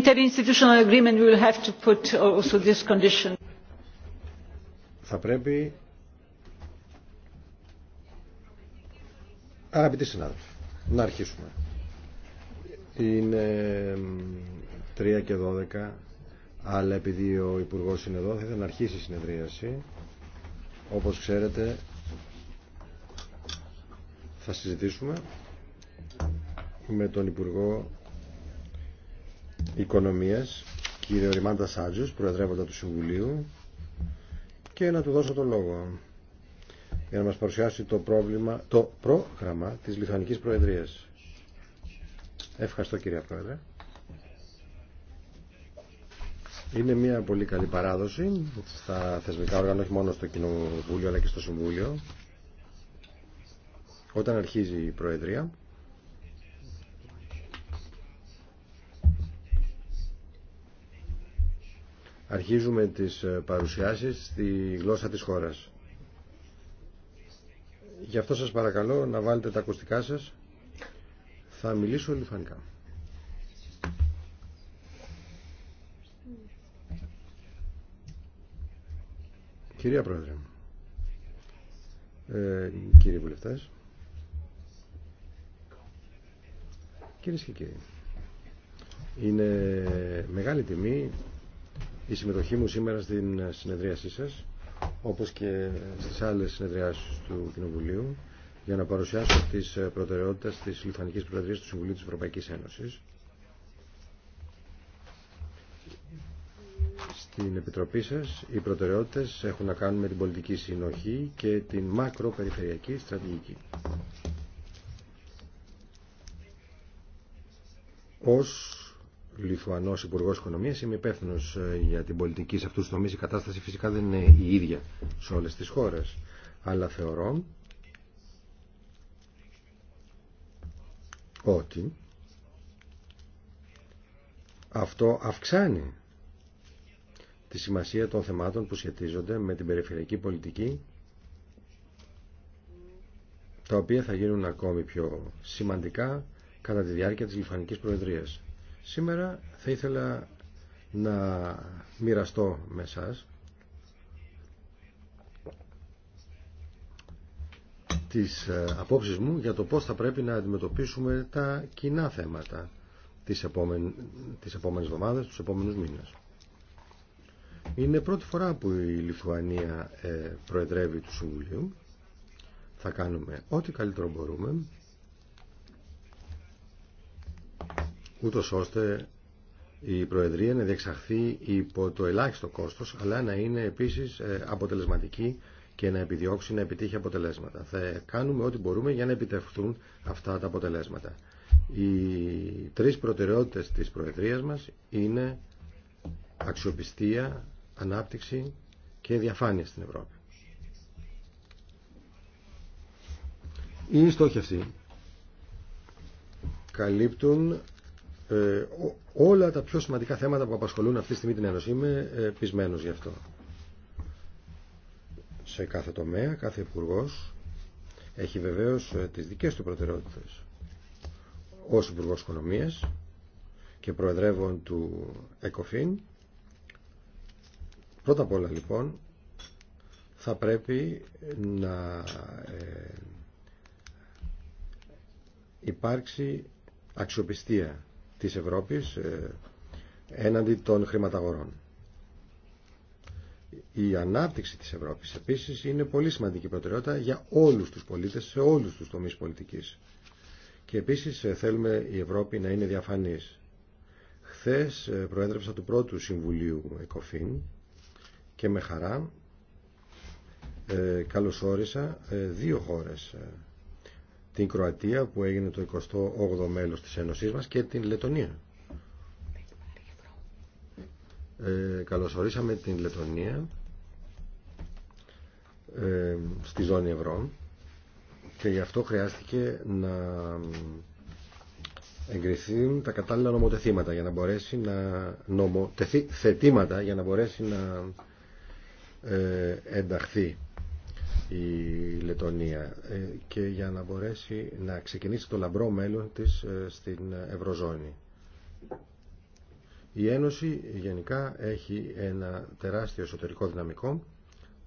interinstitutional agreement we will have to put also this condition. Θα πρέπει Αγαπητοί συνάδελφοι, να αρχίσουμε. Είναι 3 και 12, αλλά επειδή ο Υπουργό είναι εδώ, θα ήθελα να αρχίσει η συνεδρίαση. Όπως ξέρετε, θα συζητήσουμε με τον Υπουργό Οικονομίας, κύριε Ριμάντα Σάντζος, Προεδρεύοντα του Συμβουλίου, και να του δώσω το λόγο για να μας παρουσιάσει το, πρόβλημα, το πρόγραμμα της λιθανικής Προεδρίας. Ευχαριστώ κύριε Πρόεδρε. Είναι μια πολύ καλή παράδοση στα θεσμικά όργανα, όχι μόνο στο Κοινοβούλιο αλλά και στο Συμβούλιο. Όταν αρχίζει η Προεδρία, Αρχίζουμε τις ε, παρουσιάσεις στη γλώσσα της χώρας. Γι' αυτό σας παρακαλώ να βάλετε τα ακουστικά σας. Θα μιλήσω λιθανικά. Κυρία Πρόεδρε, ε, κύριοι βουλευτές, κυρίες και κύριοι, είναι μεγάλη τιμή η συμμετοχή μου σήμερα στην συνεδρίασή σας όπως και στις άλλες συνεδριάσεις του Κοινοβουλίου για να παρουσιάσω τις προτεραιότητες της Λιθανικής Προεδρίας του Συμβουλίου της Ευρωπαϊκής Ένωσης Στην Επιτροπή σας οι προτεραιότητες έχουν να κάνουν με την πολιτική συνοχή και την μακροπεριφερειακή στρατηγική. Ως Λιθουανός Υπουργός Οικονομίας είμαι υπεύθυνο ε, για την πολιτική σε αυτούς τους τομείς η κατάσταση φυσικά δεν είναι η ίδια σε όλες τις χώρες αλλά θεωρώ ότι αυτό αυξάνει τη σημασία των θεμάτων που σχετίζονται με την περιφερειακή πολιτική τα οποία θα γίνουν ακόμη πιο σημαντικά κατά τη διάρκεια της Λιφανικής Προεδρίας. Σήμερα θα ήθελα να μοιραστώ με σας τις ε, απόψεις μου για το πώς θα πρέπει να αντιμετωπίσουμε τα κοινά θέματα της επόμενες, τις επόμενες εβδομάδες, τους επόμενους μήνες. Είναι πρώτη φορά που η Λιθουανία ε, προεδρεύει του Συμβουλίου. Θα κάνουμε ό,τι καλύτερο μπορούμε ούτως ώστε η Προεδρία να διεξαχθεί υπό το ελάχιστο κόστος, αλλά να είναι επίσης ε, αποτελεσματική και να επιδιώξει να επιτύχει αποτελέσματα. Θα κάνουμε ό,τι μπορούμε για να επιτευχθούν αυτά τα αποτελέσματα. Οι τρεις προτεραιότητες της Προεδρίας μας είναι αξιοπιστία, ανάπτυξη και διαφάνεια στην Ευρώπη. Οι καλύπτουν ε, όλα τα πιο σημαντικά θέματα που απασχολούν αυτή τη στιγμή την Ένωση. Είμαι ε, πεισμένο γι' αυτό. Σε κάθε τομέα, κάθε υπουργό έχει βεβαίως ε, τις δικές του προτεραιότητες. ω υπουργό οικονομία και Προεδρεύων του ΕΚΟΦΗΝ, πρώτα απ' όλα λοιπόν θα πρέπει να υπάρξει αξιοπιστία της Ευρώπης ε, έναντι των χρηματαγορών. Η ανάπτυξη της Ευρώπης επίσης είναι πολύ σημαντική προτεραιότητα για όλους τους πολίτες, σε όλους τους τομείς πολιτικής. Και επίσης ε, θέλουμε η Ευρώπη να είναι διαφανής. Χθες ε, προέδρεψα του πρώτου Συμβουλίου ΕΚΟΦΗΝ και με χαρά καλωσόρισα δύο χώρες την Κροατία που έγινε το 28ο μέλος της Ένωσής μας και την Λετωνία. Ε, καλωσορίσαμε την Λετωνία ε, στη ζώνη ευρώ και γι' αυτό χρειάστηκε να εγκριθεί τα κατάλληλα νομοθετήματα για να μπορέσει να νομοθετήματα για να μπορέσει να ε, ενταχθεί η Λετωνία ε, και για να μπορέσει να ξεκινήσει το λαμπρό μέλλον της ε, στην Ευρωζώνη. Η Ένωση γενικά έχει ένα τεράστιο εσωτερικό δυναμικό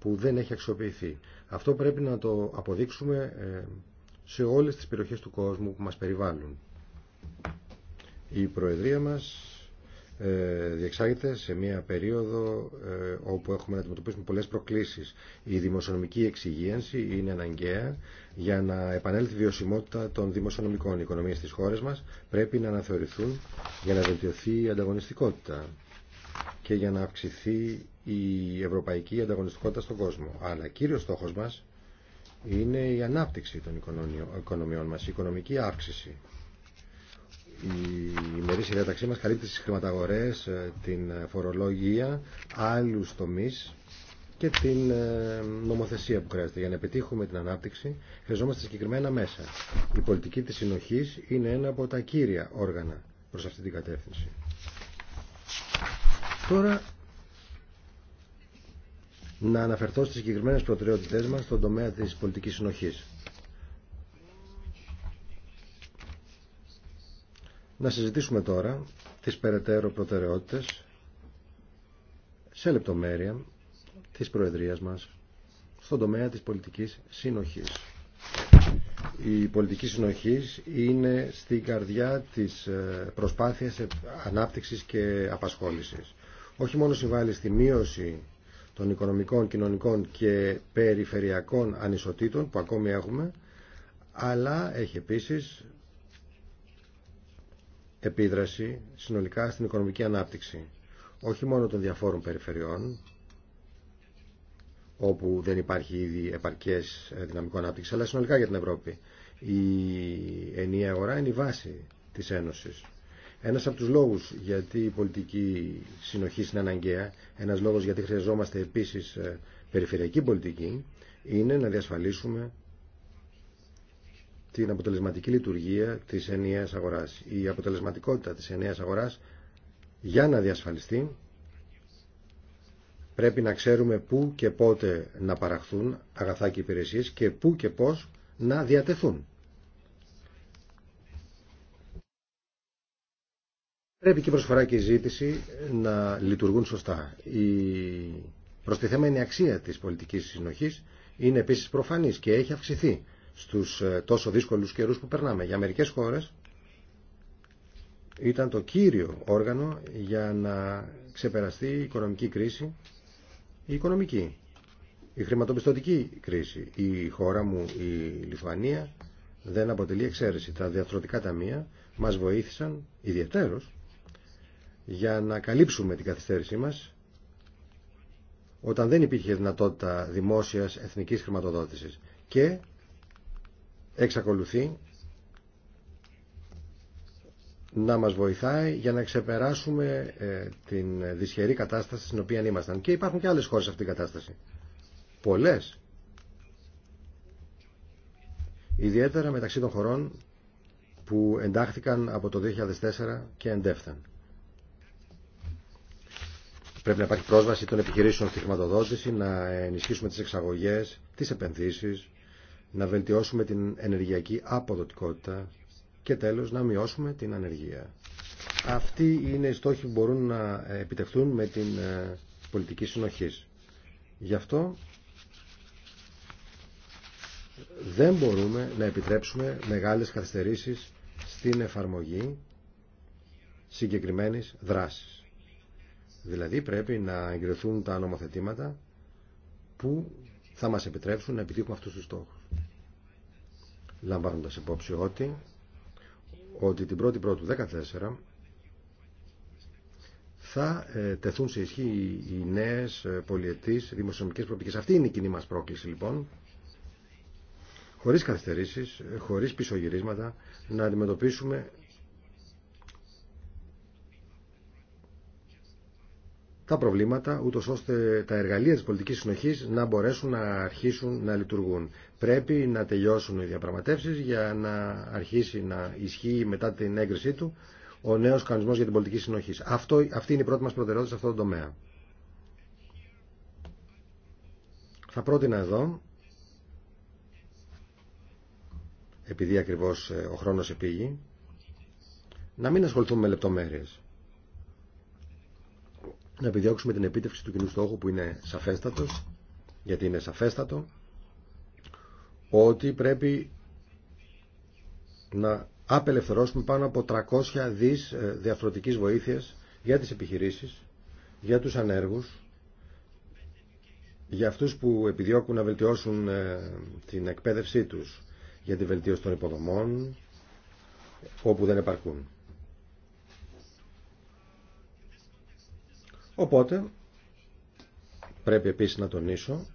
που δεν έχει αξιοποιηθεί. Αυτό πρέπει να το αποδείξουμε ε, σε όλες τις περιοχές του κόσμου που μας περιβάλλουν. Η Προεδρία μας ε, διεξάγεται σε μια περίοδο ε, όπου έχουμε να αντιμετωπίσουμε πολλές προκλήσεις. Η δημοσιονομική εξυγίανση είναι αναγκαία για να επανέλθει η βιωσιμότητα των δημοσιονομικών οικονομίες της χώρας μας. Πρέπει να αναθεωρηθούν για να βελτιωθεί η ανταγωνιστικότητα και για να αυξηθεί η ευρωπαϊκή ανταγωνιστικότητα στον κόσμο. Αλλά κύριος στόχος μας είναι η ανάπτυξη των οικονομιών μας, η οικονομική αύξηση η ημερήσια διαταξή μας καλύπτει τις χρηματαγορές, ε, την ε, φορολογία, άλλους τομείς και την ε, νομοθεσία που χρειάζεται. Για να επιτύχουμε την ανάπτυξη χρειαζόμαστε συγκεκριμένα μέσα. Η πολιτική της συνοχής είναι ένα από τα κύρια όργανα προς αυτή την κατεύθυνση. Τώρα να αναφερθώ στις συγκεκριμένες προτεραιότητές μας στον τομέα της πολιτικής συνοχής. να συζητήσουμε τώρα τις περαιτέρω προτεραιότητες σε λεπτομέρεια της Προεδρίας μας στον τομέα της πολιτικής συνοχής. Η πολιτική συνοχής είναι στη καρδιά της ε, προσπάθειας ανάπτυξης και απασχόλησης. Όχι μόνο συμβάλλει στη μείωση των οικονομικών, κοινωνικών και περιφερειακών ανισοτήτων που ακόμη έχουμε, αλλά έχει επίσης επίδραση συνολικά στην οικονομική ανάπτυξη όχι μόνο των διαφόρων περιφερειών όπου δεν υπάρχει ήδη επαρκές ε, δυναμικό ανάπτυξη αλλά συνολικά για την Ευρώπη. Η ενιαία αγορά είναι η βάση της Ένωσης. Ένας από τους λόγους γιατί η πολιτική συνοχή είναι αναγκαία, ένας λόγος γιατί χρειαζόμαστε επίσης ε, περιφερειακή πολιτική, είναι να διασφαλίσουμε την αποτελεσματική λειτουργία της ενιαίας αγοράς. Η αποτελεσματικότητα της ενιαίας αγοράς για να διασφαλιστεί πρέπει να ξέρουμε πού και πότε να παραχθούν αγαθά και υπηρεσίες και πού και πώς να διατεθούν. Πρέπει και η προσφορά και η ζήτηση να λειτουργούν σωστά. Η προστιθέμενη αξία της πολιτικής συνοχής είναι επίσης προφανής και έχει αυξηθεί στους ε, τόσο δύσκολους καιρούς που περνάμε. Για μερικές χώρες ήταν το κύριο όργανο για να ξεπεραστεί η οικονομική κρίση, η οικονομική, η χρηματοπιστωτική κρίση. Η χώρα μου, η Λιθουανία, δεν αποτελεί εξαίρεση. Τα διαθροτικά ταμεία μας βοήθησαν ιδιαίτερως για να καλύψουμε την καθυστέρησή μας όταν δεν υπήρχε δυνατότητα δημόσιας εθνικής χρηματοδότησης. Και εξακολουθεί να μας βοηθάει για να ξεπεράσουμε ε, την δυσχερή κατάσταση στην οποία ήμασταν. Και υπάρχουν και άλλες χώρες σε αυτήν την κατάσταση. Πολλές. Ιδιαίτερα μεταξύ των χωρών που εντάχθηκαν από το 2004 και εντεύθαν. Πρέπει να υπάρχει πρόσβαση των επιχειρήσεων στη χρηματοδότηση, να ενισχύσουμε τις εξαγωγές, τις επενδύσεις, να βελτιώσουμε την ενεργειακή αποδοτικότητα και τέλος να μειώσουμε την ανεργία. Αυτοί είναι οι στόχοι που μπορούν να επιτευχθούν με την ε, πολιτική συνοχής. Γι' αυτό δεν μπορούμε να επιτρέψουμε μεγάλες καθυστερήσεις στην εφαρμογή συγκεκριμένης δράσης. Δηλαδή πρέπει να εγκριθούν τα νομοθετήματα που θα μας επιτρέψουν να επιτύχουμε αυτούς τους στόχους. Λαμβάνοντα υπόψη ότι, ότι την 1η του 14 θα ε, τεθούν σε ισχύ οι νέε ε, πολιετής δημοσιονομικέ προοπτικέ. Αυτή είναι η κοινή μα πρόκληση λοιπόν, χωρίς καθυστερήσει, χωρίς πισωγυρίσματα, να αντιμετωπίσουμε τα προβλήματα, ούτω ώστε τα εργαλεία τη πολιτική συνοχή να μπορέσουν να αρχίσουν να λειτουργούν. Πρέπει να τελειώσουν οι διαπραγματεύσεις για να αρχίσει να ισχύει μετά την έγκρισή του ο νέος κανονισμός για την πολιτική συνοχή. Αυτό, αυτή είναι η πρώτη μας προτεραιότητα σε αυτό το τομέα. Θα πρότεινα εδώ, επειδή ακριβώς ε, ο χρόνος επήγει, να μην ασχοληθούμε με λεπτομέρειες. Να επιδιώξουμε την επίτευξη του κοινού στόχου που είναι σαφέστατος, γιατί είναι σαφέστατο ότι πρέπει να απελευθερώσουμε πάνω από 300 δις ε, διαφορετικής βοήθειας για τις επιχειρήσεις, για τους ανέργους, για αυτούς που επιδιώκουν να βελτιώσουν ε, την εκπαίδευσή τους, για τη βελτίωση των υποδομών, όπου δεν επαρκούν. Οπότε, πρέπει επίσης να τονίσω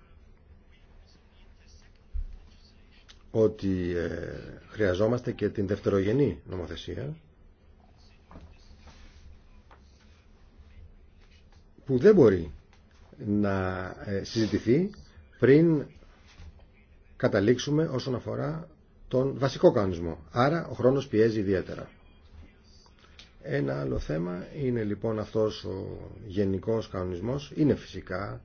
ότι ε, χρειαζόμαστε και την δευτερογενή νομοθεσία που δεν μπορεί να ε, συζητηθεί πριν καταλήξουμε όσον αφορά τον βασικό κανονισμό. Άρα ο χρόνος πιέζει ιδιαίτερα. Ένα άλλο θέμα είναι λοιπόν αυτός ο γενικός κανονισμός. Είναι φυσικά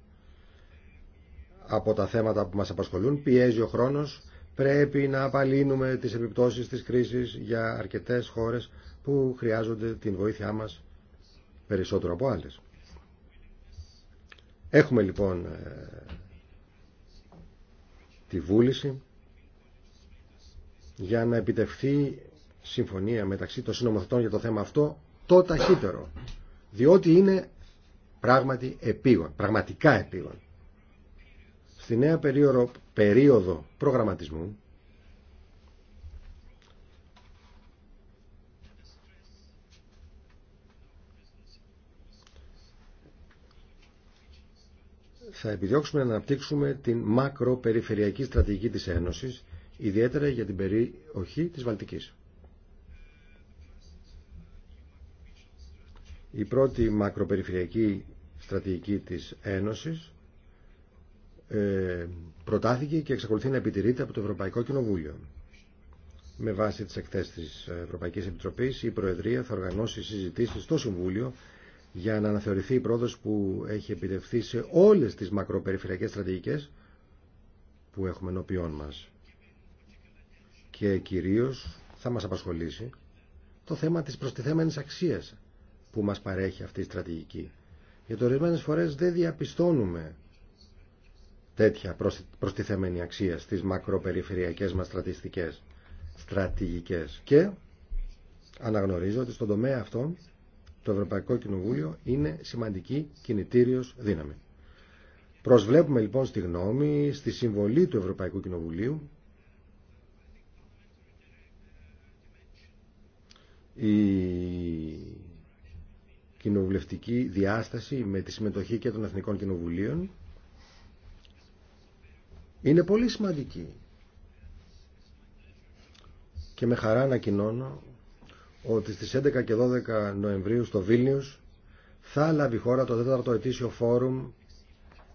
από τα θέματα που μας απασχολούν. Πιέζει ο χρόνος Πρέπει να απαλύνουμε τις επιπτώσεις της κρίσης για αρκετές χώρες που χρειάζονται την βοήθειά μας περισσότερο από άλλες. Έχουμε λοιπόν ε, τη βούληση για να επιτευχθεί συμφωνία μεταξύ των συνομοθετών για το θέμα αυτό το ταχύτερο. Διότι είναι πράγματι επίγον, πραγματικά επίγον. Στη νέα περίοδο, περίοδο προγραμματισμού θα επιδιώξουμε να αναπτύξουμε την μακροπεριφερειακή στρατηγική της Ένωσης, ιδιαίτερα για την περιοχή της Βαλτικής. Η πρώτη μακροπεριφερειακή στρατηγική της Ένωσης ε, προτάθηκε και εξακολουθεί να επιτηρείται από το Ευρωπαϊκό Κοινοβούλιο. Με βάση τις εκθέσεις της Ευρωπαϊκής Επιτροπής, η Προεδρία θα οργανώσει συζητήσεις στο Συμβούλιο για να αναθεωρηθεί η πρόοδος που έχει επιτευχθεί σε όλες τις μακροπεριφερειακές στρατηγικές που έχουμε ενώπιόν μας. Και κυρίως θα μας απασχολήσει το θέμα της προστιθέμενης αξίας που μας παρέχει αυτή η στρατηγική. Γιατί ορισμένες φορές δεν διαπιστώνουμε τέτοια προστιθεμένη αξία στις μακροπεριφερειακές μας στρατιστικές, στρατηγικές. Και αναγνωρίζω ότι στον τομέα αυτό το Ευρωπαϊκό Κοινοβούλιο είναι σημαντική κινητήριος δύναμη. Προσβλέπουμε λοιπόν στη γνώμη, στη συμβολή του Ευρωπαϊκού Κοινοβουλίου η κοινοβουλευτική διάσταση με τη συμμετοχή και των Εθνικών Κοινοβουλίων είναι πολύ σημαντική. Και με χαρά ανακοινώνω ότι στις 11 και 12 Νοεμβρίου στο Βίλνιους θα λάβει χώρα το 4ο ετήσιο φόρουμ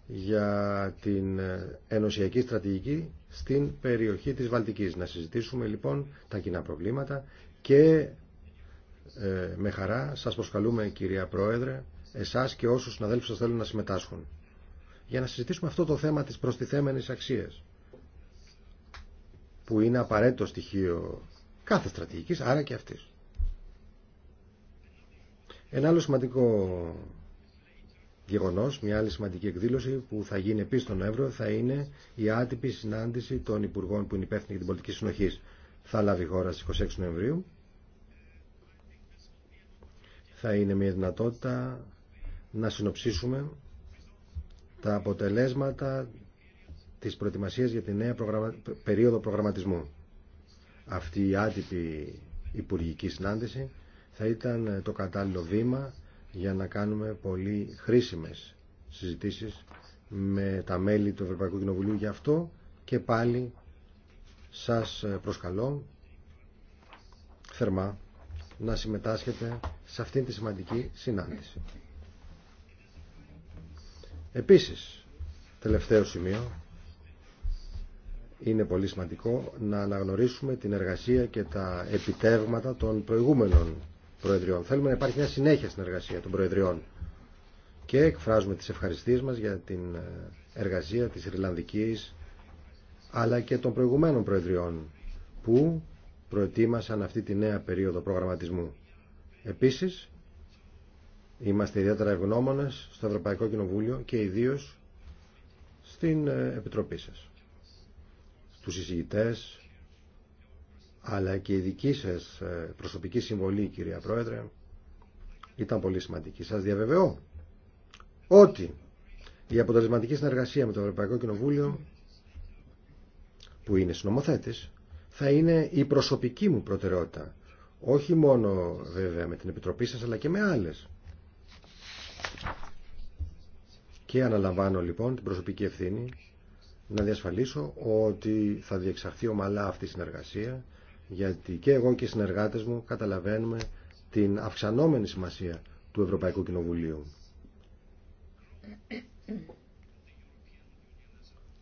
για την ε, ενωσιακή στρατηγική στην περιοχή της Βαλτικής. Να συζητήσουμε λοιπόν τα κοινά προβλήματα και ε, με χαρά σας προσκαλούμε κυρία Πρόεδρε εσάς και όσους συναδέλφους σας θέλουν να συμμετάσχουν για να συζητήσουμε αυτό το θέμα της προστιθέμενης αξίας που είναι απαραίτητο στοιχείο κάθε στρατηγικής, άρα και αυτής. Ένα άλλο σημαντικό γεγονός, μια άλλη σημαντική εκδήλωση που θα γίνει επίσης τον Νοέμβριο θα είναι η άτυπη συνάντηση των Υπουργών που είναι υπεύθυνοι για την πολιτική συνοχή. Θα λάβει η χώρα στις 26 Νοεμβρίου. Θα είναι μια δυνατότητα να συνοψίσουμε τα αποτελέσματα της προετοιμασίας για τη νέα περίοδο προγραμματισμού. Αυτή η άτυπη υπουργική συνάντηση θα ήταν το κατάλληλο βήμα για να κάνουμε πολύ χρήσιμες συζητήσεις με τα μέλη του Ευρωπαϊκού Κοινοβουλίου για αυτό και πάλι σας προσκαλώ θερμά να συμμετάσχετε σε αυτήν τη σημαντική συνάντηση. Επίσης, τελευταίο σημείο, είναι πολύ σημαντικό να αναγνωρίσουμε την εργασία και τα επιτεύγματα των προηγούμενων προεδριών. Θέλουμε να υπάρχει μια συνέχεια στην εργασία των προεδριών και εκφράζουμε τις ευχαριστίες μας για την εργασία της Ιρλανδικής αλλά και των προηγουμένων προεδριών που προετοίμασαν αυτή τη νέα περίοδο προγραμματισμού. Επίσης, Είμαστε ιδιαίτερα ευγνώμονε στο Ευρωπαϊκό Κοινοβούλιο και ιδίως στην ε, Επιτροπή σας. Τους εισηγητές, αλλά και η δική σας ε, προσωπική συμβολή, κυρία Πρόεδρε, ήταν πολύ σημαντική. Σας διαβεβαιώ ότι η αποτελεσματική συνεργασία με το Ευρωπαϊκό Κοινοβούλιο, που είναι συνομοθέτης, θα είναι η προσωπική μου προτεραιότητα. Όχι μόνο βέβαια με την Επιτροπή σας, αλλά και με άλλες. Και αναλαμβάνω λοιπόν την προσωπική ευθύνη να διασφαλίσω ότι θα διεξαχθεί ομαλά αυτή η συνεργασία γιατί και εγώ και οι συνεργάτες μου καταλαβαίνουμε την αυξανόμενη σημασία του Ευρωπαϊκού Κοινοβουλίου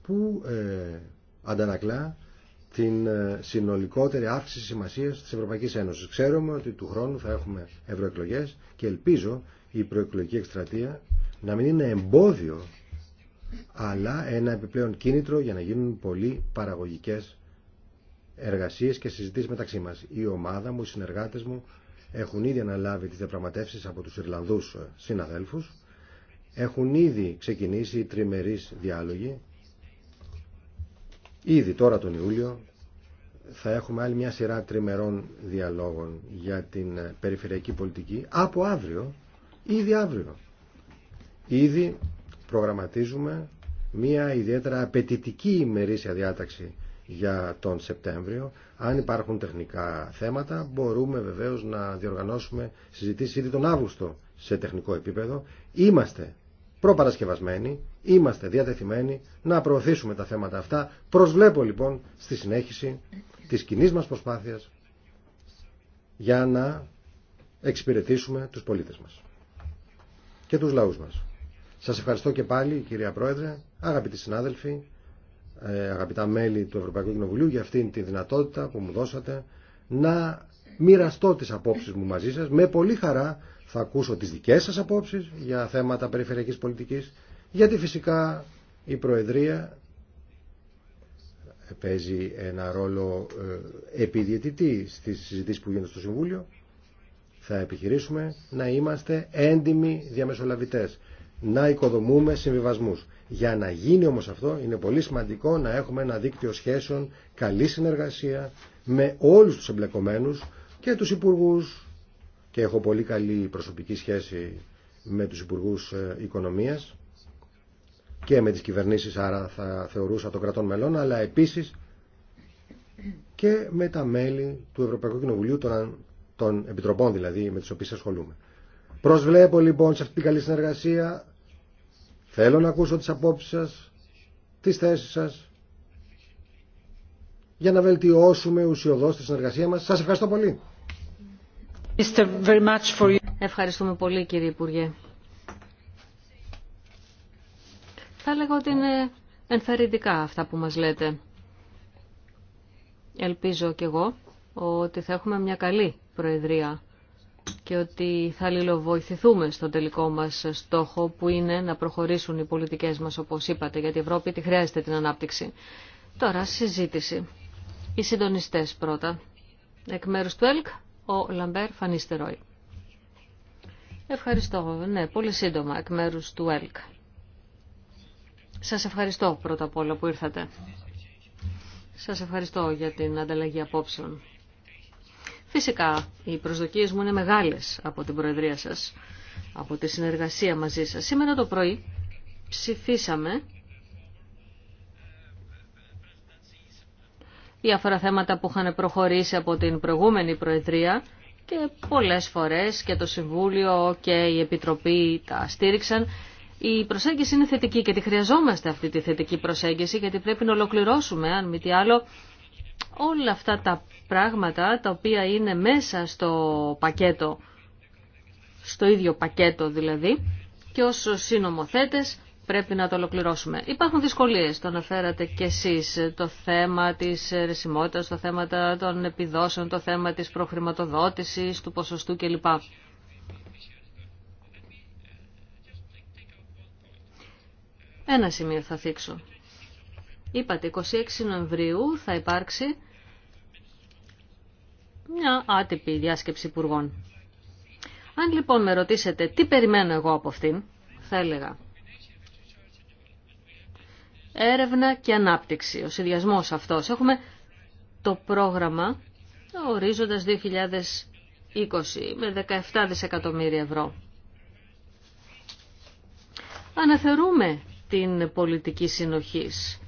που ε, αντανακλά την ε, συνολικότερη αύξηση σημασίας της Ευρωπαϊκής Ένωσης. Ξέρουμε ότι του χρόνου θα έχουμε ευρωεκλογέ και ελπίζω η προεκλογική εκστρατεία να μην είναι εμπόδιο αλλά ένα επιπλέον κίνητρο για να γίνουν πολύ παραγωγικές εργασίες και συζητήσεις μεταξύ μας. Η ομάδα μου, οι συνεργάτες μου έχουν ήδη αναλάβει τις διαπραγματεύσεις από τους Ιρλανδούς συναδέλφους. Έχουν ήδη ξεκινήσει τριμερίς τριμερείς διάλογοι. Ήδη τώρα τον Ιούλιο θα έχουμε άλλη μια σειρά τριμερών διαλόγων για την περιφερειακή πολιτική από αύριο, ήδη αύριο. Ήδη προγραμματίζουμε μια ιδιαίτερα απαιτητική ημερήσια διάταξη για τον Σεπτέμβριο. Αν υπάρχουν τεχνικά θέματα, μπορούμε βεβαίως να διοργανώσουμε συζητήσεις ήδη τον Αύγουστο σε τεχνικό επίπεδο. Είμαστε προπαρασκευασμένοι, είμαστε διατεθειμένοι να προωθήσουμε τα θέματα αυτά. Προσβλέπω λοιπόν στη συνέχιση της κοινή μας προσπάθειας για να εξυπηρετήσουμε τους πολίτες μας και τους λαούς μας. Σας ευχαριστώ και πάλι κυρία Πρόεδρε, αγαπητοί συνάδελφοι, ε, αγαπητά μέλη του Ευρωπαϊκού Κοινοβουλίου για αυτήν τη δυνατότητα που μου δώσατε να μοιραστώ τις απόψεις μου μαζί σας. Με πολύ χαρά θα ακούσω τις δικές σας απόψεις για θέματα περιφερειακής πολιτικής, γιατί φυσικά η Προεδρία παίζει ένα ρόλο ε, επιδιαιτητή στις συζητήσεις που γίνονται στο Συμβούλιο. Θα επιχειρήσουμε να είμαστε έντιμοι διαμεσολαβητές να οικοδομούμε συμβιβασμού. Για να γίνει όμω αυτό είναι πολύ σημαντικό να έχουμε ένα δίκτυο σχέσεων, καλή συνεργασία με όλου του εμπλεκομένου και του υπουργού και έχω πολύ καλή προσωπική σχέση με του υπουργού ε, οικονομία και με τι κυβερνήσει, άρα θα θεωρούσα των κρατών μελών αλλά επίση και με τα μέλη του Ευρωπαϊκού Κοινοβουλίου των, επιτροπών δηλαδή με τι οποίε ασχολούμαι. Προσβλέπω λοιπόν σε αυτή την καλή συνεργασία. Θέλω να ακούσω τις απόψεις σας, τις θέσεις σας, για να βελτιώσουμε ουσιοδός τη συνεργασία μας. Σας ευχαριστώ πολύ. Ευχαριστούμε πολύ κύριε Υπουργέ. Θα λέγω ότι είναι ενθαρρυντικά αυτά που μας λέτε. Ελπίζω κι εγώ ότι θα έχουμε μια καλή Προεδρία και ότι θα αλληλοβοηθηθούμε στο τελικό μας στόχο που είναι να προχωρήσουν οι πολιτικές μας όπως είπατε για η Ευρώπη τη χρειάζεται την ανάπτυξη. Τώρα συζήτηση. Οι συντονιστές πρώτα. Εκ μέρους του ΕΛΚ ο Λαμπέρ Φανίστερόι. Ευχαριστώ. Ναι, πολύ σύντομα εκ μέρους του ΕΛΚ. Σας ευχαριστώ πρώτα απ' όλα που ήρθατε. Σας ευχαριστώ για την ανταλλαγή απόψεων. Φυσικά, οι προσδοκίες μου είναι μεγάλες από την Προεδρία σας, από τη συνεργασία μαζί σας. Σήμερα το πρωί ψηφίσαμε διάφορα θέματα που είχαν προχωρήσει από την προηγούμενη Προεδρία και πολλές φορές και το Συμβούλιο και η Επιτροπή τα στήριξαν. Η προσέγγιση είναι θετική και τη χρειαζόμαστε αυτή τη θετική προσέγγιση γιατί πρέπει να ολοκληρώσουμε αν μη τι άλλο όλα αυτά τα πράγματα τα οποία είναι μέσα στο πακέτο, στο ίδιο πακέτο δηλαδή, και ως συνομοθέτες πρέπει να το ολοκληρώσουμε. Υπάρχουν δυσκολίες, το αναφέρατε και εσείς, το θέμα της ρεσιμότητας, το θέμα των επιδόσεων, το θέμα της προχρηματοδότησης, του ποσοστού κλπ. Ένα σημείο θα θίξω. Είπατε, 26 Νοεμβρίου θα υπάρξει μια άτυπη διάσκεψη υπουργών. Αν λοιπόν με ρωτήσετε τι περιμένω εγώ από αυτήν, θα έλεγα έρευνα και ανάπτυξη, ο συνδυασμός αυτός. Έχουμε το πρόγραμμα ορίζοντας 2020 με 17 δισεκατομμύρια ευρώ. Αναθερούμε την πολιτική συνοχής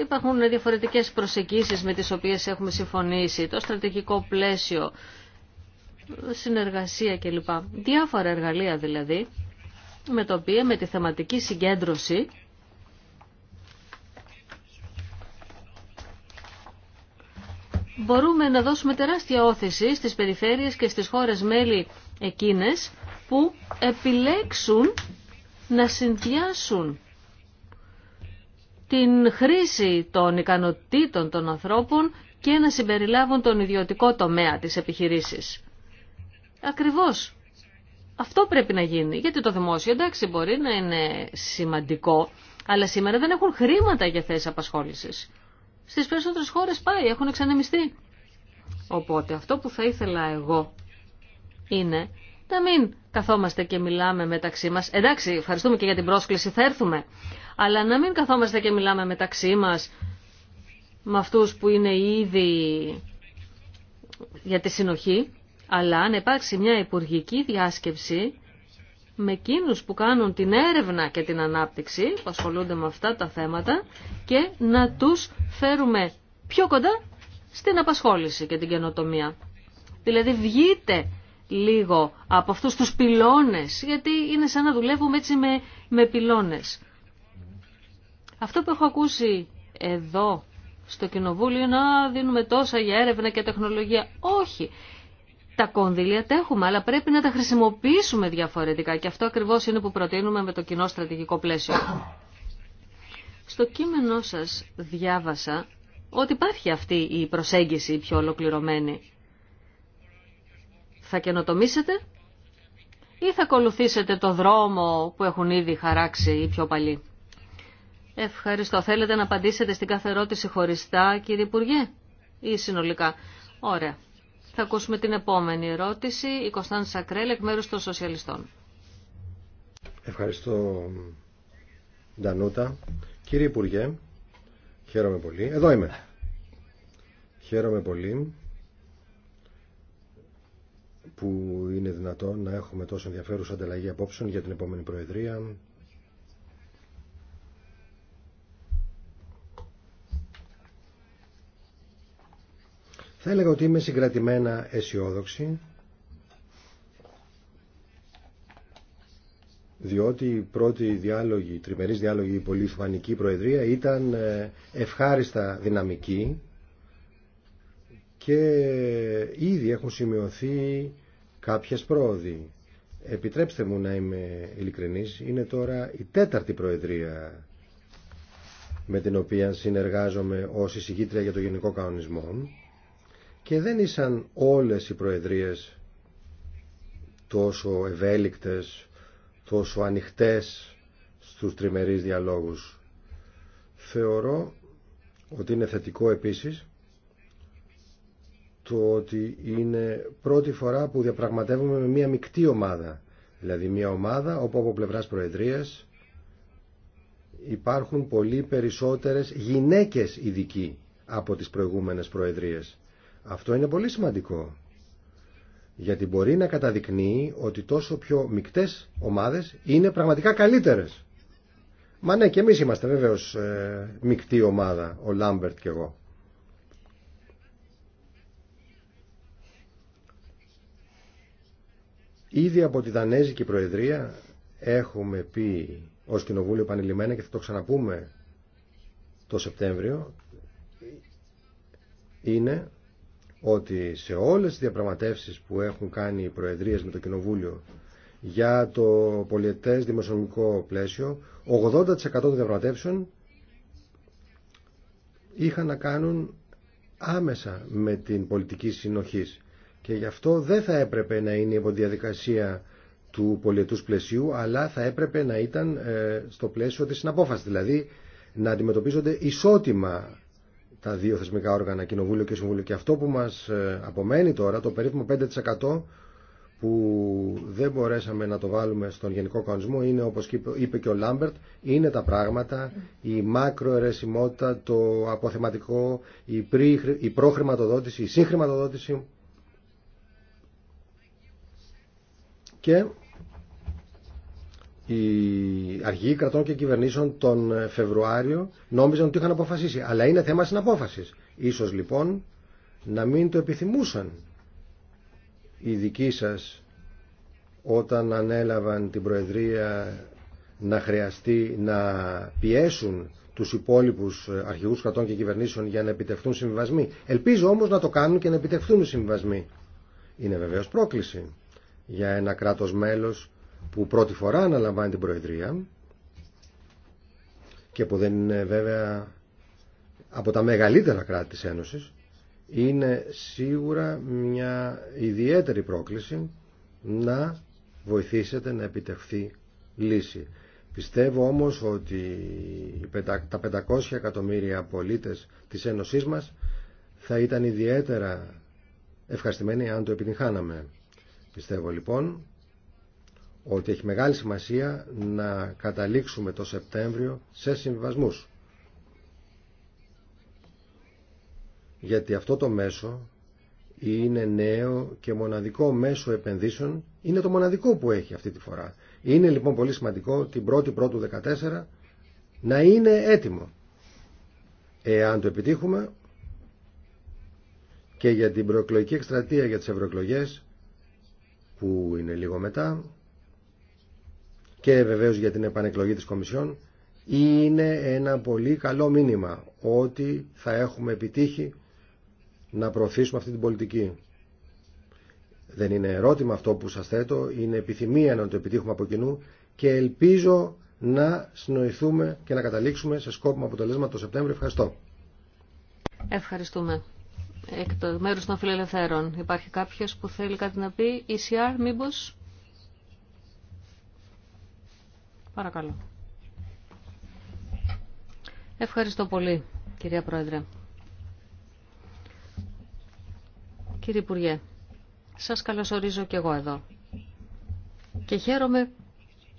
Υπάρχουν διαφορετικές προσεγγίσεις με τις οποίες έχουμε συμφωνήσει, το στρατηγικό πλαίσιο, συνεργασία κλπ. Διάφορα εργαλεία δηλαδή, με τα οποία με τη θεματική συγκέντρωση μπορούμε να δώσουμε τεράστια όθηση στις περιφέρειες και στις χώρες μέλη εκείνες που επιλέξουν να συνδυάσουν την χρήση των ικανοτήτων των ανθρώπων και να συμπεριλάβουν τον ιδιωτικό τομέα της επιχειρήσης. Ακριβώς. Αυτό πρέπει να γίνει. Γιατί το δημόσιο, εντάξει, μπορεί να είναι σημαντικό, αλλά σήμερα δεν έχουν χρήματα για θέσεις απασχόλησης. Στις περισσότερες χώρες πάει, έχουν εξανεμιστεί. Οπότε αυτό που θα ήθελα εγώ είναι να μην καθόμαστε και μιλάμε μεταξύ μας. Εντάξει, ευχαριστούμε και για την πρόσκληση, θα έρθουμε αλλά να μην καθόμαστε και μιλάμε μεταξύ μας με αυτούς που είναι ήδη για τη συνοχή, αλλά να υπάρξει μια υπουργική διάσκεψη με εκείνους που κάνουν την έρευνα και την ανάπτυξη, που ασχολούνται με αυτά τα θέματα, και να τους φέρουμε πιο κοντά στην απασχόληση και την καινοτομία. Δηλαδή βγείτε λίγο από αυτούς τους πυλώνες, γιατί είναι σαν να δουλεύουμε έτσι με, με πυλώνες. Αυτό που έχω ακούσει εδώ στο Κοινοβούλιο είναι να δίνουμε τόσα για έρευνα και τεχνολογία. Όχι. Τα κονδύλια τα έχουμε, αλλά πρέπει να τα χρησιμοποιήσουμε διαφορετικά και αυτό ακριβώς είναι που προτείνουμε με το κοινό στρατηγικό πλαίσιο. Στο κείμενό σας διάβασα ότι υπάρχει αυτή η προσέγγιση η πιο ολοκληρωμένη. Θα καινοτομήσετε ή θα ακολουθήσετε το δρόμο που έχουν ήδη χαράξει οι πιο παλιοί. Ευχαριστώ. Θέλετε να απαντήσετε στην κάθε ερώτηση χωριστά, κύριε Υπουργέ, ή συνολικά. Ωραία. Θα ακούσουμε την επόμενη ερώτηση. Η Κωνσταντ Σακρέλ, εκ των Σοσιαλιστών. Ευχαριστώ, Ντανούτα. Κύριε Υπουργέ, χαίρομαι πολύ. Εδώ είμαι. Χαίρομαι πολύ που είναι δυνατόν να έχουμε τόσο ενδιαφέρουσα ανταλλαγή απόψεων για την επόμενη Προεδρία Θα έλεγα ότι είμαι συγκρατημένα αισιόδοξη, διότι η πρώτη διάλογη, η τριμερής διάλογη η προεδρία ήταν ε, ευχάριστα δυναμική και ήδη έχουν σημειωθεί κάποιες πρόοδοι. Επιτρέψτε μου να είμαι ειλικρινής, είναι τώρα η τέταρτη προεδρία με την οποία συνεργάζομαι ως εισηγήτρια για το Γενικό Κανονισμό και δεν ήσαν όλες οι προεδρίες τόσο ευέλικτες, τόσο ανοιχτές στους τριμερείς διαλόγους. Θεωρώ ότι είναι θετικό επίσης το ότι είναι πρώτη φορά που διαπραγματεύουμε με μια μεικτή ομάδα. Δηλαδή μια ομάδα όπου από πλευράς προεδρίας υπάρχουν πολύ περισσότερες γυναίκες ειδικοί από τις προηγούμενες προεδρίες. Αυτό είναι πολύ σημαντικό. Γιατί μπορεί να καταδεικνύει ότι τόσο πιο μικτές ομάδες είναι πραγματικά καλύτερες. Μα ναι, και εμείς είμαστε βέβαιως ε, μεικτή ομάδα, ο Λάμπερτ και εγώ. Ήδη από τη Δανέζικη Προεδρία έχουμε πει ως Κοινοβούλιο επανειλημμένα και θα το ξαναπούμε το Σεπτέμβριο είναι ότι σε όλες τις διαπραγματεύσεις που έχουν κάνει οι προεδρίες με το Κοινοβούλιο για το πολιετές δημοσιονομικό πλαίσιο, 80% των διαπραγματεύσεων είχαν να κάνουν άμεσα με την πολιτική συνοχής και γι' αυτό δεν θα έπρεπε να είναι η διαδικασία του πολιετούς πλαισίου αλλά θα έπρεπε να ήταν ε, στο πλαίσιο της συναπόφασης δηλαδή να αντιμετωπίζονται ισότιμα τα δύο θεσμικά όργανα, Κοινοβούλιο και Συμβούλιο. Και αυτό που μας ε, απομένει τώρα, το περίπου 5% που δεν μπορέσαμε να το βάλουμε στον γενικό κανονισμό, είναι όπως είπε και ο Λάμπερτ, είναι τα πράγματα, η μακροαιρεσιμότητα, το αποθεματικό, η, η προχρηματοδότηση, η συγχρηματοδότηση. Και οι αρχηγοί κρατών και κυβερνήσεων τον Φεβρουάριο νόμιζαν ότι είχαν αποφασίσει. Αλλά είναι θέμα συναπόφασης. Ίσως λοιπόν να μην το επιθυμούσαν οι δικοί σας όταν ανέλαβαν την Προεδρία να χρειαστεί να πιέσουν τους υπόλοιπου αρχηγού κρατών και κυβερνήσεων για να επιτευχθούν συμβιβασμοί. Ελπίζω όμω να το κάνουν και να επιτευχθούν συμβιβασμοί. Είναι βεβαίω πρόκληση για ένα κράτο μέλο που πρώτη φορά αναλαμβάνει την Προεδρία και που δεν είναι βέβαια από τα μεγαλύτερα κράτη της Ένωσης είναι σίγουρα μια ιδιαίτερη πρόκληση να βοηθήσετε να επιτευχθεί λύση. Πιστεύω όμως ότι τα 500 εκατομμύρια πολίτες της Ένωσής μας θα ήταν ιδιαίτερα ευχαριστημένοι αν το επιτυγχάναμε. Πιστεύω λοιπόν ότι έχει μεγάλη σημασία να καταλήξουμε το Σεπτέμβριο σε συμβιβασμούς. Γιατί αυτό το μέσο είναι νέο και μοναδικό μέσο επενδύσεων, είναι το μοναδικό που έχει αυτή τη φορά. Είναι λοιπόν πολύ σημαντικό την 1η πρώτου 14 να είναι έτοιμο. Εάν το επιτύχουμε και για την προεκλογική εκστρατεία για τις ευρωεκλογέ που είναι λίγο μετά και βεβαίω για την επανεκλογή τη Κομισιόν είναι ένα πολύ καλό μήνυμα ότι θα έχουμε επιτύχει να προωθήσουμε αυτή την πολιτική. Δεν είναι ερώτημα αυτό που σας θέτω, είναι επιθυμία να το επιτύχουμε από κοινού και ελπίζω να συνοηθούμε και να καταλήξουμε σε σκόπιμο αποτελέσμα το Σεπτέμβριο. Ευχαριστώ. Ευχαριστούμε. Εκ το μέρους των φιλελευθέρων υπάρχει κάποιος που θέλει κάτι να πει. ECR μήπως. Παρακαλώ. Ευχαριστώ πολύ, κυρία Πρόεδρε. Κύριε Υπουργέ, σας καλωσορίζω και εγώ εδώ. Και χαίρομαι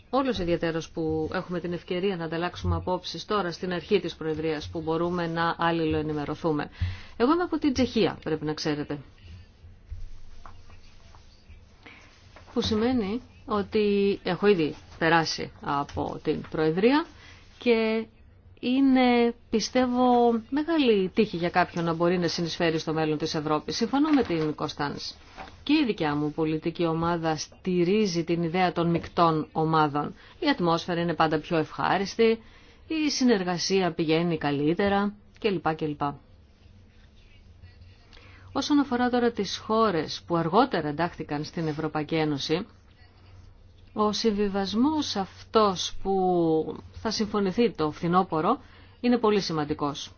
όλος ιδιαίτερος που έχουμε την ευκαιρία να ανταλλάξουμε απόψεις τώρα στην αρχή της Προεδρίας που μπορούμε να αλληλοενημερωθούμε. ενημερωθούμε. Εγώ είμαι από την Τσεχία, πρέπει να ξέρετε. Που σημαίνει ότι έχω ήδη περάσει από την Προεδρία και είναι, πιστεύω, μεγάλη τύχη για κάποιον να μπορεί να συνεισφέρει στο μέλλον της Ευρώπης. Συμφωνώ με την Κωνσταντς. Και η δικιά μου πολιτική ομάδα στηρίζει την ιδέα των μεικτών ομάδων. Η ατμόσφαιρα είναι πάντα πιο ευχάριστη, η συνεργασία πηγαίνει καλύτερα κλπ. κλπ. Όσον αφορά τώρα τις χώρες που αργότερα εντάχθηκαν στην Ευρωπαϊκή Ένωση, ο συμβιβασμός αυτός που θα συμφωνηθεί το φθινόπωρο είναι πολύ σημαντικός.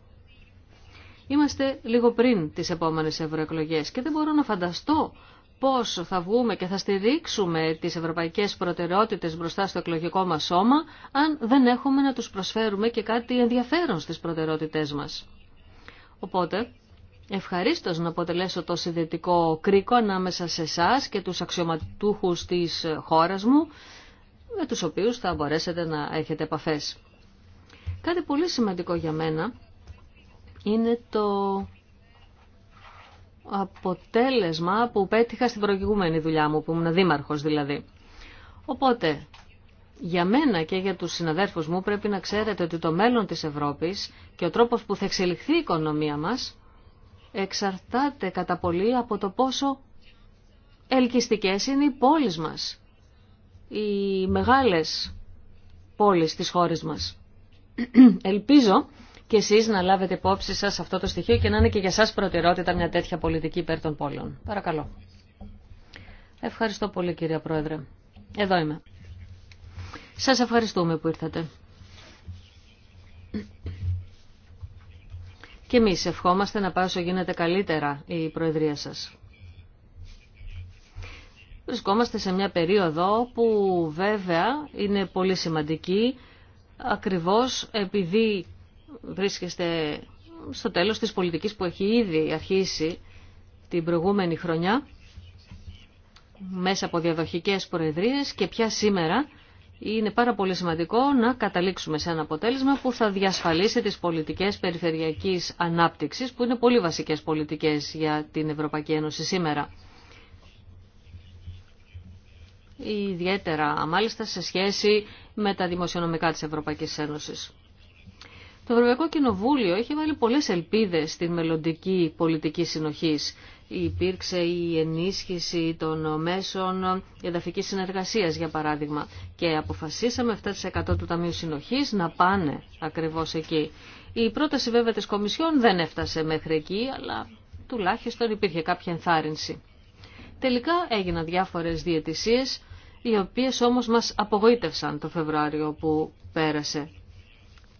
Είμαστε λίγο πριν τις επόμενες ευρωεκλογέ και δεν μπορώ να φανταστώ πώς θα βγούμε και θα στηρίξουμε τις ευρωπαϊκές προτεραιότητες μπροστά στο εκλογικό μας σώμα αν δεν έχουμε να τους προσφέρουμε και κάτι ενδιαφέρον στις προτεραιότητές μας. Οπότε, Ευχαρίστως να αποτελέσω το συνδετικό κρίκο ανάμεσα σε εσά και τους αξιωματούχους της χώρας μου, με τους οποίους θα μπορέσετε να έχετε επαφές. Κάτι πολύ σημαντικό για μένα είναι το αποτέλεσμα που πέτυχα στην προηγούμενη δουλειά μου, που ήμουν δήμαρχος δηλαδή. Οπότε, για μένα και για τους συναδέρφους μου πρέπει να ξέρετε ότι το μέλλον της Ευρώπης και ο τρόπος που θα εξελιχθεί η οικονομία μας εξαρτάται κατά πολύ από το πόσο ελκυστικές είναι οι πόλεις μας, οι μεγάλες πόλεις της χώρας μας. Ελπίζω και εσείς να λάβετε υπόψη σας αυτό το στοιχείο και να είναι και για σας προτεραιότητα μια τέτοια πολιτική υπέρ των πόλεων. Παρακαλώ. Ευχαριστώ πολύ κυρία Πρόεδρε. Εδώ είμαι. Σας ευχαριστούμε που ήρθατε. Και εμεί ευχόμαστε να πάει όσο γίνεται καλύτερα η Προεδρία σας. Βρισκόμαστε σε μια περίοδο που βέβαια είναι πολύ σημαντική ακριβώς επειδή βρίσκεστε στο τέλος της πολιτικής που έχει ήδη αρχίσει την προηγούμενη χρονιά μέσα από διαδοχικές προεδρίες και πια σήμερα είναι πάρα πολύ σημαντικό να καταλήξουμε σε ένα αποτέλεσμα που θα διασφαλίσει τις πολιτικές περιφερειακής ανάπτυξης, που είναι πολύ βασικές πολιτικές για την Ευρωπαϊκή Ένωση σήμερα. Ιδιαίτερα, μάλιστα, σε σχέση με τα δημοσιονομικά της Ευρωπαϊκής Ένωσης. Το Ευρωπαϊκό Κοινοβούλιο έχει βάλει πολλές ελπίδες στην μελλοντική πολιτική συνοχής υπήρξε η ενίσχυση των μέσων εδαφικής συνεργασίας για παράδειγμα και αποφασίσαμε 7% του Ταμείου Συνοχής να πάνε ακριβώς εκεί. Η πρόταση βέβαια της Κομισιόν δεν έφτασε μέχρι εκεί αλλά τουλάχιστον υπήρχε κάποια ενθάρρυνση. Τελικά έγιναν διάφορες διαιτησίες οι οποίες όμως μας απογοήτευσαν το Φεβρουάριο που πέρασε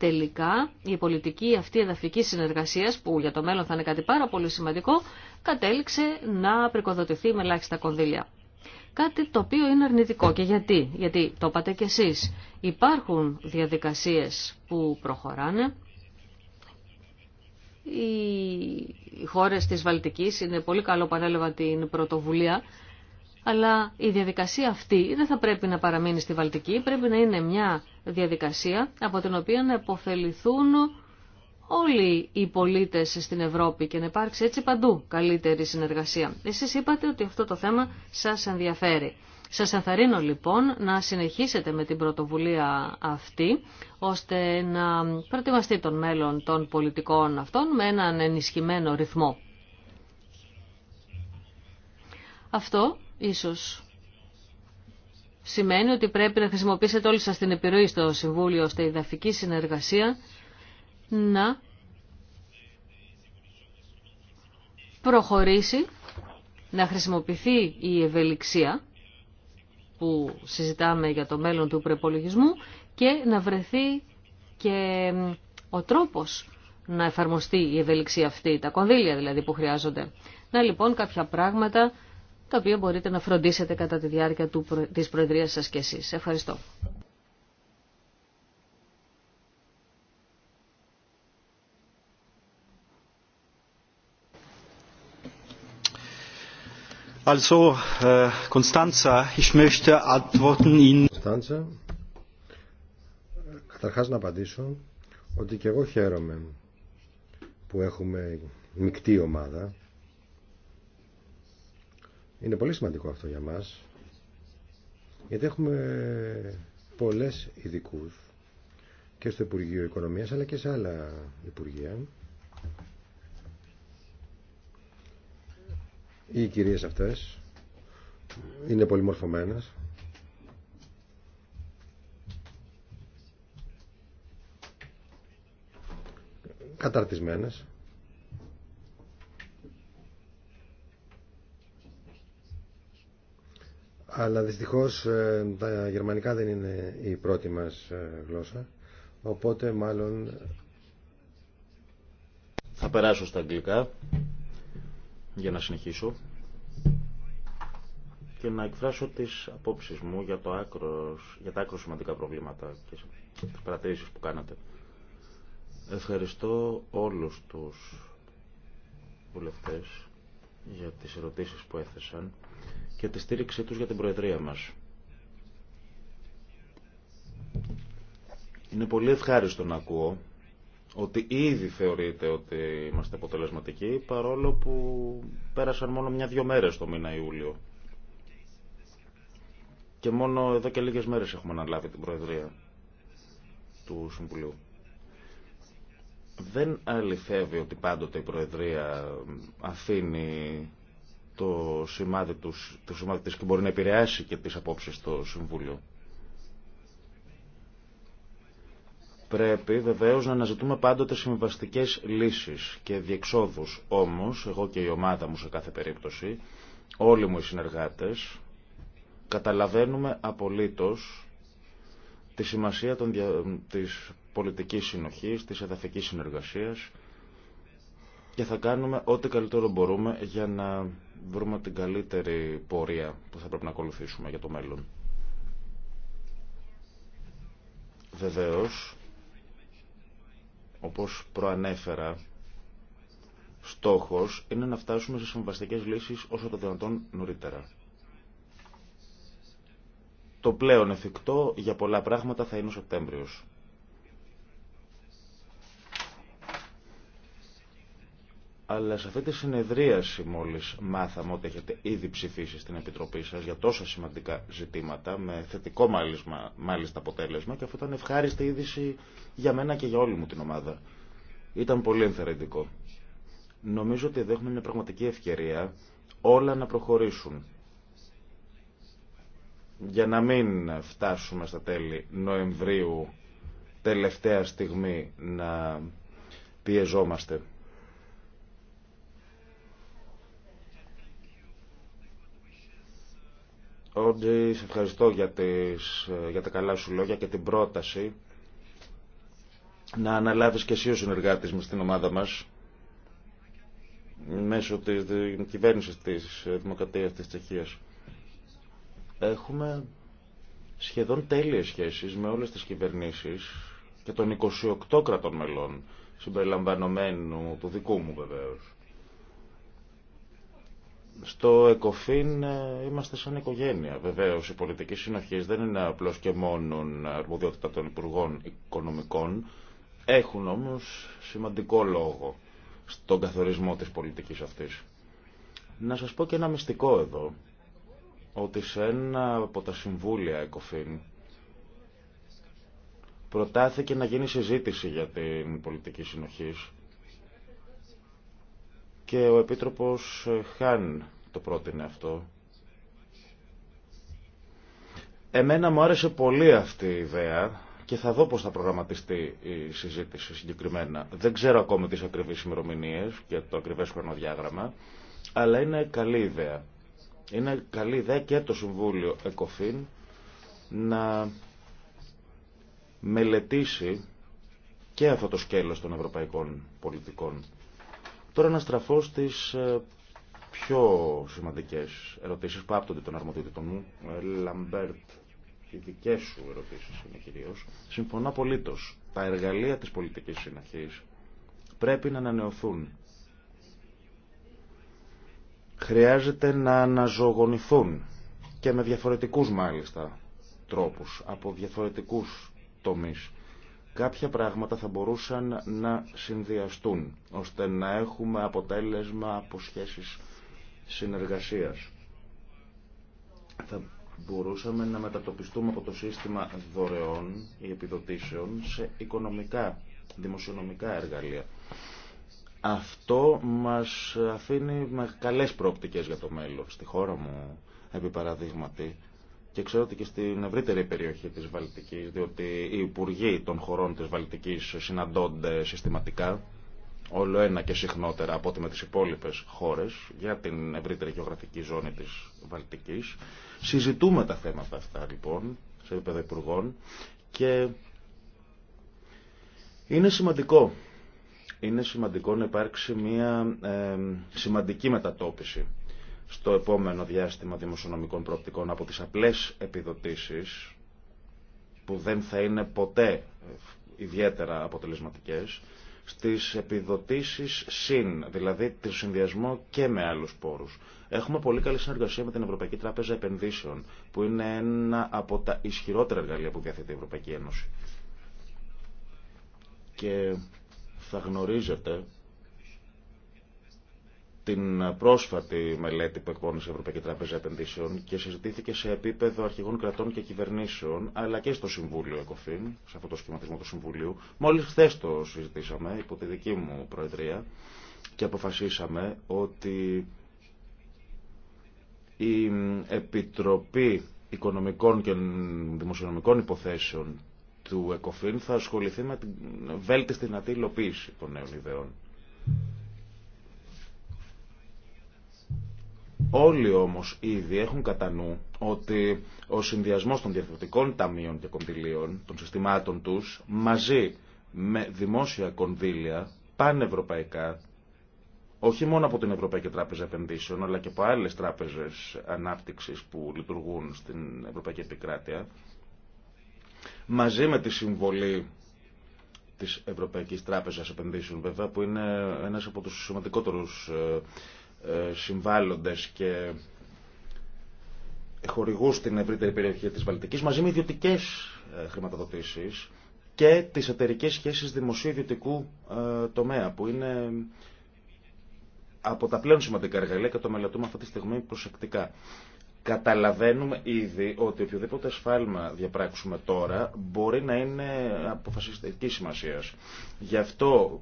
τελικά η πολιτική αυτή εδαφική συνεργασίας, που για το μέλλον θα είναι κάτι πάρα πολύ σημαντικό, κατέληξε να πρικοδοτηθεί με ελάχιστα κονδύλια. Κάτι το οποίο είναι αρνητικό. Και γιατί, γιατί το είπατε κι εσεί υπάρχουν διαδικασίες που προχωράνε, οι χώρες τη Βαλτική είναι πολύ καλό που την πρωτοβουλία αλλά η διαδικασία αυτή δεν θα πρέπει να παραμείνει στη Βαλτική, πρέπει να είναι μια διαδικασία από την οποία να υποφεληθούν όλοι οι πολίτες στην Ευρώπη και να υπάρξει έτσι παντού καλύτερη συνεργασία. Εσείς είπατε ότι αυτό το θέμα σας ενδιαφέρει. Σας ενθαρρύνω λοιπόν να συνεχίσετε με την πρωτοβουλία αυτή, ώστε να προετοιμαστεί τον μέλλον των πολιτικών αυτών με έναν ενισχυμένο ρυθμό. Αυτό ίσως σημαίνει ότι πρέπει να χρησιμοποιήσετε όλοι σας την επιρροή στο Συμβούλιο ώστε η δαφική συνεργασία να προχωρήσει, να χρησιμοποιηθεί η ευελιξία που συζητάμε για το μέλλον του προπολογισμού και να βρεθεί και ο τρόπος να εφαρμοστεί η ευελιξία αυτή, τα κονδύλια δηλαδή που χρειάζονται. Να λοιπόν κάποια πράγματα τα οποία μπορείτε να φροντίσετε κατά τη διάρκεια του, της Προεδρίας σας και εσείς. Ευχαριστώ. Also, καταρχά äh, ich möchte antworten καταρχάς να απαντήσω ότι και εγώ χαίρομαι που έχουμε μεικτή ομάδα είναι πολύ σημαντικό αυτό για μας, γιατί έχουμε πολλές ειδικού και στο Υπουργείο Οικονομίας, αλλά και σε άλλα Υπουργεία. Οι κυρίες αυτές είναι πολύ μορφωμένες. καταρτισμένες αλλά δυστυχώς ε, τα γερμανικά δεν είναι η πρώτη μας ε, γλώσσα, οπότε μάλλον... Θα περάσω στα αγγλικά για να συνεχίσω και να εκφράσω τις απόψεις μου για, το άκρος, για τα άκρο σημαντικά προβλήματα και τις παρατηρήσεις που κάνατε. Ευχαριστώ όλους τους βουλευτές για τις ερωτήσεις που έθεσαν και τη στήριξή τους για την Προεδρία μας. Είναι πολύ ευχάριστο να ακούω ότι ήδη θεωρείται ότι είμαστε αποτελεσματικοί, παρόλο που πέρασαν μόνο μια-δυο μέρες το μήνα Ιούλιο. Και μόνο εδώ και λίγες μέρες έχουμε αναλάβει την Προεδρία του Συμβουλίου. Δεν αληθεύει ότι πάντοτε η Προεδρία αφήνει το σημάδι, του το της και μπορεί να επηρεάσει και τις απόψεις στο Συμβούλιο. Πρέπει βεβαίω να αναζητούμε πάντοτε συμβαστικέ λύσει και διεξόδου. όμως, εγώ και η ομάδα μου σε κάθε περίπτωση, όλοι μου οι συνεργάτε, καταλαβαίνουμε απολύτω τη σημασία των της πολιτικής συνοχής, της εδαφικής συνεργασίας και θα κάνουμε ό,τι καλύτερο μπορούμε για να βρούμε την καλύτερη πορεία που θα πρέπει να ακολουθήσουμε για το μέλλον. Βεβαίως, όπως προανέφερα, στόχος είναι να φτάσουμε σε συμβαστικές λύσεις όσο το δυνατόν νωρίτερα. Το πλέον εφικτό για πολλά πράγματα θα είναι ο Σεπτέμβριος. αλλά σε αυτή τη συνεδρίαση μόλις μάθαμε ότι έχετε ήδη ψηφίσει στην Επιτροπή σας για τόσα σημαντικά ζητήματα, με θετικό μάλιστα, μάλιστα αποτέλεσμα και αυτό ήταν ευχάριστη είδηση για μένα και για όλη μου την ομάδα. Ήταν πολύ ενθαρρυντικό. Νομίζω ότι εδώ μια πραγματική ευκαιρία όλα να προχωρήσουν. Για να μην φτάσουμε στα τέλη Νοεμβρίου τελευταία στιγμή να πιεζόμαστε. Όντι, σε ευχαριστώ για, τις, για τα καλά σου λόγια και την πρόταση να αναλάβεις και εσύ ο συνεργάτης μου στην ομάδα μας μέσω της κυβέρνησης της Δημοκρατίας της Τσεχίας. Έχουμε σχεδόν τέλειες σχέσεις με όλες τις κυβερνήσεις και των 28 κρατών μελών, συμπεριλαμβανομένου του δικού μου βεβαίως στο ΕΚΟΦΗΝ ε, είμαστε σαν οικογένεια. Βεβαίω, οι πολιτική συνοχή δεν είναι απλώ και μόνο αρμοδιότητα των Υπουργών Οικονομικών. Έχουν όμω σημαντικό λόγο στον καθορισμό τη πολιτική αυτή. Να σα πω και ένα μυστικό εδώ. Ότι σε ένα από τα συμβούλια ΕΚΟΦΗΝ προτάθηκε να γίνει συζήτηση για την πολιτική συνοχής και ο Επίτροπος Χάν το πρότεινε αυτό. Εμένα μου άρεσε πολύ αυτή η ιδέα και θα δω πώς θα προγραμματιστεί η συζήτηση συγκεκριμένα. Δεν ξέρω ακόμη τις ακριβείς ημερομηνίε και το ακριβές χρονοδιάγραμμα, αλλά είναι καλή ιδέα. Είναι καλή ιδέα και το Συμβούλιο ΕΚΟΦΗΝ να μελετήσει και αυτό το σκέλος των ευρωπαϊκών πολιτικών. Τώρα να στραφώ στις ε, πιο σημαντικέ ερωτήσει που άπτονται των αρμοδιοτήτων μου. Ε, Λαμπέρτ, οι δικέ σου ερωτήσει είναι κυρίω, Συμφωνώ απολύτως. Τα εργαλεία της πολιτική συναρχή πρέπει να ανανεωθούν. Χρειάζεται να αναζωογονηθούν και με διαφορετικούς μάλιστα τρόπους, από διαφορετικούς τομείς κάποια πράγματα θα μπορούσαν να συνδυαστούν, ώστε να έχουμε αποτέλεσμα από σχέσεις συνεργασίας. Θα μπορούσαμε να μετατοπιστούμε από το σύστημα δωρεών ή επιδοτήσεων σε οικονομικά, δημοσιονομικά εργαλεία. Αυτό μας αφήνει με καλές πρόπτικες για το μέλλον. Στη χώρα μου, επί παραδείγματι, και ξέρω ότι και στην ευρύτερη περιοχή της Βαλτικής, διότι οι υπουργοί των χωρών της Βαλτικής συναντώνται συστηματικά, όλο ένα και συχνότερα από ότι με τις υπόλοιπες χώρες, για την ευρύτερη γεωγραφική ζώνη της Βαλτικής. Συζητούμε τα θέματα αυτά λοιπόν, σε επίπεδο υπουργών, και είναι σημαντικό. Είναι σημαντικό να υπάρξει μια ε, σημαντική μετατόπιση στο επόμενο διάστημα δημοσιονομικών προοπτικών από τις απλές επιδοτήσεις που δεν θα είναι ποτέ ιδιαίτερα αποτελεσματικές στις επιδοτήσεις συν, δηλαδή το συνδυασμό και με άλλους πόρους. Έχουμε πολύ καλή συνεργασία με την Ευρωπαϊκή Τράπεζα Επενδύσεων, που είναι ένα από τα ισχυρότερα εργαλεία που διαθέτει η Ευρωπαϊκή Ένωση. Και θα γνωρίζετε την πρόσφατη μελέτη που εκπώνησε η Ευρωπαϊκή Τράπεζα Επενδύσεων και συζητήθηκε σε επίπεδο αρχηγών κρατών και κυβερνήσεων, αλλά και στο Συμβούλιο ΕΚΟΦΗΝ, σε αυτό το σχηματισμό του Συμβουλίου. Μόλις χθε το συζητήσαμε υπό τη δική μου Προεδρία και αποφασίσαμε ότι η Επιτροπή Οικονομικών και Δημοσιονομικών Υποθέσεων του ΕΚΟΦΗΝ θα ασχοληθεί με την βέλτιστη δυνατή υλοποίηση των νέων ιδεών. Όλοι όμως ήδη έχουν κατά νου ότι ο συνδυασμός των διαφορετικών ταμείων και κονδυλίων, των συστημάτων τους, μαζί με δημόσια κονδύλια, πανευρωπαϊκά, όχι μόνο από την Ευρωπαϊκή Τράπεζα Επενδύσεων, αλλά και από άλλες τράπεζες ανάπτυξης που λειτουργούν στην Ευρωπαϊκή Επικράτεια, μαζί με τη συμβολή της Ευρωπαϊκής Τράπεζας Επενδύσεων, βέβαια, που είναι ένας από τους σημαντικότερους ε, ε, συμβάλλοντες και χορηγούς στην ευρύτερη περιοχή της Βαλτικής μαζί με ιδιωτικέ ε, χρηματοδοτήσεις και τις εταιρικέ σχέσεις δημοσίου-ιδιωτικού ε, τομέα που είναι από τα πλέον σημαντικά εργαλεία και το μελετούμε αυτή τη στιγμή προσεκτικά. Καταλαβαίνουμε ήδη ότι οποιοδήποτε σφάλμα διαπράξουμε τώρα μπορεί να είναι αποφασιστική σημασία. Γι' αυτό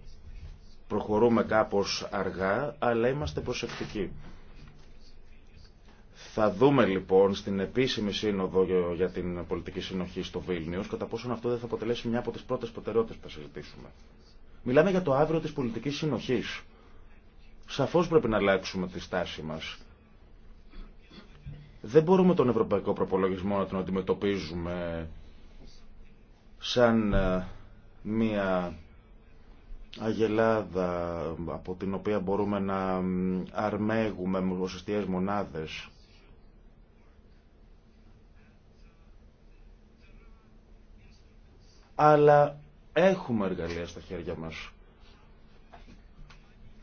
Προχωρούμε κάπως αργά, αλλά είμαστε προσεκτικοί. Θα δούμε λοιπόν στην επίσημη σύνοδο για την πολιτική συνοχή στο Βίλνιος κατά πόσον αυτό δεν θα αποτελέσει μια από τις πρώτες προτεραιότητες που θα συζητήσουμε. Μιλάμε για το αύριο της πολιτικής συνοχής. Σαφώς πρέπει να αλλάξουμε τη στάση μας. Δεν μπορούμε τον ευρωπαϊκό προπολογισμό να τον αντιμετωπίζουμε σαν ε, μια αγελάδα από την οποία μπορούμε να αρμέγουμε με μονάδες. Αλλά έχουμε εργαλεία στα χέρια μας.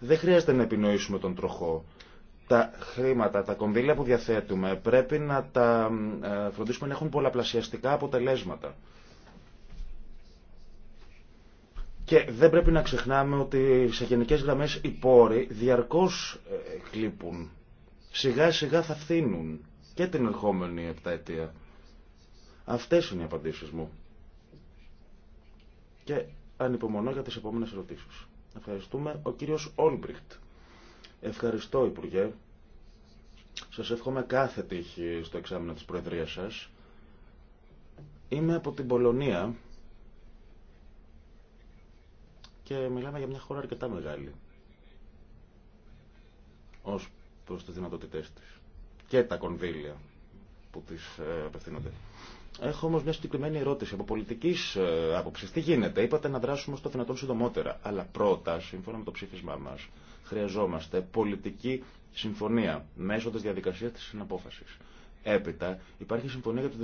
Δεν χρειάζεται να επινοήσουμε τον τροχό. Τα χρήματα, τα κονδύλια που διαθέτουμε πρέπει να τα ε, φροντίσουμε να έχουν πολλαπλασιαστικά αποτελέσματα. Και δεν πρέπει να ξεχνάμε ότι σε γενικές γραμμές οι πόροι διαρκώς κλείπουν. Ε, σιγά σιγά θα φθήνουν και την ερχόμενη επταετία. Αυτές είναι οι απαντήσεις μου. Και ανυπομονώ για τις επόμενες ερωτήσεις. Ευχαριστούμε ο κύριος Όλμπριχτ. Ευχαριστώ Υπουργέ. Σας εύχομαι κάθε τύχη στο εξάμεινο της Προεδρίας σας. Είμαι από την Πολωνία και μιλάμε για μια χώρα αρκετά μεγάλη ως προς τις δυνατότητές της και τα κονδύλια που της ε, απευθύνονται. Έχω όμω μια συγκεκριμένη ερώτηση. Από πολιτική ε, άποψη, τι γίνεται, είπατε να δράσουμε στο δυνατόν συντομότερα. Αλλά πρώτα, σύμφωνα με το ψήφισμά μα, χρειαζόμαστε πολιτική συμφωνία μέσω τη διαδικασία τη συναπόφαση. Έπειτα υπάρχει συμφωνία για το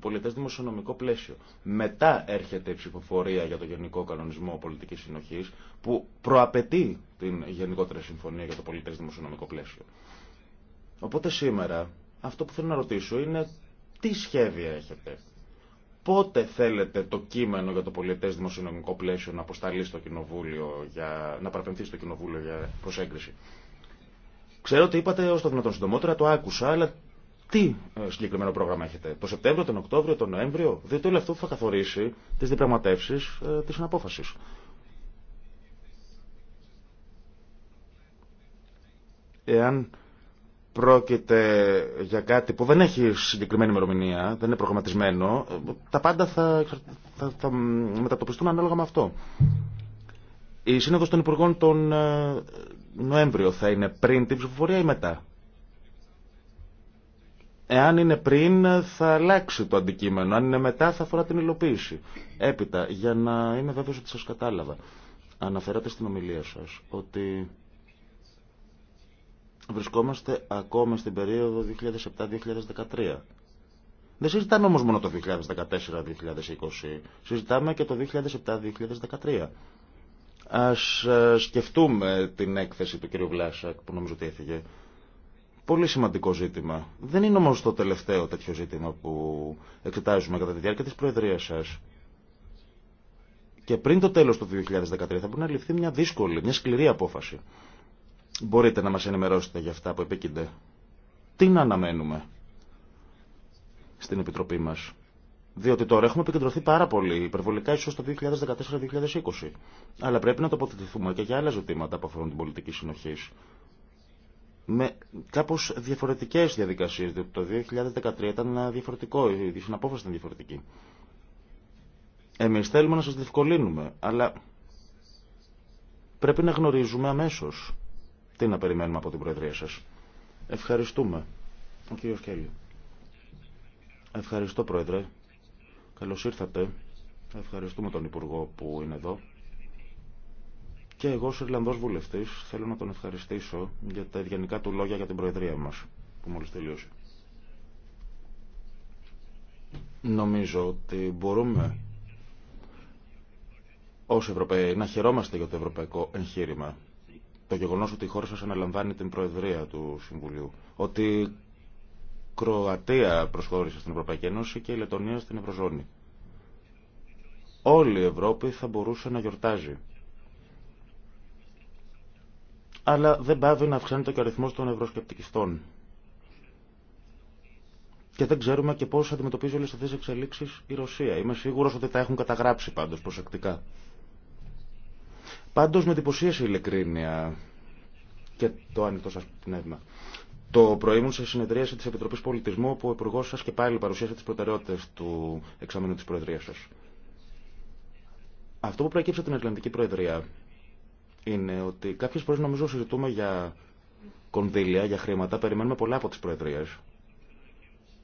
πολιτέ δημοσιονομικό πλαίσιο. Μετά έρχεται η ψηφοφορία για το Γενικό Κανονισμό Πολιτική Συνοχή που προαπαιτεί την γενικότερη συμφωνία για το πολιτέ δημοσιονομικό πλαίσιο. Οπότε σήμερα αυτό που θέλω να ρωτήσω είναι τι σχέδια έχετε. Πότε θέλετε το κείμενο για το πολιτέ δημοσιονομικό πλαίσιο να αποσταλεί στο κοινοβούλιο, για, να παραπεμφθεί στο κοινοβούλιο για προσέγγιση. Ξέρω ότι είπατε ω το δυνατόν συντομότερα, το άκουσα, αλλά τι ε, συγκεκριμένο πρόγραμμα έχετε, το Σεπτέμβριο, τον Οκτώβριο, τον Νοέμβριο, διότι όλο αυτό θα καθορίσει τι διαπραγματεύσει ε, τη αναπόφαση. Εάν πρόκειται για κάτι που δεν έχει συγκεκριμένη ημερομηνία, δεν είναι προγραμματισμένο, ε, τα πάντα θα, θα, θα μετατοπιστούν ανάλογα με αυτό. Η Σύνοδος των Υπουργών τον Νοέμβριο θα είναι πριν την ψηφοφορία ή μετά. Εάν είναι πριν θα αλλάξει το αντικείμενο, αν είναι μετά θα αφορά την υλοποίηση. Έπειτα, για να είμαι βέβαιος ότι σας κατάλαβα, αναφέρατε στην ομιλία σας ότι βρισκόμαστε ακόμα στην περίοδο 2007-2013. Δεν συζητάμε όμως μόνο το 2014-2020, συζητάμε και το 2007-2013. Ας ε, σκεφτούμε την έκθεση του κ. Βλάσσακ, που νομίζω ότι έφυγε Πολύ σημαντικό ζήτημα. Δεν είναι όμως το τελευταίο τέτοιο ζήτημα που εξετάζουμε κατά τη διάρκεια της Προεδρίας σας. Και πριν το τέλος του 2013 θα μπορεί να ληφθεί μια δύσκολη, μια σκληρή απόφαση. Μπορείτε να μας ενημερώσετε για αυτά που επίκυνται. Τι να αναμένουμε στην Επιτροπή μας. Διότι τώρα έχουμε επικεντρωθεί πάρα πολύ, υπερβολικά ίσω το 2014-2020. Αλλά πρέπει να τοποθετηθούμε και για άλλα ζητήματα που αφορούν την πολιτική συνοχή με κάπω διαφορετικές διαδικασίες, διότι το 2013 ήταν διαφορετικό, η συναπόφαση ήταν διαφορετική. Εμείς θέλουμε να σας διευκολύνουμε, αλλά πρέπει να γνωρίζουμε αμέσω τι να περιμένουμε από την Προεδρία σα. Ευχαριστούμε. Ο κύριος Κέλλη. Ευχαριστώ, Πρόεδρε. Καλώς ήρθατε. Ευχαριστούμε τον Υπουργό που είναι εδώ. Και εγώ ως Ιρλανδός βουλευτής θέλω να τον ευχαριστήσω για τα ευγενικά του λόγια για την Προεδρία μας που μόλις τελείωσε. Νομίζω ότι μπορούμε ως Ευρωπαίοι να χαιρόμαστε για το ευρωπαϊκό εγχείρημα. Το γεγονός ότι η χώρα σας αναλαμβάνει την Προεδρία του Συμβουλίου. Ότι η Κροατία προσχώρησε στην Ευρωπαϊκή Ένωση και η Λετωνία στην Ευρωζώνη. Όλη η Ευρώπη θα μπορούσε να γιορτάζει αλλά δεν πάβει να αυξάνεται και ο αριθμό των ευρωσκεπτικιστών. Και δεν ξέρουμε και πώ αντιμετωπίζει όλε αυτέ τι εξελίξει η Ρωσία. Είμαι σίγουρο ότι τα έχουν καταγράψει πάντω προσεκτικά. Πάντω με εντυπωσίασε η ειλικρίνεια και το άνοιχτο σα πνεύμα. Το πρωί μου σε συνεδρίαση τη Επιτροπή Πολιτισμού, όπου ο Υπουργό σα και πάλι παρουσίασε τι προτεραιότητε του εξαμήνου τη Προεδρία σα. Αυτό που προέκυψε την Ατλαντική Προεδρία είναι ότι κάποιες φορέ νομίζω συζητούμε για κονδύλια, για χρήματα, περιμένουμε πολλά από τις προεδρίες.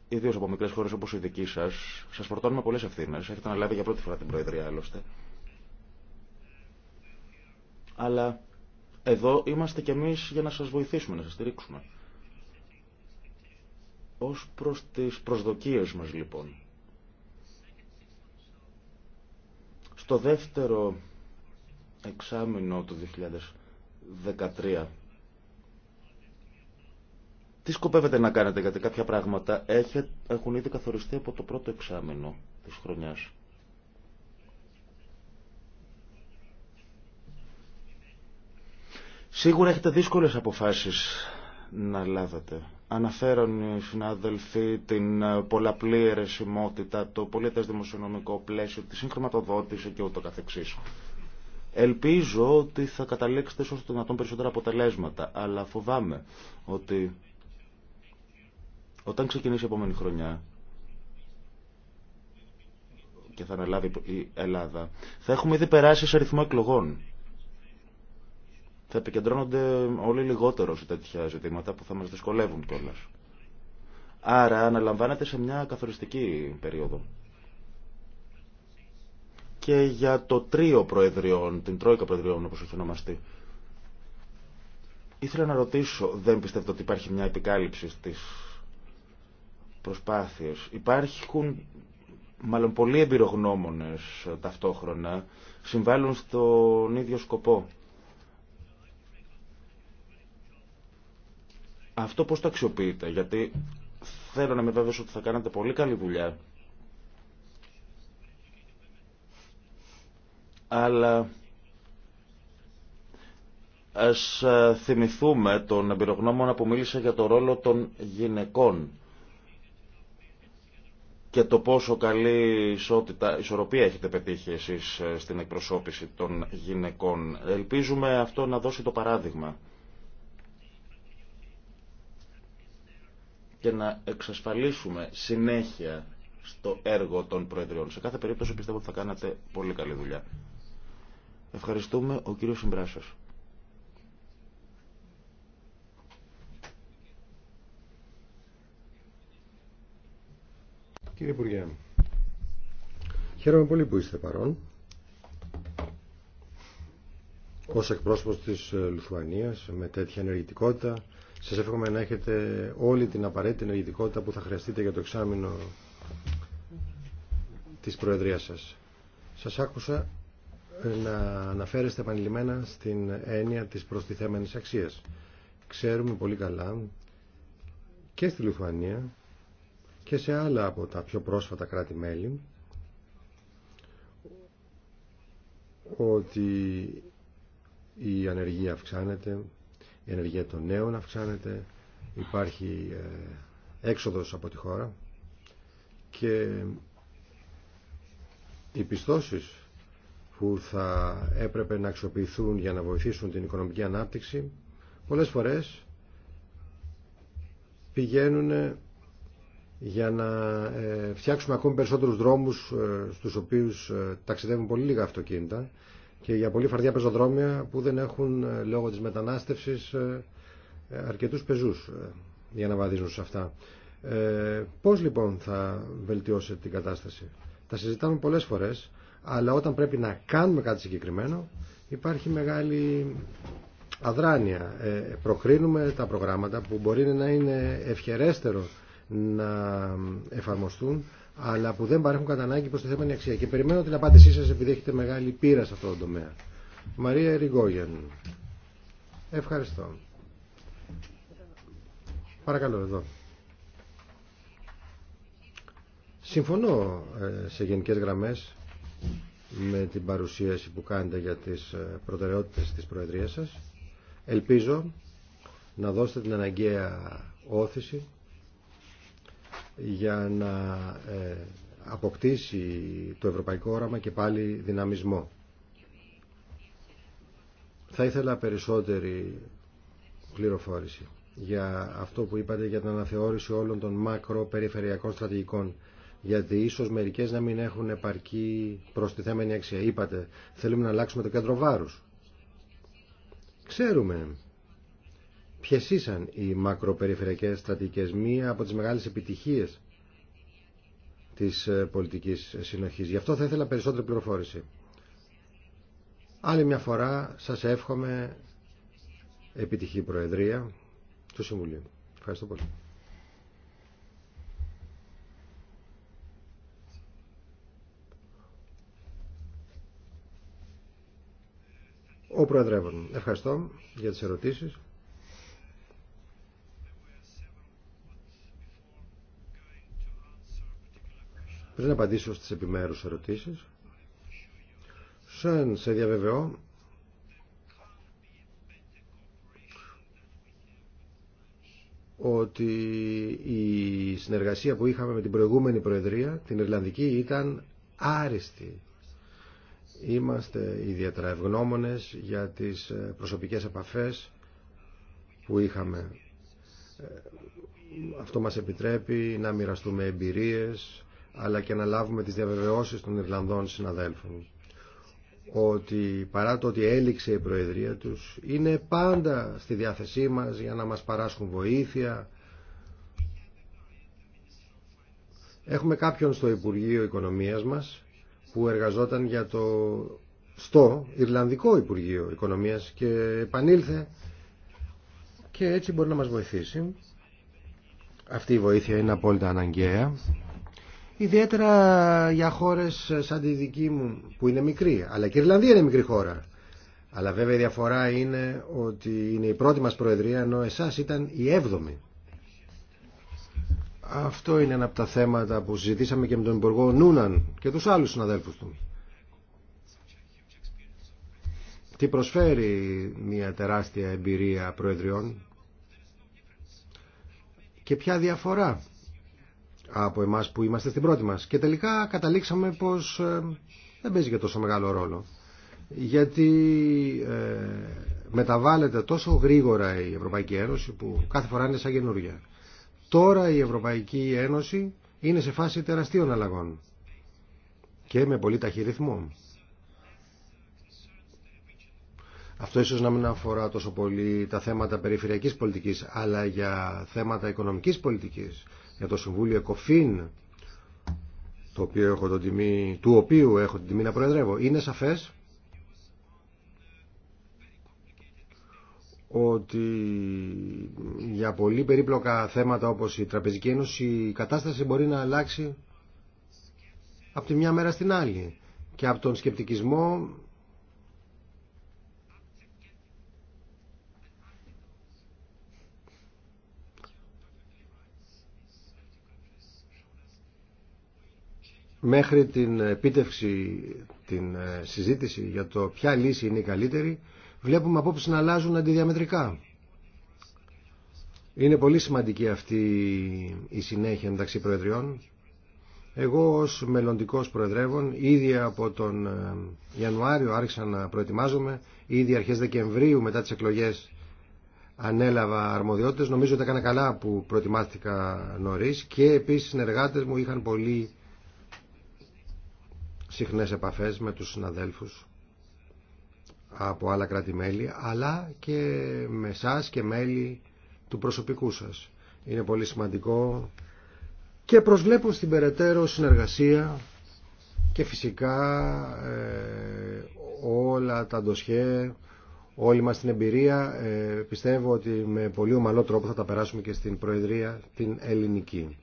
Ιδίω από μικρέ χώρε όπω η δική σα, σα φορτώνουμε πολλέ ευθύνε. Έχετε αναλάβει για πρώτη φορά την Προεδρία, άλλωστε. Αλλά εδώ είμαστε κι εμεί για να σα βοηθήσουμε, να σα στηρίξουμε. Ω προ τι προσδοκίε μα, λοιπόν. Στο δεύτερο εξάμεινο του 2013. Τι σκοπεύετε να κάνετε, γιατί κάποια πράγματα έχουν ήδη καθοριστεί από το πρώτο εξάμεινο της χρονιάς. Σίγουρα έχετε δύσκολες αποφάσεις να λάβετε. Αναφέρον οι συνάδελφοι την ε, πολλαπλή ερεσιμότητα, το πολίτες δημοσιονομικό πλαίσιο, τη συγχρηματοδότηση και ούτω καθεξής. Ελπίζω ότι θα καταλήξετε όσο το δυνατόν περισσότερα αποτελέσματα, αλλά φοβάμαι ότι όταν ξεκινήσει η επόμενη χρονιά και θα αναλάβει η Ελλάδα, θα έχουμε ήδη περάσει σε αριθμό εκλογών. Θα επικεντρώνονται όλοι λιγότερο σε τέτοια ζητήματα που θα μας δυσκολεύουν κιόλας. Άρα αναλαμβάνεται σε μια καθοριστική περίοδο και για το τρίο προεδριών, την τρόικα προεδριών όπως έχει ονομαστεί. Ήθελα να ρωτήσω, δεν πιστεύετε ότι υπάρχει μια επικάλυψη στις προσπάθειες. Υπάρχουν μάλλον πολλοί εμπειρογνώμονες ταυτόχρονα, συμβάλλουν στον ίδιο σκοπό. Αυτό πώς το αξιοποιείτε, γιατί θέλω να με βέβαιος ότι θα κάνατε πολύ καλή δουλειά αλλά ας ε, θυμηθούμε τον εμπειρογνώμονα που μίλησε για το ρόλο των γυναικών και το πόσο καλή ισότητα, ισορροπία έχετε πετύχει εσείς ε, στην εκπροσώπηση των γυναικών. Ελπίζουμε αυτό να δώσει το παράδειγμα και να εξασφαλίσουμε συνέχεια στο έργο των Προεδριών. Σε κάθε περίπτωση πιστεύω ότι θα κάνατε πολύ καλή δουλειά. Ευχαριστούμε ο κύριος Συμπράσος. Κύριε Υπουργέ, χαίρομαι πολύ που είστε παρόν. Ως εκπρόσωπος της ε, Λουθουανίας, με τέτοια ενεργητικότητα, σας εύχομαι να έχετε όλη την απαραίτητη ενεργητικότητα που θα χρειαστείτε για το εξάμεινο της Προεδρίας σας. Σας άκουσα να αναφέρεστε επανειλημμένα στην έννοια της προστιθέμενης αξίας. Ξέρουμε πολύ καλά και στη Λιθουανία και σε άλλα από τα πιο πρόσφατα κράτη-μέλη ότι η ανεργία αυξάνεται, η ανεργία των νέων αυξάνεται, υπάρχει ε, έξοδος από τη χώρα και οι πιστώσεις που θα έπρεπε να αξιοποιηθούν για να βοηθήσουν την οικονομική ανάπτυξη πολλές φορές πηγαίνουν για να ε, φτιάξουμε ακόμη περισσότερους δρόμους ε, στους οποίους ε, ταξιδεύουν πολύ λίγα αυτοκίνητα και για πολύ φαρδιά πεζοδρόμια που δεν έχουν λόγω της μετανάστευσης αρκετούς πεζούς για να βαδίζουν σε αυτά. Ε, πώς λοιπόν θα βελτιώσετε την κατάσταση. Τα συζητάμε πολλές φορές αλλά όταν πρέπει να κάνουμε κάτι συγκεκριμένο υπάρχει μεγάλη αδράνεια. Ε, προκρίνουμε τα προγράμματα που μπορεί να είναι ευχερέστερο να εφαρμοστούν αλλά που δεν παρέχουν κατά ανάγκη προς τη θέμα αξία. Και περιμένω την απάντησή σας επειδή έχετε μεγάλη πείρα σε αυτό το τομέα. Μαρία Ριγόγεν. Ευχαριστώ. Παρακαλώ εδώ. Συμφωνώ ε, σε γενικές γραμμές με την παρουσίαση που κάνετε για τις ε, προτεραιότητες της Προεδρίας σας. Ελπίζω να δώσετε την αναγκαία όθηση για να ε, αποκτήσει το ευρωπαϊκό όραμα και πάλι δυναμισμό. Θα ήθελα περισσότερη πληροφόρηση για αυτό που είπατε για την αναθεώρηση όλων των μακροπεριφερειακών στρατηγικών γιατί ίσως μερικές να μην έχουν επαρκή προστιθέμενη αξία. Είπατε, θέλουμε να αλλάξουμε το κέντρο βάρους. Ξέρουμε ποιε ήσαν οι μακροπεριφερειακές στρατηγικές, μία από τις μεγάλες επιτυχίες της ε, πολιτικής συνοχής. Γι' αυτό θα ήθελα περισσότερη πληροφόρηση. Άλλη μια φορά σας εύχομαι επιτυχή Προεδρία του Συμβουλίου. Ευχαριστώ πολύ. ο Προεδρεύων. Ευχαριστώ για τις ερωτήσεις. Πριν απαντήσω στις επιμέρους ερωτήσεις, σαν σε διαβεβαιώ ότι η συνεργασία που είχαμε με την προηγούμενη Προεδρία, την Ιρλανδική, ήταν άριστη Είμαστε ιδιαίτερα ευγνώμονες για τις ε, προσωπικές επαφές που είχαμε. Ε, αυτό μας επιτρέπει να μοιραστούμε εμπειρίες, αλλά και να λάβουμε τις διαβεβαιώσεις των Ιρλανδών συναδέλφων. Ότι παρά το ότι έληξε η Προεδρία τους, είναι πάντα στη διάθεσή μας για να μας παράσχουν βοήθεια. Έχουμε κάποιον στο Υπουργείο Οικονομίας μας, που εργαζόταν για το στο Ιρλανδικό Υπουργείο Οικονομίας και επανήλθε και έτσι μπορεί να μας βοηθήσει. Αυτή η βοήθεια είναι απόλυτα αναγκαία. Ιδιαίτερα για χώρες σαν τη δική μου που είναι μικρή, αλλά και η Ιρλανδία είναι μικρή χώρα. Αλλά βέβαια η διαφορά είναι ότι είναι η πρώτη μας προεδρία ενώ εσάς ήταν η έβδομη. Αυτό είναι ένα από τα θέματα που συζητήσαμε και με τον Υπουργό Νούναν και τους άλλους συναδέλφους του. Τι προσφέρει μια τεράστια εμπειρία προεδριών και ποια διαφορά από εμάς που είμαστε στην πρώτη μας. Και τελικά καταλήξαμε πως ε, δεν παίζει και τόσο μεγάλο ρόλο. Γιατί ε, μεταβάλλεται τόσο γρήγορα η Ευρωπαϊκή Ένωση που κάθε φορά είναι σαν καινούργια. Τώρα η Ευρωπαϊκή Ένωση είναι σε φάση τεραστίων αλλαγών και με πολύ ταχύ ρυθμό. Αυτό ίσως να μην αφορά τόσο πολύ τα θέματα περιφερειακής πολιτικής, αλλά για θέματα οικονομικής πολιτικής, για το Συμβούλιο ΕΚΟΦΗΝ, το οποίο έχω του οποίου έχω την τιμή να προεδρεύω. Είναι σαφές ότι για πολύ περίπλοκα θέματα όπως η Τραπεζική Ένωση η κατάσταση μπορεί να αλλάξει από τη μια μέρα στην άλλη και από τον σκεπτικισμό μέχρι την επίτευξη την ε, συζήτηση για το ποια λύση είναι η καλύτερη βλέπουμε απόψεις να αλλάζουν αντιδιαμετρικά. Είναι πολύ σημαντική αυτή η συνέχεια μεταξύ Προεδριών. Εγώ ως μελλοντικός Προεδρεύων ήδη από τον ε, Ιανουάριο άρχισα να προετοιμάζομαι. Ήδη αρχές Δεκεμβρίου μετά τις εκλογές ανέλαβα αρμοδιότητες. Νομίζω ότι έκανα καλά που προετοιμάστηκα νωρίς και επίσης οι συνεργάτες μου είχαν πολύ συχνές επαφές με τους συναδέλφους από άλλα κράτη-μέλη, αλλά και με εσά και μέλη του προσωπικού σας. Είναι πολύ σημαντικό και προσβλέπω στην περαιτέρω συνεργασία και φυσικά ε, όλα τα ντοσιέ, όλη μας την εμπειρία ε, πιστεύω ότι με πολύ ομαλό τρόπο θα τα περάσουμε και στην Προεδρία την ελληνική.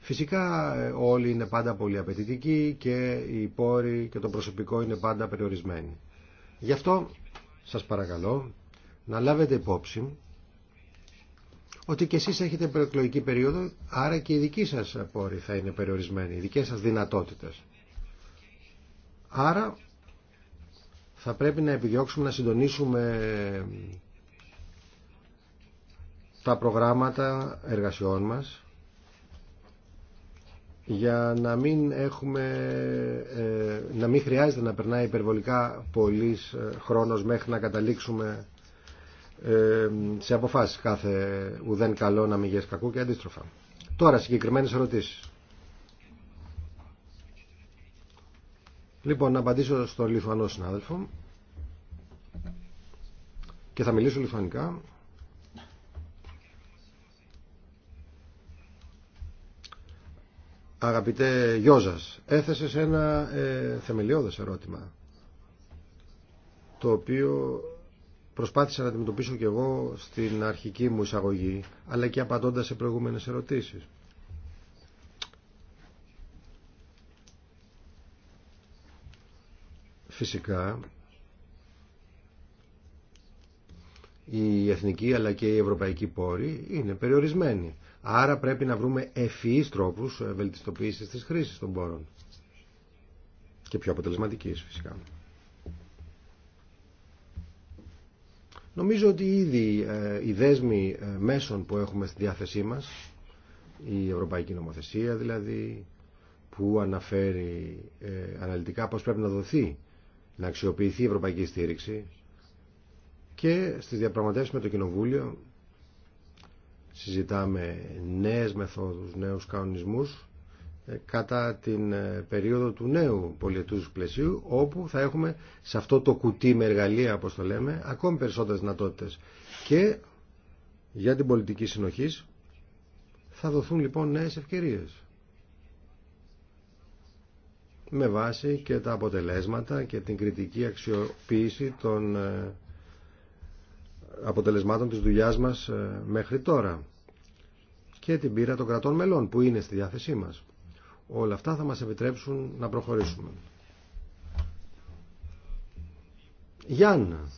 Φυσικά ε, όλοι είναι πάντα πολύ απαιτητικοί και οι πόροι και το προσωπικό είναι πάντα περιορισμένοι. Γι' αυτό σας παρακαλώ να λάβετε υπόψη ότι και εσείς έχετε προεκλογική περίοδο, άρα και οι δικοί σας πόροι θα είναι περιορισμένοι, οι δικές σας δυνατότητες. Άρα θα πρέπει να επιδιώξουμε να συντονίσουμε τα προγράμματα εργασιών μας για να μην, έχουμε, ε, να μην χρειάζεται να περνάει υπερβολικά πολύς ε, χρόνος μέχρι να καταλήξουμε ε, σε αποφάσεις κάθε ουδέν καλό να μηγες κακού και αντίστροφα. Τώρα συγκεκριμένες ερωτήσεις. Λοιπόν, να απαντήσω στον Λιθουανό συνάδελφο και θα μιλήσω λιθουανικά. Αγαπητέ Γιώζας, έθεσες ένα ε, θεμελιώδες ερώτημα το οποίο προσπάθησα να αντιμετωπίσω και εγώ στην αρχική μου εισαγωγή αλλά και απαντώντας σε προηγούμενες ερωτήσεις. Φυσικά η εθνική αλλά και η ευρωπαϊκή πόρη είναι περιορισμένη Άρα πρέπει να βρούμε ευφυείς τρόπους ε, βελτιστοποίησης της χρήσης των πόρων. Και πιο αποτελεσματικής φυσικά. Νομίζω ότι ήδη ε, οι δέσμοι ε, μέσων που έχουμε στη διάθεσή μας, η Ευρωπαϊκή Νομοθεσία δηλαδή, που αναφέρει αναλυτικά πώς πρέπει να δοθεί, να αξιοποιηθεί η ευρωπαϊκή στήριξη και στις διαπραγματεύσεις με το Κοινοβούλιο συζητάμε νέες μεθόδους, νέους κανονισμούς ε, κατά την ε, περίοδο του νέου πολιετούς πλαισίου όπου θα έχουμε σε αυτό το κουτί με εργαλεία όπως το λέμε ακόμη περισσότερες δυνατότητε. και για την πολιτική συνοχής θα δοθούν λοιπόν νέες ευκαιρίες με βάση και τα αποτελέσματα και την κριτική αξιοποίηση των ε, αποτελεσμάτων της δουλειάς μας μέχρι τώρα και την πείρα των κρατών μελών που είναι στη διάθεσή μας. Όλα αυτά θα μας επιτρέψουν να προχωρήσουμε. Γιάννα,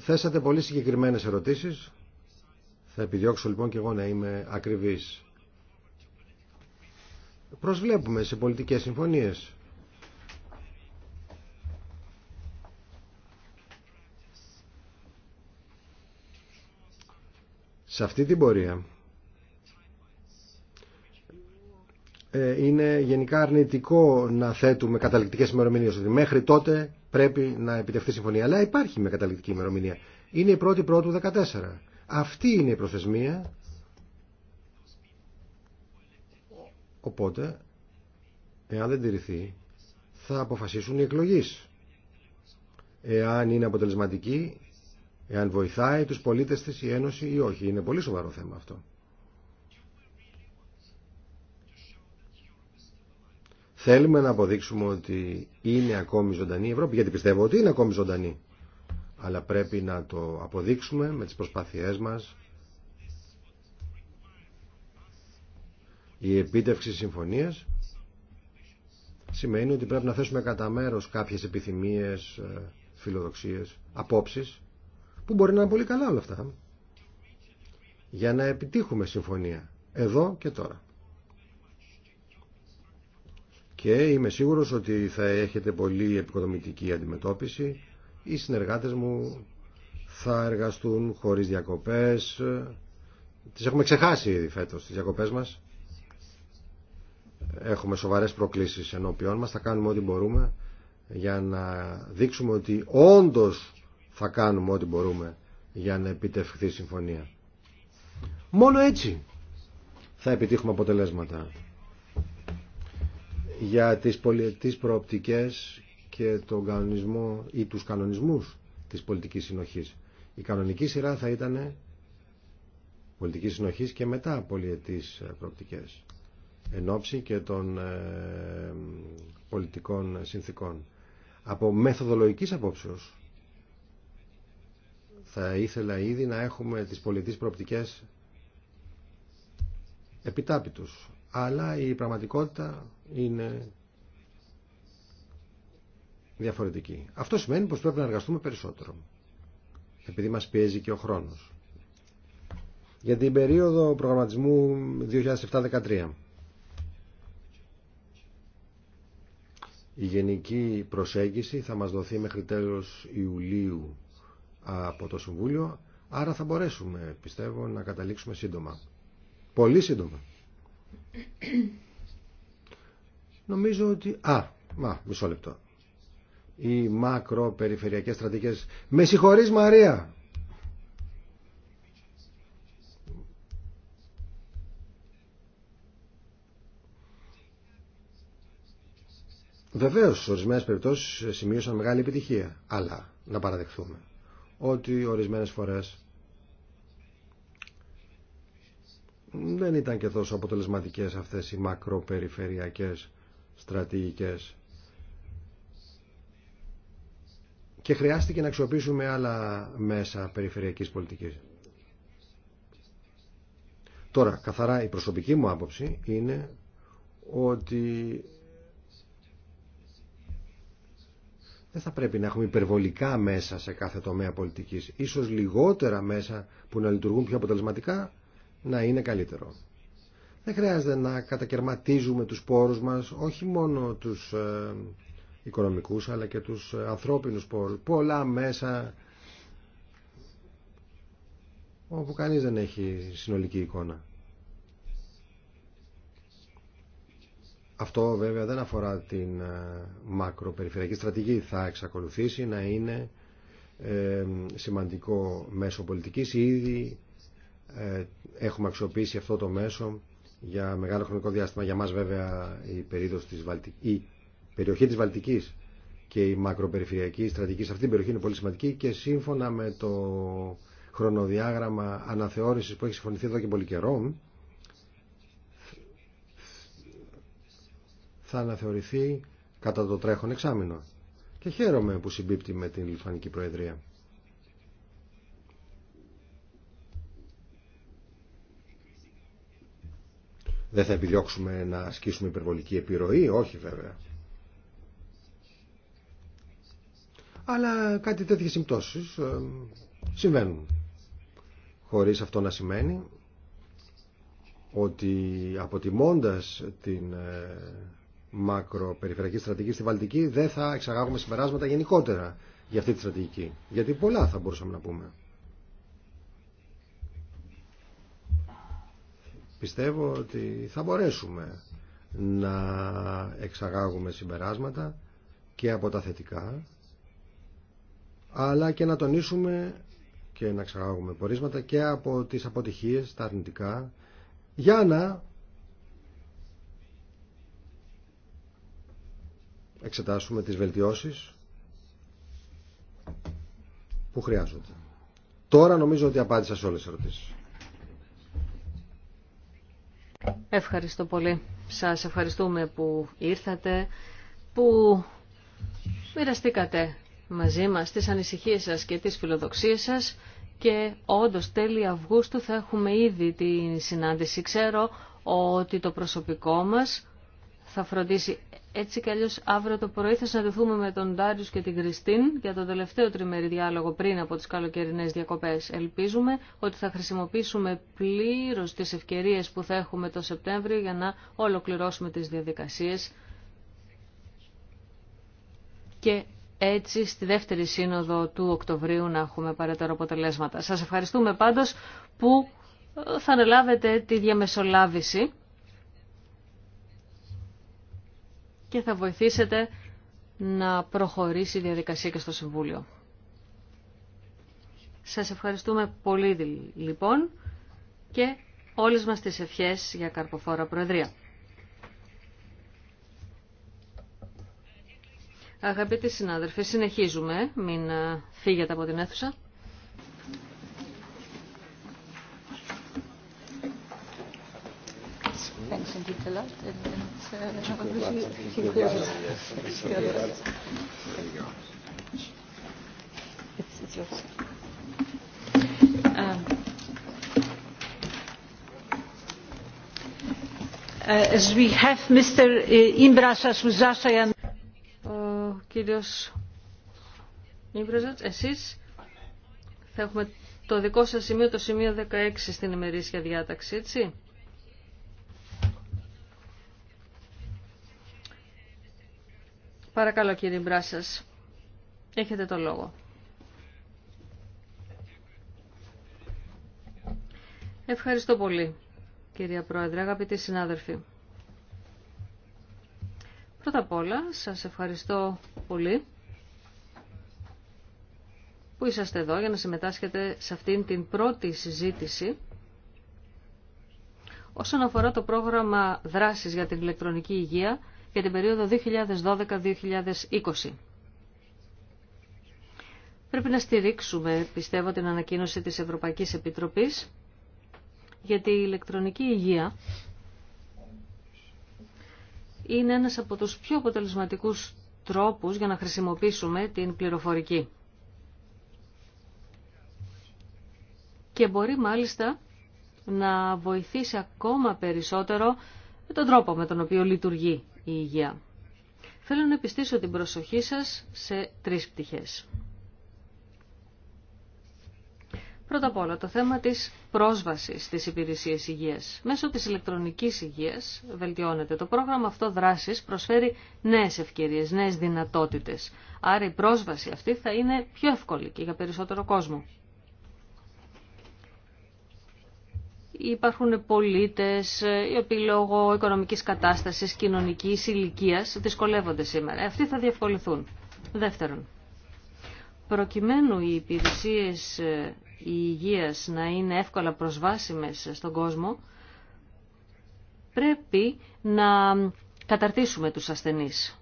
θέσατε πολύ συγκεκριμένες ερωτήσεις. Θα επιδιώξω λοιπόν και εγώ να είμαι ακριβής. Προσβλέπουμε σε πολιτικές συμφωνίες Σε αυτή την πορεία ε, είναι γενικά αρνητικό να θέτουμε καταληκτικές ημερομηνίε. Ότι μέχρι τότε πρέπει να επιτευχθεί συμφωνία. Αλλά υπάρχει μια καταληκτική ημερομηνία. Είναι η πρώτη πρώτου 14. Αυτή είναι η προθεσμία. Οπότε, εάν δεν τηρηθεί, θα αποφασίσουν οι εκλογείς. Εάν είναι αποτελεσματική εάν βοηθάει τους πολίτες της η Ένωση ή όχι. Είναι πολύ σοβαρό θέμα αυτό. Θέλουμε να αποδείξουμε ότι είναι ακόμη ζωντανή η Ευρώπη, γιατί πιστεύω ότι είναι ακόμη ζωντανή. Αλλά πρέπει να το αποδείξουμε με τις προσπάθειές μας. Η επίτευξη συμφωνίας σημαίνει ότι πρέπει να θέσουμε κατά μέρος κάποιες επιθυμίες, ε, φιλοδοξίες, απόψεις που μπορεί να είναι πολύ καλά όλα αυτά, για να επιτύχουμε συμφωνία εδώ και τώρα. Και είμαι σίγουρος ότι θα έχετε πολύ επικοδομητική αντιμετώπιση. Οι συνεργάτες μου θα εργαστούν χωρίς διακοπές. Τις έχουμε ξεχάσει ήδη φέτος, τις διακοπές μας. Έχουμε σοβαρές προκλήσεις ενώπιόν μας. Θα κάνουμε ό,τι μπορούμε για να δείξουμε ότι όντως θα κάνουμε ό,τι μπορούμε για να επιτευχθεί συμφωνία. Μόνο έτσι θα επιτύχουμε αποτελέσματα για τις πολιτικές προοπτικές και τον κανονισμό ή τους κανονισμούς της πολιτικής συνοχής. Η κανονική σειρά θα ήταν πολιτική συνοχής και μετά πολιετής ε, προοπτικές εν ώψη και των ε, πολιτικών συνθήκων. Από μεθοδολογικής απόψεως θα ήθελα ήδη να έχουμε τις πολιτικές προοπτικές επιτάπητους. Αλλά η πραγματικότητα είναι διαφορετική. Αυτό σημαίνει πως πρέπει να εργαστούμε περισσότερο. Επειδή μας πιέζει και ο χρόνος. Για την περίοδο προγραμματισμού 2007-2013. Η γενική προσέγγιση θα μας δοθεί μέχρι τέλος Ιουλίου από το Συμβούλιο, άρα θα μπορέσουμε, πιστεύω, να καταλήξουμε σύντομα. Πολύ σύντομα. Νομίζω ότι... Α, μα, μισό λεπτό. Οι μακροπεριφερειακές στρατηγικές... Με συγχωρείς Μαρία! Βεβαίω, σε ορισμένε περιπτώσει σημείωσαν μεγάλη επιτυχία. Αλλά να παραδεχθούμε ότι ορισμένες φορές δεν ήταν και τόσο αποτελεσματικές αυτές οι μακροπεριφερειακές στρατηγικές και χρειάστηκε να αξιοποιήσουμε άλλα μέσα περιφερειακής πολιτικής. Τώρα, καθαρά η προσωπική μου άποψη είναι ότι δεν θα πρέπει να έχουμε υπερβολικά μέσα σε κάθε τομέα πολιτικής. Ίσως λιγότερα μέσα που να λειτουργούν πιο αποτελεσματικά να είναι καλύτερο. Δεν χρειάζεται να κατακαιρματίζουμε τους πόρους μας, όχι μόνο τους ε, οικονομικούς αλλά και τους ανθρώπινους πόρους. Πολλά μέσα όπου κανείς δεν έχει συνολική εικόνα. Αυτό βέβαια δεν αφορά την ε, μακροπεριφερειακή στρατηγική. Θα εξακολουθήσει να είναι ε, σημαντικό μέσο πολιτικής. Ήδη ε, έχουμε αξιοποιήσει αυτό το μέσο για μεγάλο χρονικό διάστημα. Για μας βέβαια η, περίοδος της Βαλτικής, η περιοχή της Βαλτικής και η μακροπεριφερειακή στρατηγική σε αυτήν την περιοχή είναι πολύ σημαντική και σύμφωνα με το χρονοδιάγραμμα αναθεώρησης που έχει συμφωνηθεί εδώ και πολύ καιρό θα αναθεωρηθεί κατά το τρέχον εξάμεινο. Και χαίρομαι που συμπίπτει με την Λιθουανική Προεδρία. Δεν θα επιδιώξουμε να ασκήσουμε υπερβολική επιρροή, όχι βέβαια. Αλλά κάτι τέτοιες συμπτώσεις ε, συμβαίνουν. Χωρίς αυτό να σημαίνει ότι αποτιμώντας την ε, μακροπεριφερειακή στρατηγική στη Βαλτική δεν θα εξαγάγουμε συμπεράσματα γενικότερα για αυτή τη στρατηγική. Γιατί πολλά θα μπορούσαμε να πούμε. Πιστεύω ότι θα μπορέσουμε να εξαγάγουμε συμπεράσματα και από τα θετικά αλλά και να τονίσουμε και να εξαγάγουμε πορίσματα και από τις αποτυχίες, τα αρνητικά για να εξετάσουμε τις βελτιώσεις που χρειάζονται. Τώρα νομίζω ότι απάντησα σε όλες τις ερωτήσεις. Ευχαριστώ πολύ. Σας ευχαριστούμε που ήρθατε, που μοιραστήκατε μαζί μας τις ανησυχίες σας και τις φιλοδοξίες σας και όντως τέλη Αυγούστου θα έχουμε ήδη τη συνάντηση. Ξέρω ότι το προσωπικό μας θα φροντίσει έτσι κι αλλιώς αύριο το πρωί θα συναντηθούμε με τον Ντάριους και την Κριστίν για το τελευταίο τριμερή διάλογο πριν από τις καλοκαιρινές διακοπές. Ελπίζουμε ότι θα χρησιμοποιήσουμε πλήρως τις ευκαιρίες που θα έχουμε το Σεπτέμβριο για να ολοκληρώσουμε τις διαδικασίες και έτσι στη δεύτερη σύνοδο του Οκτωβρίου να έχουμε παρατέρω αποτελέσματα. Σας ευχαριστούμε πάντως που θα αναλάβετε τη διαμεσολάβηση και θα βοηθήσετε να προχωρήσει η διαδικασία και στο Συμβούλιο. Σας ευχαριστούμε πολύ λοιπόν και όλες μας τις ευχές για Καρποφόρα Προεδρία. Αγαπητοί συνάδελφοι, συνεχίζουμε, μην ε, φύγετε από την αίθουσα. Uh, θα έχουμε το δικό σας σημείο, το σημείο 16 στην ημερήσια διάταξη, έτσι. Παρακαλώ κύριε Μπράσας. Έχετε το λόγο. Ευχαριστώ πολύ, κυρία Πρόεδρε, αγαπητοί συνάδελφοι. Πρώτα απ' όλα, σας ευχαριστώ πολύ που είσαστε εδώ για να συμμετάσχετε σε αυτήν την πρώτη συζήτηση όσον αφορά το πρόγραμμα δράσης για την ηλεκτρονική υγεία για την περίοδο 2012-2020. Πρέπει να στηρίξουμε, πιστεύω, την ανακοίνωση της Ευρωπαϊκής Επιτροπής γιατί η ηλεκτρονική υγεία. Είναι ένας από τους πιο αποτελεσματικούς τρόπους για να χρησιμοποιήσουμε την πληροφορική. Και μπορεί μάλιστα να βοηθήσει ακόμα περισσότερο με τον τρόπο με τον οποίο λειτουργεί υγεία. Θέλω να επιστήσω την προσοχή σας σε τρεις πτυχές. Πρώτα απ' όλα το θέμα της πρόσβασης στις υπηρεσίες υγείας. Μέσω της ηλεκτρονικής υγείας βελτιώνεται. Το πρόγραμμα αυτό δράσης προσφέρει νέες ευκαιρίες, νέες δυνατότητες. Άρα η πρόσβαση αυτή θα είναι πιο εύκολη και για περισσότερο κόσμο. υπάρχουν πολίτες ε, οι οποίοι λόγω οικονομικής κατάστασης, κοινωνικής ηλικία δυσκολεύονται σήμερα. Ε, αυτοί θα διευκολυθούν. Δεύτερον, προκειμένου οι υπηρεσίε ε, υγείας να είναι εύκολα προσβάσιμες στον κόσμο, πρέπει να καταρτήσουμε τους ασθενείς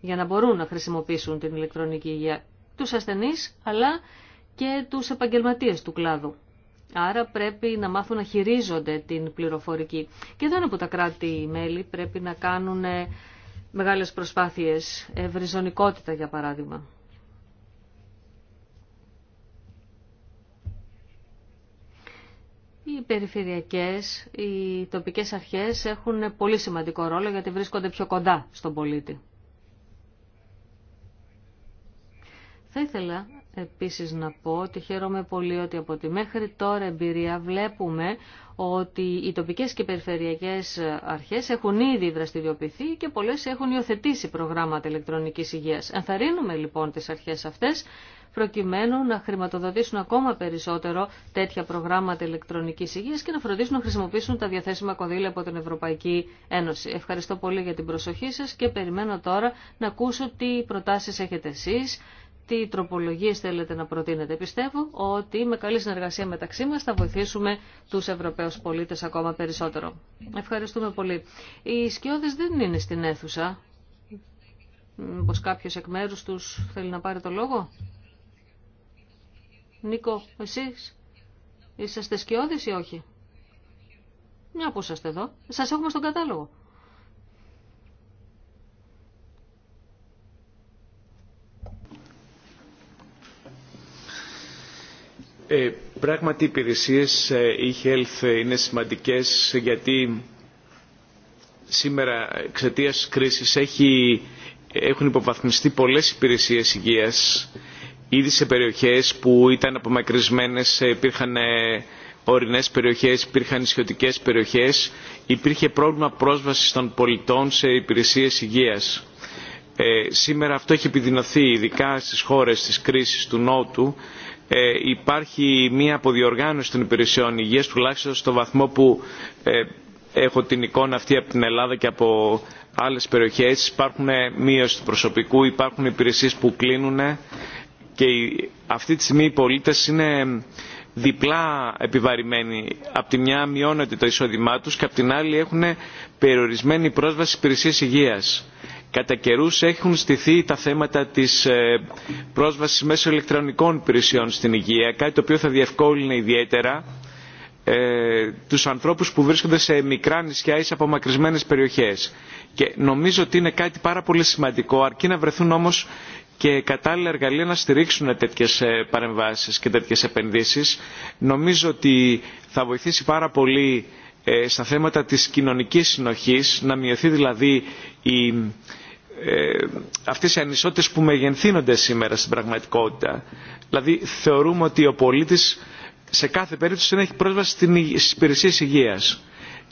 για να μπορούν να χρησιμοποιήσουν την ηλεκτρονική υγεία τους ασθενείς αλλά και τους επαγγελματίες του κλάδου. Άρα πρέπει να μάθουν να χειρίζονται την πληροφορική. Και εδώ είναι που τα κράτη-μέλη πρέπει να κάνουν ε, μεγάλες προσπάθειες, ευρυζωνικότητα για παράδειγμα. Οι περιφερειακές, οι τοπικές αρχές έχουν πολύ σημαντικό ρόλο γιατί βρίσκονται πιο κοντά στον πολίτη. Θα ήθελα επίσης να πω ότι χαίρομαι πολύ ότι από τη μέχρι τώρα εμπειρία βλέπουμε ότι οι τοπικές και περιφερειακές αρχές έχουν ήδη δραστηριοποιηθεί και πολλές έχουν υιοθετήσει προγράμματα ηλεκτρονικής υγείας. Ενθαρρύνουμε λοιπόν τις αρχές αυτές προκειμένου να χρηματοδοτήσουν ακόμα περισσότερο τέτοια προγράμματα ηλεκτρονικής υγείας και να φροντίσουν να χρησιμοποιήσουν τα διαθέσιμα κονδύλια από την Ευρωπαϊκή Ένωση. Ευχαριστώ πολύ για την προσοχή σας και περιμένω τώρα να ακούσω τι προτάσεις έχετε εσείς, τι τροπολογίες θέλετε να προτείνετε. Πιστεύω ότι με καλή συνεργασία μεταξύ μας θα βοηθήσουμε τους Ευρωπαίους πολίτες ακόμα περισσότερο. Ευχαριστούμε πολύ. Οι σκιώδες δεν είναι στην αίθουσα. Μήπως κάποιος εκ μέρους τους θέλει να πάρει το λόγο. Νίκο, εσείς είσαστε σκιώδες ή όχι. Μια που είσαστε εδώ. Σας έχουμε στον κατάλογο. Ε, πράγματι οι υπηρεσίες ε, e-health είναι σημαντικές γιατί σήμερα εξαιτία της κρίσης έχει, έχουν υποβαθμιστεί πολλές υπηρεσίες υγείας ήδη σε περιοχές που ήταν απομακρυσμένες ε, υπήρχαν ορεινές περιοχές, υπήρχαν ισιωτικές περιοχές υπήρχε πρόβλημα πρόσβασης των πολιτών σε υπηρεσίες υγείας. σήμερα αυτό έχει επιδεινωθεί ειδικά στις χώρες της κρίσης του Νότου ε, υπάρχει μια αποδιοργάνωση των υπηρεσιών υγείας τουλάχιστον στο βαθμό που ε, έχω την εικόνα αυτή από την Ελλάδα και από άλλες περιοχές υπάρχουν μείωση του προσωπικού, υπάρχουν υπηρεσίες που κλείνουν και αυτή τη στιγμή οι πολίτες είναι διπλά επιβαρημένοι. Απ' τη μια μειώνεται το εισόδημά τους και απ' την άλλη έχουν περιορισμένη πρόσβαση υπηρεσίες υγείας κατά καιρού έχουν στηθεί τα θέματα της ε, πρόσβαση μέσω ηλεκτρονικών υπηρεσιών στην υγεία, κάτι το οποίο θα διευκόλυνε ιδιαίτερα ε, του ανθρώπου που βρίσκονται σε μικρά νησιά ή σε απομακρυσμένες περιοχές. Και νομίζω ότι είναι κάτι πάρα πολύ σημαντικό, αρκεί να βρεθούν όμως και κατάλληλα εργαλεία να στηρίξουν τέτοιες ε, παρεμβάσεις και τέτοιες επενδύσεις. Νομίζω ότι θα βοηθήσει πάρα πολύ στα θέματα της κοινωνικής συνοχής, να μειωθεί δηλαδή η σε απομακρυσμενες περιοχες και νομιζω οτι ειναι κατι παρα πολυ σημαντικο αρκει να βρεθουν ομω και καταλληλα εργαλεια να στηριξουν τετοιε παρεμβασει και τετοιε επενδυσει νομιζω οτι θα βοηθησει παρα πολυ στα θεματα της κοινωνικης συνοχης να μειωθει δηλαδη η ε, αυτές οι ανισότητες που μεγενθύνονται σήμερα στην πραγματικότητα. Δηλαδή θεωρούμε ότι ο πολίτης σε κάθε περίπτωση δεν έχει πρόσβαση στις υπηρεσία υγείας.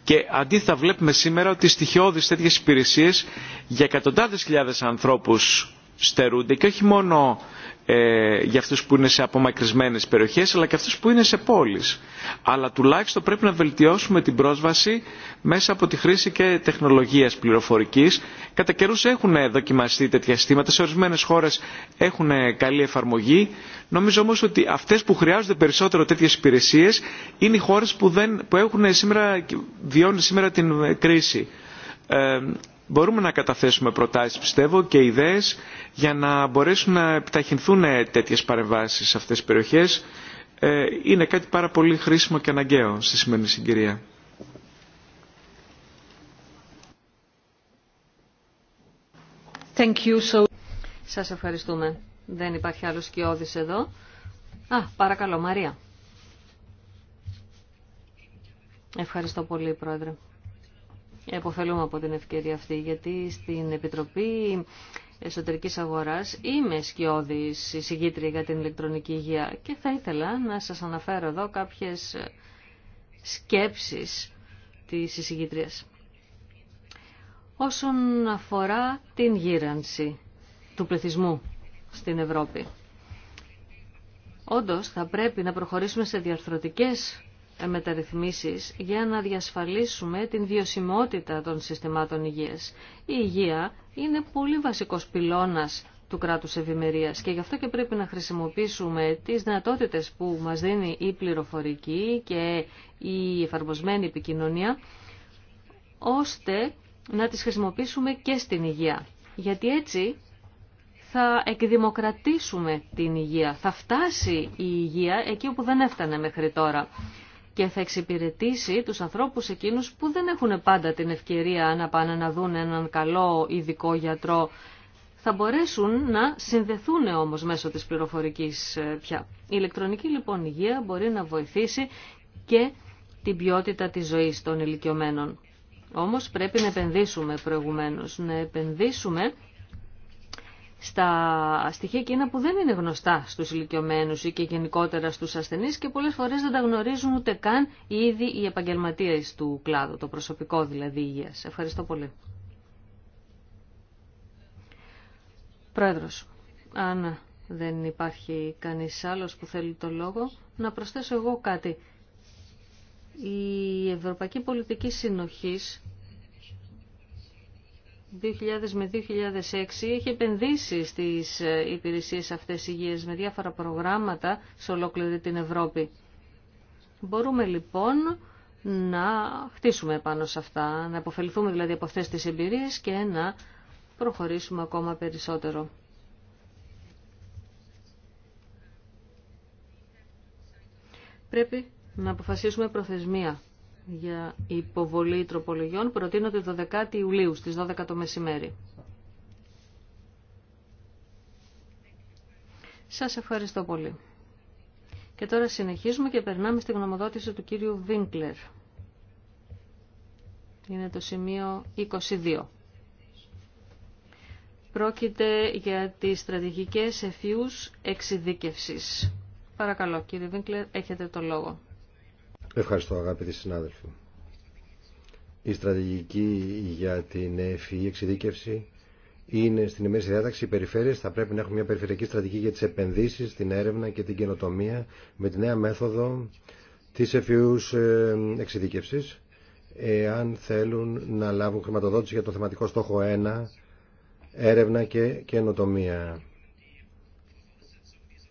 Και αντίθετα βλέπουμε σήμερα ότι στοιχειώδεις τέτοιες υπηρεσίες για εκατοντάδες χιλιάδες ανθρώπους στερούνται και όχι μόνο ε, για αυτούς που είναι σε απομακρυσμένες περιοχές αλλά και αυτούς που είναι σε πόλεις. Αλλά τουλάχιστον πρέπει να βελτιώσουμε την πρόσβαση μέσα από τη χρήση και τεχνολογίας πληροφορικής. Κατά καιρούς έχουν δοκιμαστεί τέτοια συστήματα, σε ορισμένες χώρες έχουν καλή εφαρμογή. Νομίζω όμως ότι αυτές που χρειάζονται περισσότερο τέτοιες υπηρεσίες είναι οι χώρες που, δεν, που έχουν σήμερα, βιώνουν σήμερα την κρίση. Ε, μπορούμε να καταθέσουμε προτάσεις πιστεύω και ιδέες για να μπορέσουν να επιταχυνθούν τέτοιες παρεμβάσεις σε αυτές τις περιοχές. Ε, είναι κάτι πάρα πολύ χρήσιμο και αναγκαίο στη σημερινή συγκυρία. Thank Σας ευχαριστούμε. Δεν υπάρχει άλλος σκιώδης εδώ. Α, παρακαλώ, Μαρία. Ευχαριστώ πολύ, Πρόεδρε εποφελούμε από την ευκαιρία αυτή, γιατί στην Επιτροπή Εσωτερικής Αγοράς είμαι σκιώδης εισηγήτρια για την ηλεκτρονική υγεία και θα ήθελα να σας αναφέρω εδώ κάποιες σκέψεις της εισηγήτριας. Όσον αφορά την γύρανση του πληθυσμού στην Ευρώπη. Όντως θα πρέπει να προχωρήσουμε σε διαρθρωτικές μεταρρυθμίσεις για να διασφαλίσουμε την βιωσιμότητα των συστημάτων υγείας. Η υγεία είναι πολύ βασικός πυλώνας του κράτους ευημερία και γι' αυτό και πρέπει να χρησιμοποιήσουμε τις δυνατότητες που μας δίνει η πληροφορική και η εφαρμοσμένη επικοινωνία ώστε να τις χρησιμοποιήσουμε και στην υγεία. Γιατί έτσι θα εκδημοκρατήσουμε την υγεία. Θα φτάσει η υγεία εκεί όπου δεν έφτανε μέχρι τώρα και θα εξυπηρετήσει τους ανθρώπους εκείνους που δεν έχουν πάντα την ευκαιρία να πάνε να δουν έναν καλό ειδικό γιατρό. Θα μπορέσουν να συνδεθούν όμως μέσω της πληροφορικής ε, πια. Η ηλεκτρονική λοιπόν υγεία μπορεί να βοηθήσει και την ποιότητα της ζωής των ηλικιωμένων. Όμως πρέπει να επενδύσουμε προηγουμένως, να επενδύσουμε στα στοιχεία εκείνα που δεν είναι γνωστά στους ηλικιωμένους ή και γενικότερα στους ασθενείς και πολλές φορές δεν τα γνωρίζουν ούτε καν ήδη οι επαγγελματίες του κλάδου, το προσωπικό δηλαδή υγείας. Ευχαριστώ πολύ. Πρόεδρος, αν δεν υπάρχει κανείς άλλος που θέλει το λόγο, να προσθέσω εγώ κάτι. Η Ευρωπαϊκή Πολιτική Συνοχής 2000 με 2006 έχει επενδύσει στις ε, υπηρεσίες αυτές υγείας με διάφορα προγράμματα σε ολόκληρη την Ευρώπη. Μπορούμε λοιπόν να χτίσουμε πάνω σε αυτά, να αποφεληθούμε δηλαδή από αυτές τις εμπειρίες και να προχωρήσουμε ακόμα περισσότερο. Πρέπει να αποφασίσουμε προθεσμία για υποβολή τροπολογιών προτείνονται 12 Ιουλίου στις 12 το μεσημέρι. Σας ευχαριστώ πολύ. Και τώρα συνεχίζουμε και περνάμε στη γνωμοδότηση του κύριου Βίνκλερ. Είναι το σημείο 22. Πρόκειται για τις στρατηγικές εφιούς εξειδίκευσης. Παρακαλώ κύριε Βίνκλερ, έχετε το λόγο. Ευχαριστώ αγαπητοί συνάδελφοι. Η στρατηγική για την ευφυή εξειδίκευση είναι στην ημέρηση διάταξη. Οι περιφέρειε θα πρέπει να έχουν μια περιφερειακή στρατηγική για τι επενδύσει, την έρευνα και την καινοτομία με τη νέα μέθοδο τη ευφυού ε, εξειδίκευση. Εάν θέλουν να λάβουν χρηματοδότηση για το θεματικό στόχο 1, έρευνα και καινοτομία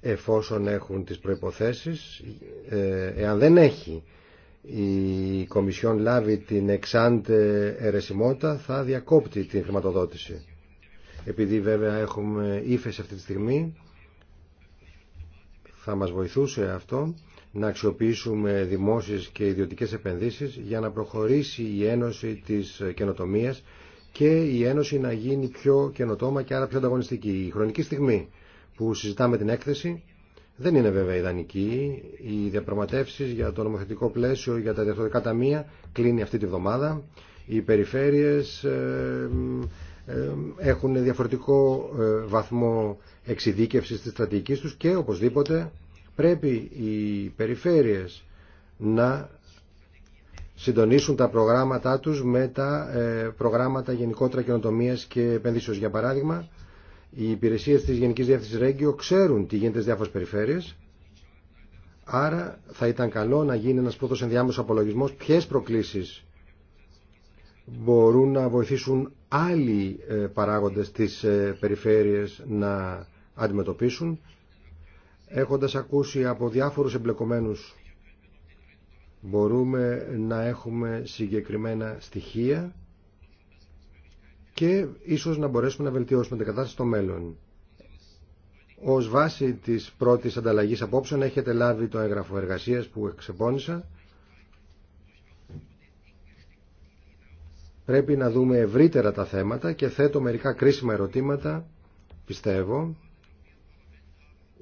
εφόσον έχουν τις προϋποθέσεις ε, εάν δεν έχει η Κομισιόν λάβει την εξάντε αιρεσιμότητα θα διακόπτει την χρηματοδότηση. Επειδή βέβαια έχουμε ύφεση αυτή τη στιγμή, θα μας βοηθούσε αυτό να αξιοποιήσουμε δημόσιες και ιδιωτικές επενδύσεις για να προχωρήσει η Ένωση της Καινοτομίας και η Ένωση να γίνει πιο καινοτόμα και άρα πιο ανταγωνιστική. Η χρονική στιγμή που συζητάμε την έκθεση δεν είναι βέβαια ιδανική. Οι διαπραγματεύσει για το νομοθετικό πλαίσιο για τα διευθυντικά ταμεία κλείνει αυτή τη βδομάδα. Οι περιφέρειες ε, ε, έχουν διαφορετικό ε, βαθμό εξειδίκευση τη στρατηγική τους και οπωσδήποτε πρέπει οι περιφέρειες να συντονίσουν τα προγράμματά τους με τα προγράμματα γενικότερα καινοτομίας και επενδύσεως. Για παράδειγμα, οι υπηρεσίες της Γενικής Διεύθυνσης Ρέγγιο ξέρουν τι γίνεται στις διάφορες περιφέρειες, άρα θα ήταν καλό να γίνει ένας πρώτος ενδιάμεσο απολογισμός ποιες προκλήσεις μπορούν να βοηθήσουν άλλοι ε, παράγοντες της ε, περιφέρειες να αντιμετωπίσουν έχοντας ακούσει από διάφορους εμπλεκομένους μπορούμε να έχουμε συγκεκριμένα στοιχεία και ίσως να μπορέσουμε να βελτιώσουμε την κατάσταση στο μέλλον. Ως βάση της πρώτης ανταλλαγής απόψεων έχετε λάβει το έγγραφο εργασίας που εξεπώνησα. Πρέπει να δούμε ευρύτερα τα θέματα και θέτω μερικά κρίσιμα ερωτήματα, πιστεύω,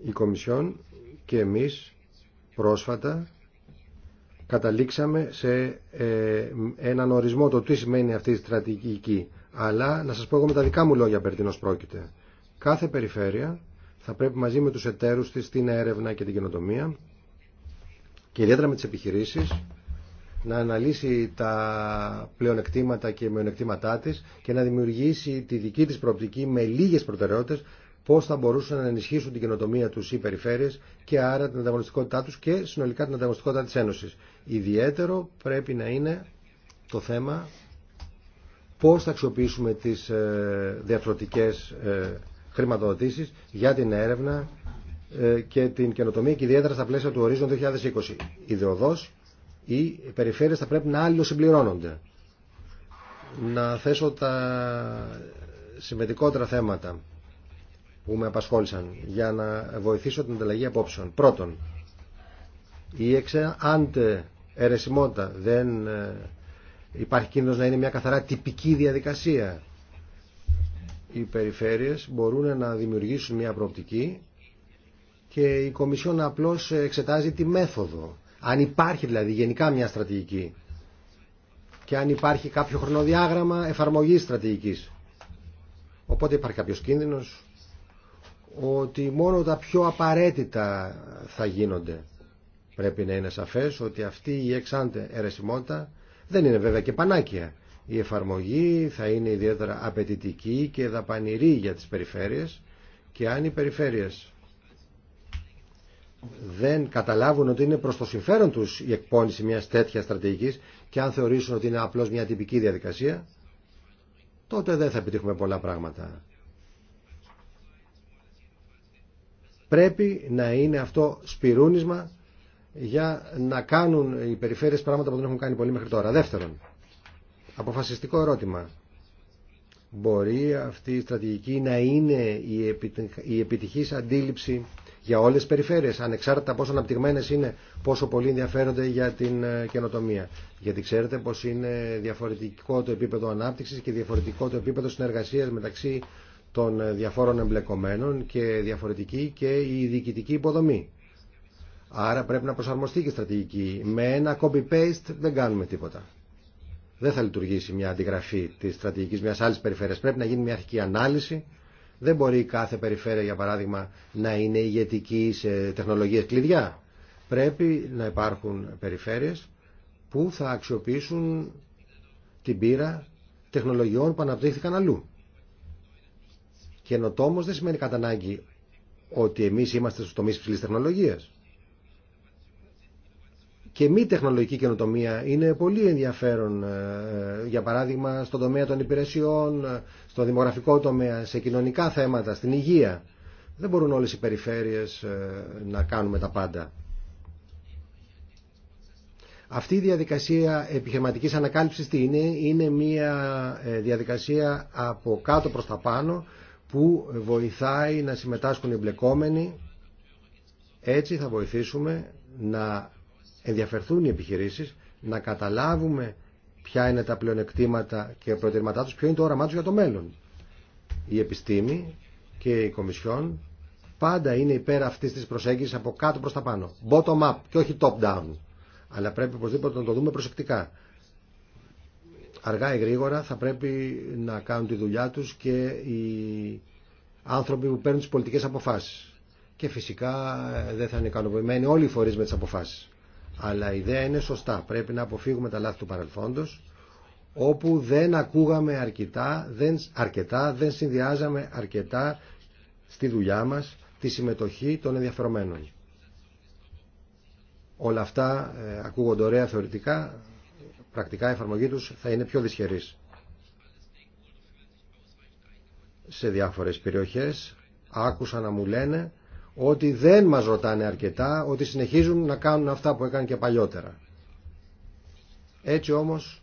η Κομισιόν και εμείς πρόσφατα καταλήξαμε σε ε, έναν ορισμό το τι σημαίνει αυτή η στρατηγική αλλά να σας πω εγώ με τα δικά μου λόγια περί τίνος πρόκειται. Κάθε περιφέρεια θα πρέπει μαζί με τους εταίρους της την έρευνα και την καινοτομία και ιδιαίτερα με τις επιχειρήσεις να αναλύσει τα πλεονεκτήματα και μειονεκτήματά της και να δημιουργήσει τη δική της προοπτική με λίγες προτεραιότητες πώς θα μπορούσαν να ενισχύσουν την καινοτομία τους οι περιφέρειες και άρα την ανταγωνιστικότητά τους και συνολικά την ανταγωνιστικότητά της Ένωσης. Ιδιαίτερο πρέπει να είναι το θέμα πώς θα αξιοποιήσουμε τις ε, ε χρηματοδοτήσεις για την έρευνα ε, και την καινοτομία και ιδιαίτερα στα πλαίσια του ορίζον 2020. Ιδεοδός οι περιφέρειες θα πρέπει να συμπληρώνονται. Να θέσω τα σημαντικότερα θέματα που με απασχόλησαν για να βοηθήσω την ανταλλαγή απόψεων. Πρώτον, η εξάντε ερεσιμότητα δεν ε, Υπάρχει κίνδυνος να είναι μια καθαρά τυπική διαδικασία. Οι περιφέρειες μπορούν να δημιουργήσουν μια προοπτική και η Κομισιόν απλώς εξετάζει τη μέθοδο. Αν υπάρχει δηλαδή γενικά μια στρατηγική και αν υπάρχει κάποιο χρονοδιάγραμμα εφαρμογής στρατηγικής. Οπότε υπάρχει κάποιος κίνδυνος ότι μόνο τα πιο απαραίτητα θα γίνονται. Πρέπει να είναι σαφές ότι αυτή η εξάντε αιρεσιμότητα δεν είναι βέβαια και πανάκια. Η εφαρμογή θα είναι ιδιαίτερα απαιτητική και δαπανηρή για τις περιφέρειες και αν οι περιφέρειες δεν καταλάβουν ότι είναι προς το συμφέρον τους η εκπόνηση μιας τέτοιας στρατηγικής και αν θεωρήσουν ότι είναι απλώς μια τυπική διαδικασία, τότε δεν θα επιτύχουμε πολλά πράγματα. Πρέπει να είναι αυτό σπυρούνισμα για να κάνουν οι περιφέρειες πράγματα που δεν έχουν κάνει πολύ μέχρι τώρα. Δεύτερον, αποφασιστικό ερώτημα. Μπορεί αυτή η στρατηγική να είναι η επιτυχής αντίληψη για όλες τις περιφέρειες, ανεξάρτητα πόσο αναπτυγμένες είναι, πόσο πολύ ενδιαφέρονται για την ε, καινοτομία. Γιατί ξέρετε πως είναι διαφορετικό το επίπεδο ανάπτυξης και διαφορετικό το επίπεδο συνεργασίας μεταξύ των ε, διαφόρων εμπλεκομένων και διαφορετική και η διοικητική υποδομή. Άρα πρέπει να προσαρμοστεί και η στρατηγική. Με ένα copy-paste δεν κάνουμε τίποτα. Δεν θα λειτουργήσει μια αντιγραφή τη στρατηγική μια άλλη περιφέρεια. Πρέπει να γίνει μια αρχική ανάλυση. Δεν μπορεί κάθε περιφέρεια, για παράδειγμα, να είναι ηγετική σε τεχνολογίε κλειδιά. Πρέπει να υπάρχουν περιφέρειε που θα αξιοποιήσουν την πείρα τεχνολογιών που αναπτύχθηκαν αλλού. Καινοτόμω δεν σημαίνει κατά ανάγκη ότι εμεί είμαστε στου τομεί ψηλή τεχνολογία και μη τεχνολογική καινοτομία είναι πολύ ενδιαφέρον ε, ε, για παράδειγμα στον τομέα των υπηρεσιών, ε, στο δημογραφικό τομέα, σε κοινωνικά θέματα, στην υγεία. Δεν μπορούν όλες οι περιφέρειες να κάνουμε τα πάντα. Αυτή η διαδικασία επιχειρηματικής ανακάλυψης τι είναι, είναι μια διαδικασία από κάτω προς τα πάνω που βοηθάει να συμμετάσχουν οι εμπλεκόμενοι. Έτσι θα βοηθήσουμε να ενδιαφερθούν οι επιχειρήσεις, να καταλάβουμε ποια είναι τα πλεονεκτήματα και προτερήματά τους, ποιο είναι το όραμά τους για το μέλλον. Η επιστήμη και η Κομισιόν πάντα είναι υπέρ αυτής της προσέγγισης από κάτω προς τα πάνω. Bottom up και όχι top down. Αλλά πρέπει οπωσδήποτε να το δούμε προσεκτικά. Αργά ή γρήγορα θα πρέπει να κάνουν τη δουλειά τους και οι άνθρωποι που παίρνουν τις πολιτικές αποφάσεις. Και φυσικά ε, δεν θα είναι ικανοποιημένοι όλοι οι φορείς με τις αποφάσεις. Αλλά η ιδέα είναι σωστά. Πρέπει να αποφύγουμε τα λάθη του παρελθόντος όπου δεν ακούγαμε αρκετά, δεν, αρκετά, δεν συνδυάζαμε αρκετά στη δουλειά μας τη συμμετοχή των ενδιαφερομένων. Όλα αυτά ε, ακούγονται ωραία θεωρητικά, πρακτικά η εφαρμογή τους θα είναι πιο δυσχερής. Σε διάφορες περιοχές άκουσα να μου λένε ότι δεν μας ρωτάνε αρκετά, ότι συνεχίζουν να κάνουν αυτά που έκανε και παλιότερα. Έτσι όμως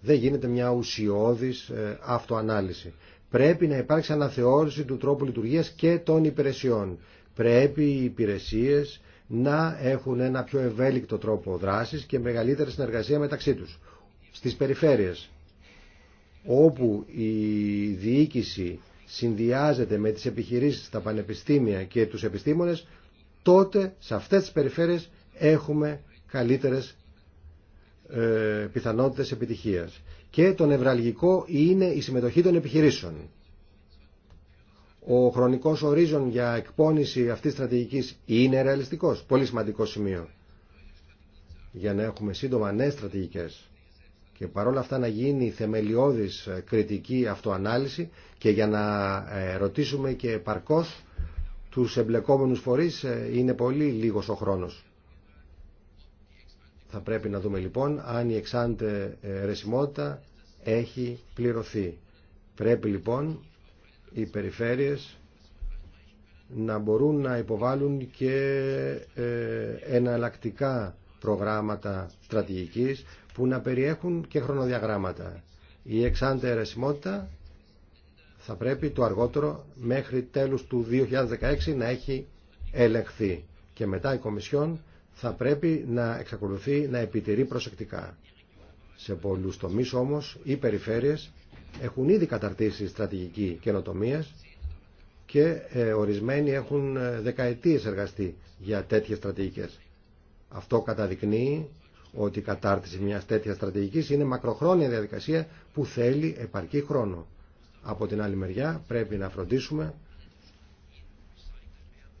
δεν γίνεται μια ουσιώδης ε, αυτοανάλυση. Πρέπει να υπάρξει αναθεώρηση του τρόπου λειτουργίας και των υπηρεσιών. Πρέπει οι υπηρεσίες να έχουν ένα πιο ευέλικτο τρόπο δράσης και μεγαλύτερη συνεργασία μεταξύ τους. Στις περιφέρειες, όπου η διοίκηση συνδυάζεται με τις επιχειρήσεις, τα πανεπιστήμια και τους επιστήμονες, τότε σε αυτές τις περιφέρειες έχουμε καλύτερες ε, πιθανότητες επιτυχίας. Και το νευραλγικό είναι η συμμετοχή των επιχειρήσεων. Ο χρονικός ορίζον για εκπόνηση αυτής της στρατηγικής είναι ρεαλιστικός. Πολύ σημαντικό σημείο. Για να έχουμε σύντομα νέες στρατηγικές και παρόλα αυτά να γίνει θεμελιώδης ε, κριτική αυτοανάλυση και για να ε, ρωτήσουμε και παρκώς τους εμπλεκόμενους φορείς ε, είναι πολύ λίγος ο χρόνος. Θα πρέπει να δούμε λοιπόν αν η εξάντε ρεσιμότητα έχει πληρωθεί. Πρέπει λοιπόν οι περιφέρειες να μπορούν να υποβάλουν και εναλλακτικά προγράμματα στρατηγικής που να περιέχουν και χρονοδιαγράμματα. Η εξάντε αιρεσιμότητα θα πρέπει το αργότερο μέχρι τέλους του 2016 να έχει ελεγχθεί και μετά η Κομισιόν θα πρέπει να εξακολουθεί να επιτηρεί προσεκτικά. Σε πολλούς τομείς όμως οι περιφέρειες έχουν ήδη καταρτήσει στρατηγική καινοτομία και ε, ορισμένοι έχουν ε, δεκαετίες εργαστεί για τέτοιες στρατηγικές. Αυτό καταδεικνύει ότι η κατάρτιση μιας τέτοια στρατηγικής είναι μακροχρόνια διαδικασία που θέλει επαρκή χρόνο. Από την άλλη μεριά πρέπει να φροντίσουμε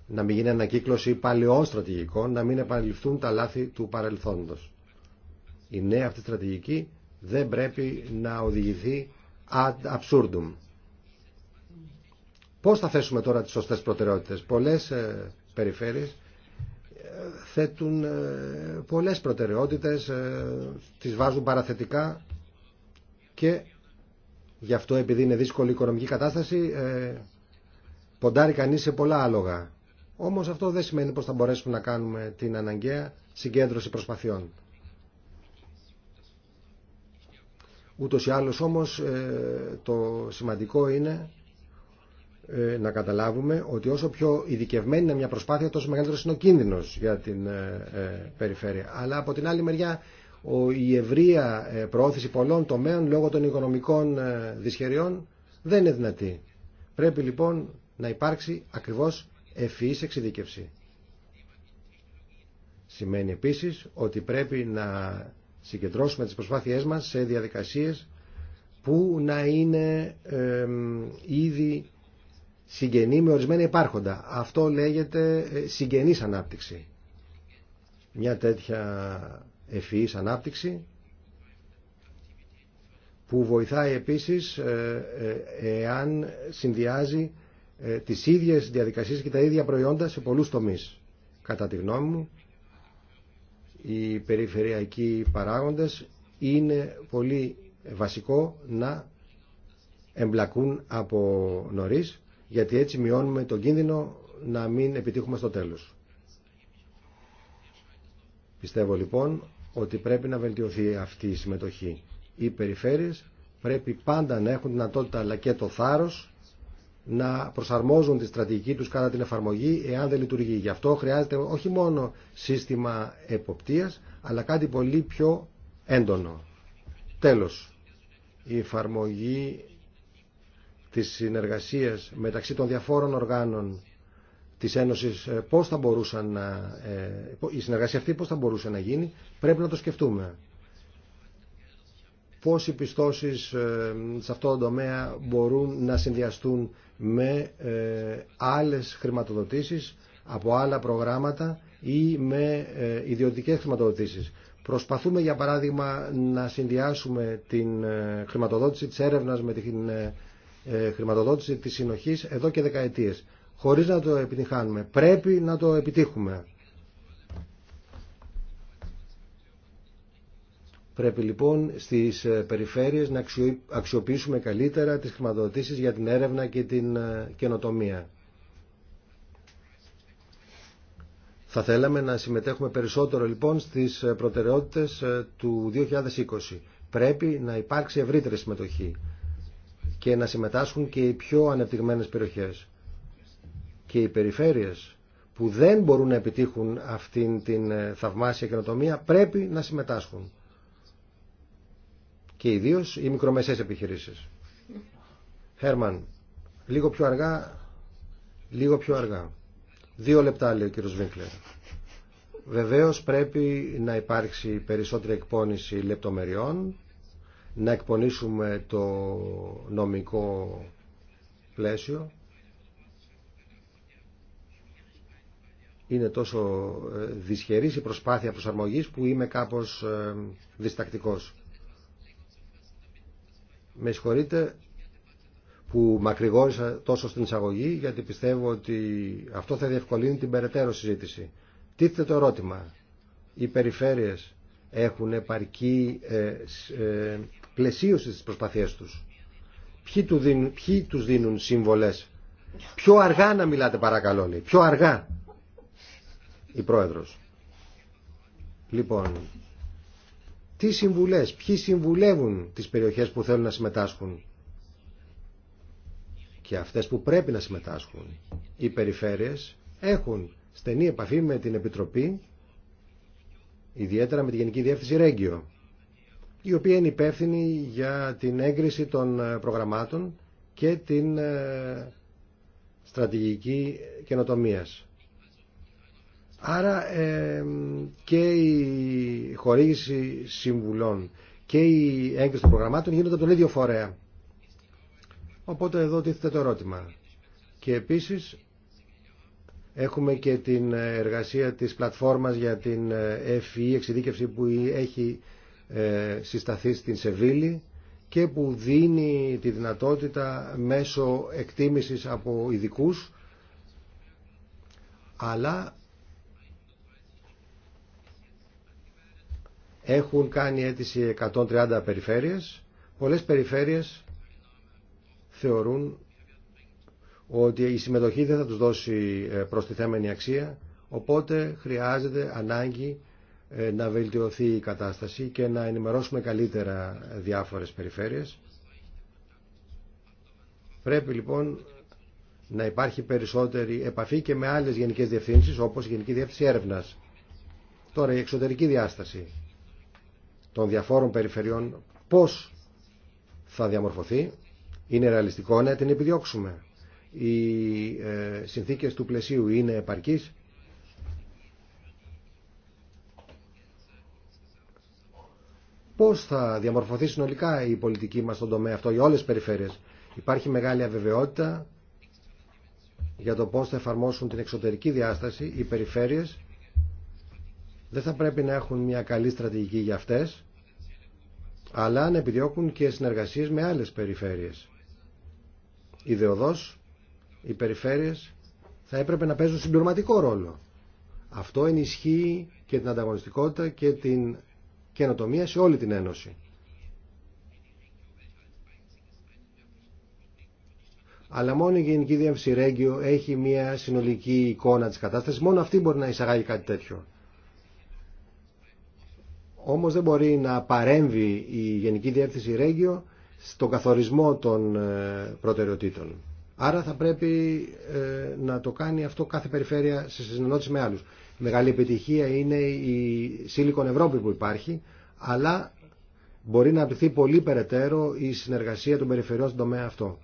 να μην γίνει ανακύκλωση παλαιών στρατηγικών, να μην επαναληφθούν τα λάθη του παρελθόντος. Η νέα αυτή στρατηγική δεν πρέπει να οδηγηθεί ad absurdum. Πώς θα θέσουμε τώρα τις σωστές προτεραιότητες. Πολλές ε, περιφέρειες θέτουν ε, πολλές προτεραιότητες, ε, τις βάζουν παραθετικά και γι' αυτό επειδή είναι δύσκολη η οικονομική κατάσταση ε, ποντάρει κανείς σε πολλά άλογα. Όμως αυτό δεν σημαίνει πως θα μπορέσουμε να κάνουμε την αναγκαία συγκέντρωση προσπαθειών. Ούτως ή άλλως όμως το σημαντικό είναι ε, να καταλάβουμε ότι όσο πιο ειδικευμένη είναι μια προσπάθεια τόσο μεγαλύτερο είναι ο κίνδυνος για την ε, ε, περιφέρεια. Αλλά από την άλλη μεριά η ευρεία προώθηση πολλών τομέων λόγω των οικονομικών δυσχεριών δεν είναι δυνατή. Πρέπει λοιπόν να υπάρξει ακριβώς ευφυή εξειδίκευση. Σημαίνει επίσης ότι πρέπει να συγκεντρώσουμε τις προσπάθειές μας σε διαδικασίες που να είναι ήδη συγγενή με ορισμένα υπάρχοντα. Αυτό λέγεται ε, συγγενής ανάπτυξη. Μια τέτοια ευφυής ανάπτυξη που βοηθάει επίσης ε, ε, εάν συνδυάζει τις ίδιες διαδικασίες και τα ίδια προϊόντα σε πολλούς τομείς. Κατά τη γνώμη μου, οι περιφερειακοί παράγοντες είναι πολύ βασικό να εμπλακούν από νωρίς γιατί έτσι μειώνουμε τον κίνδυνο να μην επιτύχουμε στο τέλος. Πιστεύω λοιπόν ότι πρέπει να βελτιωθεί αυτή η συμμετοχή. Οι περιφέρειες πρέπει πάντα να έχουν δυνατότητα αλλά και το θάρρος να προσαρμόζουν τη στρατηγική τους κατά την εφαρμογή εάν δεν λειτουργεί. Γι' αυτό χρειάζεται όχι μόνο σύστημα εποπτείας αλλά κάτι πολύ πιο έντονο. Τέλος, η εφαρμογή της συνεργασίας μεταξύ των διαφόρων οργάνων της Ένωσης, ε, πώς θα μπορούσαν να, ε, η συνεργασία αυτή πώς θα μπορούσε να γίνει, πρέπει να το σκεφτούμε. Πώς οι πιστώσεις ε, σε αυτό το τομέα μπορούν να συνδυαστούν με άλλες χρηματοδοτήσεις από άλλα προγράμματα ή με ιδιωτικές χρηματοδοτήσεις. Προσπαθούμε για παράδειγμα να συνδυάσουμε την χρηματοδότηση της έρευνας με την ε, χρηματοδότηση της συνοχής εδώ και δεκαετίες χωρίς να το επιτυχάνουμε. Πρέπει να το επιτύχουμε. Πρέπει λοιπόν στις ε, περιφέρειες να αξιοποιήσουμε καλύτερα τις χρηματοδοτήσεις για την έρευνα και την ε, καινοτομία. Θα θέλαμε να συμμετέχουμε περισσότερο λοιπόν στις προτεραιότητες του 2020. Πρέπει να υπάρξει ευρύτερη συμμετοχή και να συμμετάσχουν και οι πιο ανεπτυγμένες περιοχές και οι περιφέρειες που δεν μπορούν να επιτύχουν αυτήν την ε, θαυμάσια καινοτομία πρέπει να συμμετάσχουν και ιδίως οι μικρομεσαίες επιχειρήσεις. Χέρμαν, λίγο πιο αργά, λίγο πιο αργά. Δύο λεπτά λέει ο κύριος Βίνκλερ. Βεβαίως πρέπει να υπάρξει περισσότερη εκπόνηση λεπτομεριών να εκπονήσουμε το νομικό πλαίσιο. Είναι τόσο ε, δυσχερής η προσπάθεια προσαρμογής που είμαι κάπως ε, διστακτικός. Με συγχωρείτε που μακρηγόρησα τόσο στην εισαγωγή γιατί πιστεύω ότι αυτό θα διευκολύνει την περαιτέρω συζήτηση. Τίθεται το ερώτημα. Οι περιφέρειες έχουν επαρκή ε, ε, πλαισίωση στις προσπαθίες τους. Ποιοι, του δίνουν, ποιοι τους δίνουν σύμβολες. Πιο αργά να μιλάτε παρακαλώ λέει. Πιο αργά η πρόεδρος. Λοιπόν, τι συμβουλές, ποιοι συμβουλεύουν τις περιοχές που θέλουν να συμμετάσχουν και αυτές που πρέπει να συμμετάσχουν. Οι περιφέρειες έχουν στενή επαφή με την Επιτροπή ιδιαίτερα με τη Γενική Διεύθυνση Ρέγγιο, η οποία είναι υπεύθυνη για την έγκριση των ε, προγραμμάτων και την ε, στρατηγική καινοτομίας. Άρα ε, και η χορήγηση συμβουλών και η έγκριση των προγραμμάτων γίνονται από τον ίδιο φορέα. Οπότε εδώ τίθεται το ερώτημα. Και επίσης Έχουμε και την εργασία της πλατφόρμας για την ΕΦΗ e, εξειδίκευση που έχει ε, συσταθεί στην Σεβίλη και που δίνει τη δυνατότητα μέσω εκτίμησης από ειδικού, αλλά έχουν κάνει αίτηση 130 περιφέρειες πολλές περιφέρειες θεωρούν ότι η συμμετοχή δεν θα τους δώσει ε, προστιθέμενη αξία, οπότε χρειάζεται ανάγκη ε, να βελτιωθεί η κατάσταση και να ενημερώσουμε καλύτερα διάφορες περιφέρειες. Πρέπει λοιπόν να υπάρχει περισσότερη επαφή και με άλλες γενικές διευθύνσεις όπως η Γενική Διεύθυνση Έρευνας. Τώρα η εξωτερική διάσταση των διαφόρων περιφερειών πώς θα διαμορφωθεί είναι ρεαλιστικό να την επιδιώξουμε οι ε, συνθήκες του πλαισίου είναι επαρκείς. Πώς θα διαμορφωθεί συνολικά η πολιτική μας στον τομέα αυτό για όλες τις περιφέρειες. Υπάρχει μεγάλη αβεβαιότητα για το πώς θα εφαρμόσουν την εξωτερική διάσταση οι περιφέρειες. Δεν θα πρέπει να έχουν μια καλή στρατηγική για αυτές, αλλά να επιδιώκουν και συνεργασίες με άλλες περιφέρειες. Ιδεοδός, οι περιφέρειες θα έπρεπε να παίζουν συμπληρωματικό ρόλο. Αυτό ενισχύει και την ανταγωνιστικότητα και την καινοτομία σε όλη την Ένωση. Αλλά μόνο η Γενική Διεύθυνση Ρέγγιο έχει μια συνολική εικόνα της κατάστασης. Μόνο αυτή μπορεί να εισαγάγει κάτι τέτοιο. Όμως δεν μπορεί να παρέμβει η Γενική Διεύθυνση Ρέγγιο στον καθορισμό των ε, προτεραιοτήτων. Άρα θα πρέπει ε, να το κάνει αυτό κάθε περιφέρεια σε συνεννόηση με άλλους. Μεγάλη επιτυχία είναι η Silicon Ευρώπη που υπάρχει, αλλά μπορεί να απτυχθεί πολύ περαιτέρω η συνεργασία των περιφερειών στον τομέα αυτό.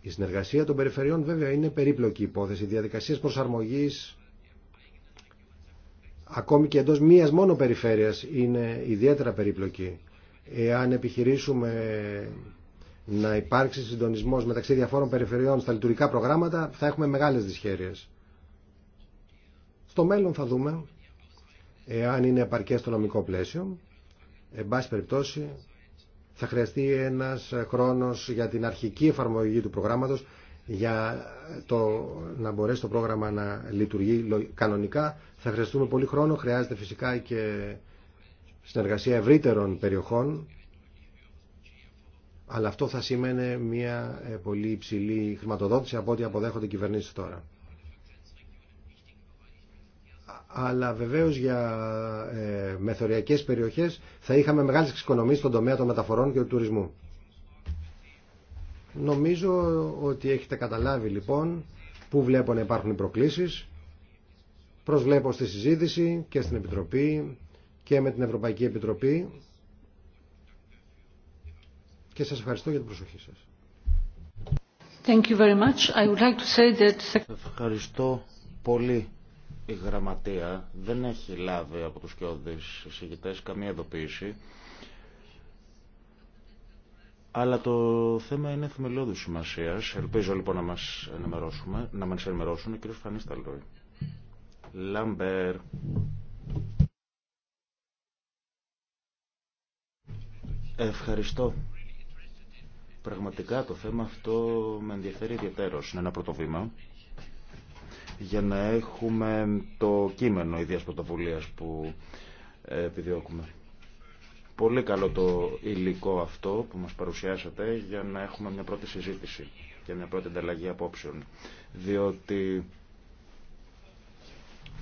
Η συνεργασία των περιφερειών βέβαια είναι περίπλοκη υπόθεση. Οι διαδικασίες προσαρμογής ακόμη και εντός μίας μόνο περιφέρειας είναι ιδιαίτερα περίπλοκη. Εάν επιχειρήσουμε να υπάρξει συντονισμός μεταξύ διαφόρων περιφερειών στα λειτουργικά προγράμματα, θα έχουμε μεγάλες δυσχέρειες. Στο μέλλον θα δούμε εάν είναι επαρκές το νομικό πλαίσιο. Εν πάση περιπτώσει, θα χρειαστεί ένας χρόνος για την αρχική εφαρμογή του προγράμματος για το, να μπορέσει το πρόγραμμα να λειτουργεί κανονικά. Θα χρειαστούμε πολύ χρόνο. Χρειάζεται φυσικά και συνεργασία ευρύτερων περιοχών αλλά αυτό θα σήμαινε μια ε, πολύ υψηλή χρηματοδότηση από ό,τι αποδέχονται οι κυβερνήσεις τώρα. Αλλά βεβαίως για ε, μεθοριακές περιοχές θα είχαμε μεγάλες εξοικονομίες στον τομέα των μεταφορών και του τουρισμού. Νομίζω ότι έχετε καταλάβει λοιπόν που βλέπω να υπάρχουν οι προκλήσεις. Προσβλέπω στη συζήτηση και στην Επιτροπή και με την Ευρωπαϊκή Επιτροπή και σας ευχαριστώ για την προσοχή σας. Thank you very much. I would like to say that... Ευχαριστώ πολύ. Η γραμματεία δεν έχει λάβει από τους κοιόδης εισηγητές καμία ειδοποίηση. Αλλά το θέμα είναι θεμελιώδη σημασία. Ελπίζω λοιπόν να μα ενημερώσουμε, να μας ενημερώσουν ο κ. φανίσταλτοι. Λάμπερ. Ευχαριστώ, Πραγματικά το θέμα αυτό με ενδιαφέρει ιδιαίτερο Είναι ένα πρώτο βήμα για να έχουμε το κείμενο ίδιας πρωτοβουλία που ε, επιδιώκουμε. Πολύ καλό το υλικό αυτό που μας παρουσιάσατε για να έχουμε μια πρώτη συζήτηση και μια πρώτη ανταλλαγή απόψεων. Διότι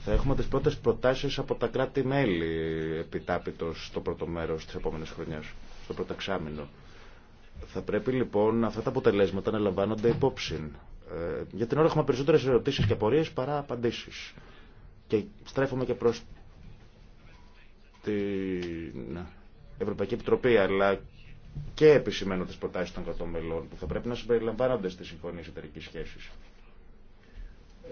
θα έχουμε τις πρώτες προτάσεις από τα κράτη-μέλη επιτάπητος στο πρώτο μέρος της επόμενης χρονιάς, στο πρώτο εξάμεινο. Θα πρέπει λοιπόν αυτά τα αποτελέσματα να λαμβάνονται υπόψη. Ε, για την ώρα έχουμε περισσότερε ερωτήσει και απορίε παρά απαντήσει. Και στρέφομαι και προ την Ευρωπαϊκή Επιτροπή, αλλά και επισημένω τι προτάσει των κρατών που θα πρέπει να συμπεριλαμβάνονται στι συμφωνίε εταιρική σχέση.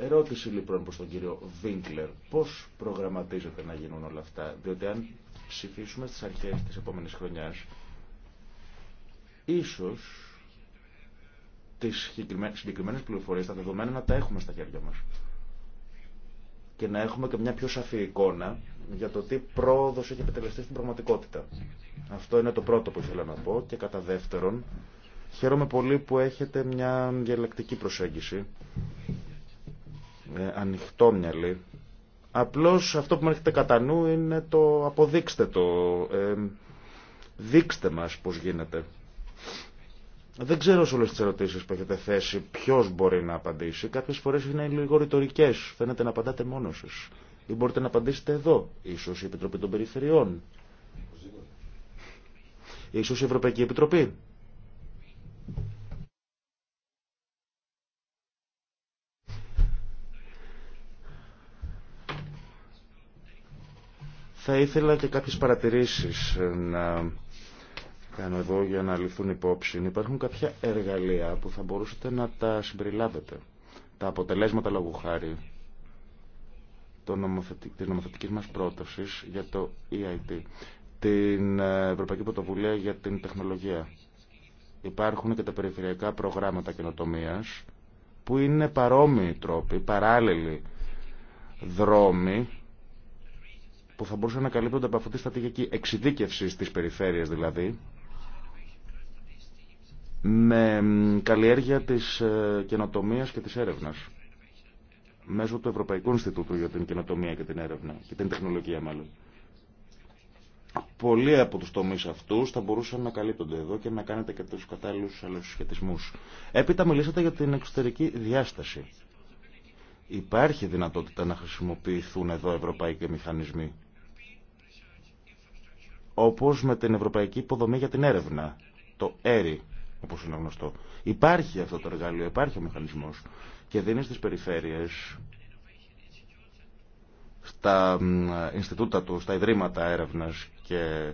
Ερώτηση λοιπόν προ τον κύριο Βίνκλερ, Πώ προγραμματίζεται να γίνουν όλα αυτά, διότι αν ψηφίσουμε στις αρχέ τη επόμενη χρονιά. Ίσως τις συγκεκριμένες πληροφορίες, τα δεδομένα να τα έχουμε στα χέρια μας. Και να έχουμε και μια πιο σαφή εικόνα για το τι πρόοδος έχει επιτελεστεί στην πραγματικότητα. Αυτό είναι το πρώτο που ήθελα να πω και κατά δεύτερον χαίρομαι πολύ που έχετε μια διαλεκτική προσέγγιση ε, ανοιχτό μυαλί. Απλώς αυτό που μου έρχεται κατά νου είναι το αποδείξτε το, ε, δείξτε μας πώς γίνεται. Δεν ξέρω σε όλε τι ερωτήσει που έχετε θέσει ποιο μπορεί να απαντήσει. Κάποιε φορέ είναι λίγο ρητορικέ. Φαίνεται να απαντάτε μόνο σα. Ή μπορείτε να απαντήσετε εδώ, ίσω η Επιτροπή των Περιφερειών. Ίσως η Ευρωπαϊκή Επιτροπή. Θα ήθελα και κάποιες παρατηρήσεις ε, να κάνω εδώ για να ληφθούν υπόψη. Υπάρχουν κάποια εργαλεία που θα μπορούσατε να τα συμπεριλάβετε. Τα αποτελέσματα λόγου χάρη της νομοθετικής μας πρότασης για το EIT, την ε, Ευρωπαϊκή Πρωτοβουλία για την Τεχνολογία. Υπάρχουν και τα περιφερειακά προγράμματα καινοτομία που είναι παρόμοιοι τρόποι, παράλληλοι δρόμοι που θα μπορούσαν να καλύπτονται από αυτή τη στρατηγική εξειδίκευση στις περιφέρειες δηλαδή με καλλιέργεια της ε, καινοτομίας και της έρευνας μέσω του Ευρωπαϊκού Ινστιτούτου για την Καινοτομία και την Έρευνα και την Τεχνολογία μάλλον. Πολλοί από τους τομείς αυτούς θα μπορούσαν να καλύπτονται εδώ και να κάνετε και τους κατάλληλους σχετισμούς. Έπειτα μιλήσατε για την εξωτερική διάσταση. Υπάρχει δυνατότητα να χρησιμοποιηθούν εδώ ευρωπαϊκοί μηχανισμοί. Όπως με την Ευρωπαϊκή Υποδομή για την Έρευνα, το ΕΡΙ, όπως είναι γνωστό. Υπάρχει αυτό το εργαλείο, υπάρχει ο μηχανισμός και δίνει στις περιφέρειες, στα Ινστιτούτα του, στα Ιδρύματα Έρευνας και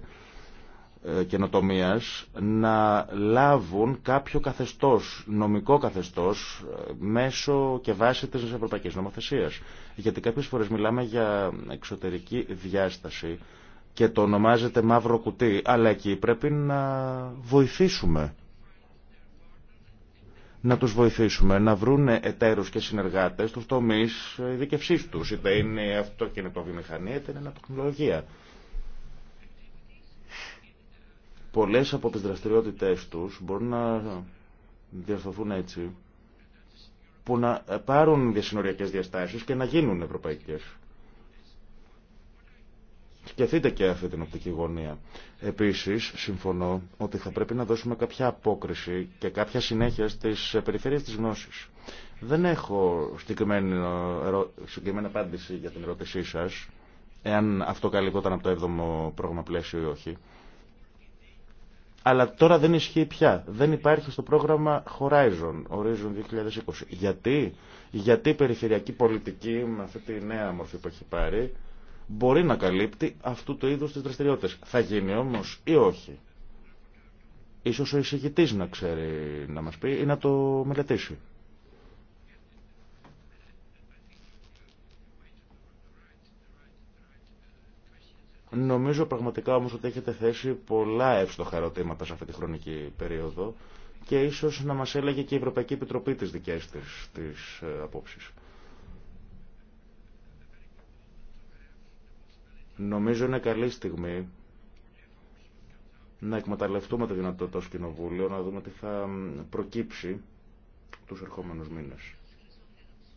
ε, καινοτομίας να λάβουν κάποιο καθεστώς, νομικό καθεστώς ε, μέσω και βάση της ευρωπαϊκής νομοθεσίας. Γιατί κάποιες φορές μιλάμε για εξωτερική διάσταση και το ονομάζεται μαύρο κουτί, αλλά εκεί πρέπει να βοηθήσουμε να τους βοηθήσουμε να βρουν εταίρους και συνεργάτες στους τομείς ειδικευσής τους, είτε είναι αυτοκινητοβιομηχανία, είτε είναι τεχνολογία. Πολλές από τις δραστηριότητες τους μπορούν να διαρθωθούν έτσι, που να πάρουν διασυνοριακές διαστάσεις και να γίνουν ευρωπαϊκές. Σκεφτείτε και αυτή την οπτική γωνία. Επίσης, συμφωνώ ότι θα πρέπει να δώσουμε κάποια απόκριση και κάποια συνέχεια στις περιφέρειες της γνώσης. Δεν έχω συγκεκριμένη απάντηση για την ερώτησή σας, εάν αυτό καλυπτόταν από το 7ο πρόγραμμα πλαίσιο ή όχι. Αλλά τώρα δεν ισχύει πια. Δεν υπάρχει στο πρόγραμμα Horizon, Horizon 2020. Γιατί, Γιατί η περιφερειακή πολιτική με αυτή τη νέα μορφή που έχει πάρει μπορεί να καλύπτει αυτού του είδους τις δραστηριότητες. Θα γίνει όμως ή όχι. Ίσως ο εισηγητής να ξέρει να μας πει ή να το μελετήσει. Νομίζω πραγματικά όμως ότι έχετε θέσει πολλά εύστοχα ερωτήματα σε αυτή τη χρονική περίοδο και ίσως να μας έλεγε και η Ευρωπαϊκή Επιτροπή τις δικές της τις ε, απόψεις. Νομίζω είναι καλή στιγμή να εκμεταλλευτούμε τη δυνατότητα ως Κοινοβούλιο, να δούμε τι θα προκύψει τους ερχόμενους μήνες.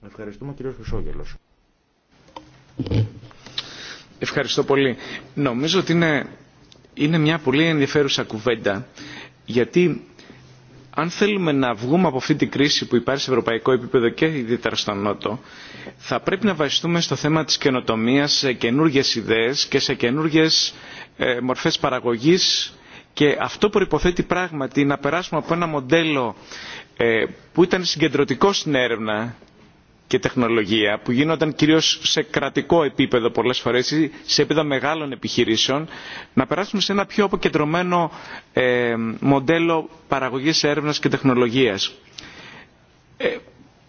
Ευχαριστούμε κύριος Χρυσόγελος. Ευχαριστώ πολύ. Νομίζω ότι είναι, είναι μια πολύ ενδιαφέρουσα κουβέντα, γιατί αν θέλουμε να βγούμε από αυτή την κρίση που υπάρχει σε ευρωπαϊκό επίπεδο και ιδιαίτερα στον Νότο, θα πρέπει να βασιστούμε στο θέμα της καινοτομίας σε καινούργιες ιδέες και σε καινούργιες ε, μορφές παραγωγής και αυτό προϋποθέτει πράγματι να περάσουμε από ένα μοντέλο ε, που ήταν συγκεντρωτικό στην έρευνα και τεχνολογία που γίνονταν κυρίως σε κρατικό επίπεδο πολλές φορές ή σε επίπεδο μεγάλων επιχειρήσεων να περάσουμε σε ένα πιο αποκεντρωμένο ε, μοντέλο παραγωγής έρευνας και τεχνολογίας. Ε,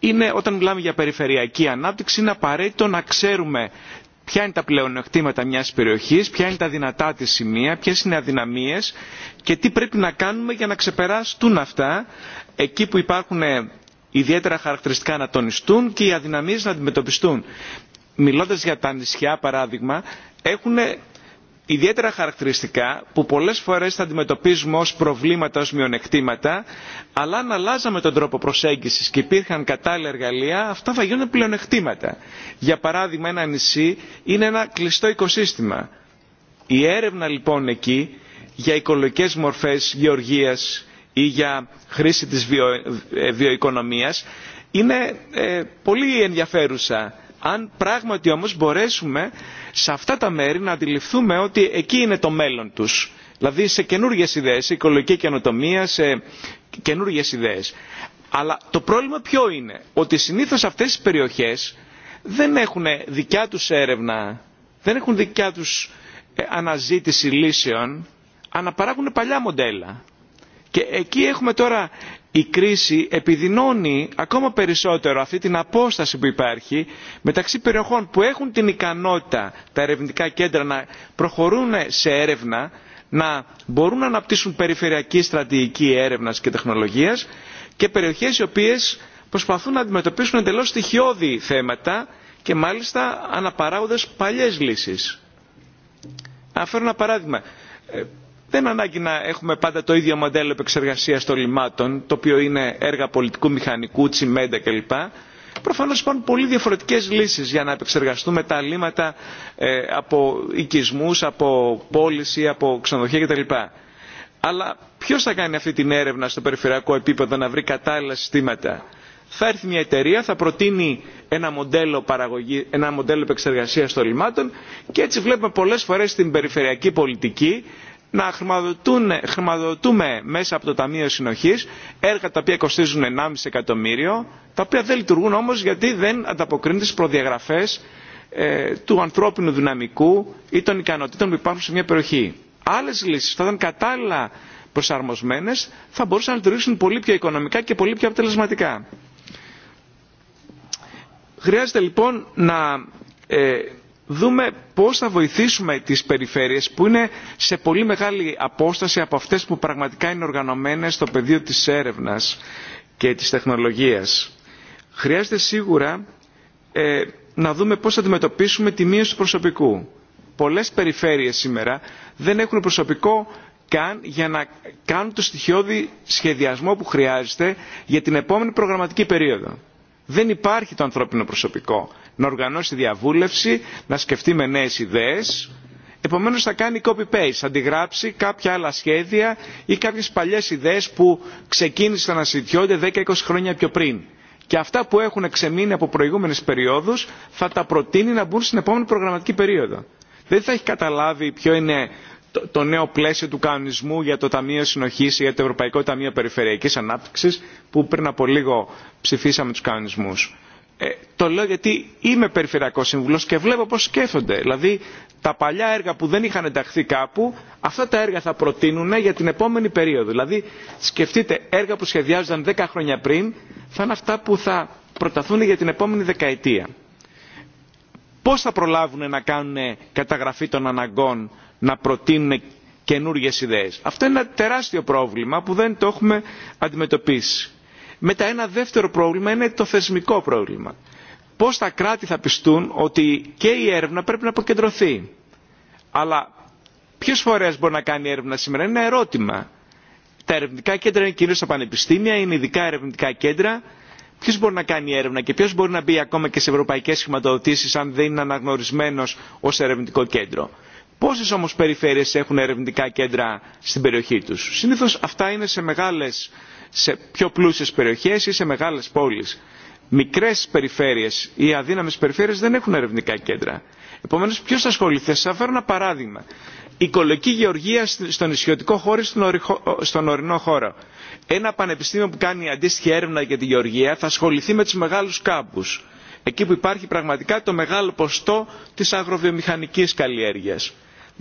είναι, όταν μιλάμε για περιφερειακή ανάπτυξη είναι απαραίτητο να ξέρουμε ποια είναι τα πλεονεκτήματα μιας περιοχής, ποια είναι τα δυνατά της σημεία, ποιες είναι οι αδυναμίες και τι πρέπει να κάνουμε για να ξεπεράσουν αυτά εκεί που υπάρχουν ε, ιδιαίτερα χαρακτηριστικά να τονιστούν και οι αδυναμίες να αντιμετωπιστούν. Μιλώντας για τα νησιά παράδειγμα, έχουν ιδιαίτερα χαρακτηριστικά που πολλές φορές θα αντιμετωπίζουμε ως προβλήματα, ως μειονεκτήματα, αλλά αν αλλάζαμε τον τρόπο προσέγγισης και υπήρχαν κατάλληλα εργαλεία, αυτά θα γίνουν πλεονεκτήματα. Για παράδειγμα, ένα νησί είναι ένα κλειστό οικοσύστημα. Η έρευνα λοιπόν εκεί για οικολογικές μορφές γεωργίας, ή για χρήση της βιο, ε, βιοοικονομίας είναι ε, πολύ ενδιαφέρουσα. Αν πράγματι όμως μπορέσουμε σε αυτά τα μέρη να αντιληφθούμε ότι εκεί είναι το μέλλον τους. Δηλαδή σε καινούργιες ιδέες, σε οικολογική καινοτομία, σε καινούργιες ιδέες. Αλλά το πρόβλημα ποιο είναι, ότι συνήθως αυτές οι περιοχές δεν έχουν δικιά τους έρευνα, δεν έχουν δικιά τους ε, αναζήτηση λύσεων, αναπαράγουν παλιά μοντέλα και εκεί έχουμε τώρα η κρίση επιδεινώνει ακόμα περισσότερο αυτή την απόσταση που υπάρχει μεταξύ περιοχών που έχουν την ικανότητα τα ερευνητικά κέντρα να προχωρούν σε έρευνα να μπορούν να αναπτύσσουν περιφερειακή στρατηγική έρευνας και τεχνολογίας και περιοχές οι οποίες προσπαθούν να αντιμετωπίσουν εντελώς στοιχειώδη θέματα και μάλιστα αναπαράγοντας παλιές λύσεις. Να ένα παράδειγμα. Ε, δεν ανάγκη να έχουμε πάντα το ίδιο μοντέλο επεξεργασία των λιμάτων, το οποίο είναι έργα πολιτικού μηχανικού, τσιμέντα κλπ. Προφανώ υπάρχουν πολύ διαφορετικέ λύσει για να επεξεργαστούμε τα λίματα ε, από οικισμού, από πώληση, από ξενοδοχεία κτλ. Αλλά ποιο θα κάνει αυτή την έρευνα στο περιφερειακό επίπεδο να βρει κατάλληλα συστήματα. Θα έρθει μια εταιρεία, θα προτείνει ένα μοντέλο, παραγωγή, ένα μοντέλο επεξεργασίας των λιμάτων και έτσι βλέπουμε πολλές φορές στην περιφερειακή πολιτική να χρηματοδοτούμε μέσα από το Ταμείο Συνοχής έργα τα οποία κοστίζουν 1,5 εκατομμύριο, τα οποία δεν λειτουργούν όμως γιατί δεν ανταποκρίνονται στις προδιαγραφές ε, του ανθρώπινου δυναμικού ή των ικανοτήτων που υπάρχουν σε μια περιοχή. Άλλες λύσεις θα ήταν κατάλληλα προσαρμοσμένες, θα μπορούσαν να λειτουργήσουν πολύ πιο οικονομικά και πολύ πιο αποτελεσματικά. Χρειάζεται λοιπόν να ε, δούμε πώς θα βοηθήσουμε τις περιφέρειες που είναι σε πολύ μεγάλη απόσταση από αυτές που πραγματικά είναι οργανωμένες στο πεδίο της έρευνας και της τεχνολογίας. Χρειάζεται σίγουρα ε, να δούμε πώς θα αντιμετωπίσουμε τη μείωση του προσωπικού. Πολλές περιφέρειες σήμερα δεν έχουν προσωπικό καν για να κάνουν το στοιχειώδη σχεδιασμό που χρειάζεται για την επόμενη προγραμματική περίοδο δεν υπάρχει το ανθρώπινο προσωπικό να οργανώσει διαβούλευση, να σκεφτεί με νέες ιδέες. Επομένως θα κάνει copy-paste, αντιγράψει κάποια άλλα σχέδια ή κάποιες παλιές ιδέες που ξεκίνησαν να συζητιόνται 10-20 χρόνια πιο πριν. Και αυτά που έχουν ξεμείνει από προηγούμενες περιόδους θα τα προτείνει να μπουν στην επόμενη προγραμματική περίοδο. Δεν θα έχει καταλάβει ποιο είναι το, νέο πλαίσιο του κανονισμού για το Ταμείο συνοχή ή για το Ευρωπαϊκό Ταμείο Περιφερειακή ανάπτυξη που πριν από λίγο ψηφίσαμε του κανονισμού. Ε, το λέω γιατί είμαι περιφερειακό σύμβουλο και βλέπω πώ σκέφτονται. Δηλαδή τα παλιά έργα που δεν είχαν ενταχθεί κάπου, αυτά τα έργα θα προτείνουν για την επόμενη περίοδο. Δηλαδή σκεφτείτε έργα που σχεδιάζονταν 10 χρόνια πριν, θα είναι αυτά που θα προταθούν για την επόμενη δεκαετία. Πώς θα προλάβουν να κάνουν καταγραφή των αναγκών να προτείνουν καινούριε ιδέε. Αυτό είναι ένα τεράστιο πρόβλημα που δεν το έχουμε αντιμετωπίσει. Μετά ένα δεύτερο πρόβλημα είναι το θεσμικό πρόβλημα. Πώ τα κράτη θα πιστούν ότι και η έρευνα πρέπει να αποκεντρωθεί. Αλλά ποιο φορέ μπορεί να κάνει έρευνα σήμερα είναι ένα ερώτημα. Τα ερευνητικά κέντρα είναι κυρίω τα πανεπιστήμια, είναι ειδικά ερευνητικά κέντρα. Ποιο μπορεί να κάνει έρευνα και ποιο μπορεί να μπει ακόμα και σε ευρωπαϊκέ χρηματοδοτήσει αν δεν είναι αναγνωρισμένο ω ερευνητικό κέντρο. Πόσες όμως περιφέρειες έχουν ερευνητικά κέντρα στην περιοχή τους. Συνήθως αυτά είναι σε, μεγάλες, σε πιο πλούσιες περιοχές ή σε μεγάλες πόλεις. Μικρές περιφέρειες ή αδύναμες περιφέρειες δεν έχουν ερευνητικά κέντρα. Επομένως ποιος θα ασχοληθεί. Θα φέρω ένα παράδειγμα. Η οικολογική γεωργία στον νησιωτικό χώρο ή στον ορεινό χώρο. Ένα πανεπιστήμιο που κάνει αντίστοιχη έρευνα για τη γεωργία θα ασχοληθεί με τους μεγάλους κάμπους. Εκεί που υπάρχει πραγματικά το μεγάλο ποστό της αγροβιομηχανικής καλλιέργειας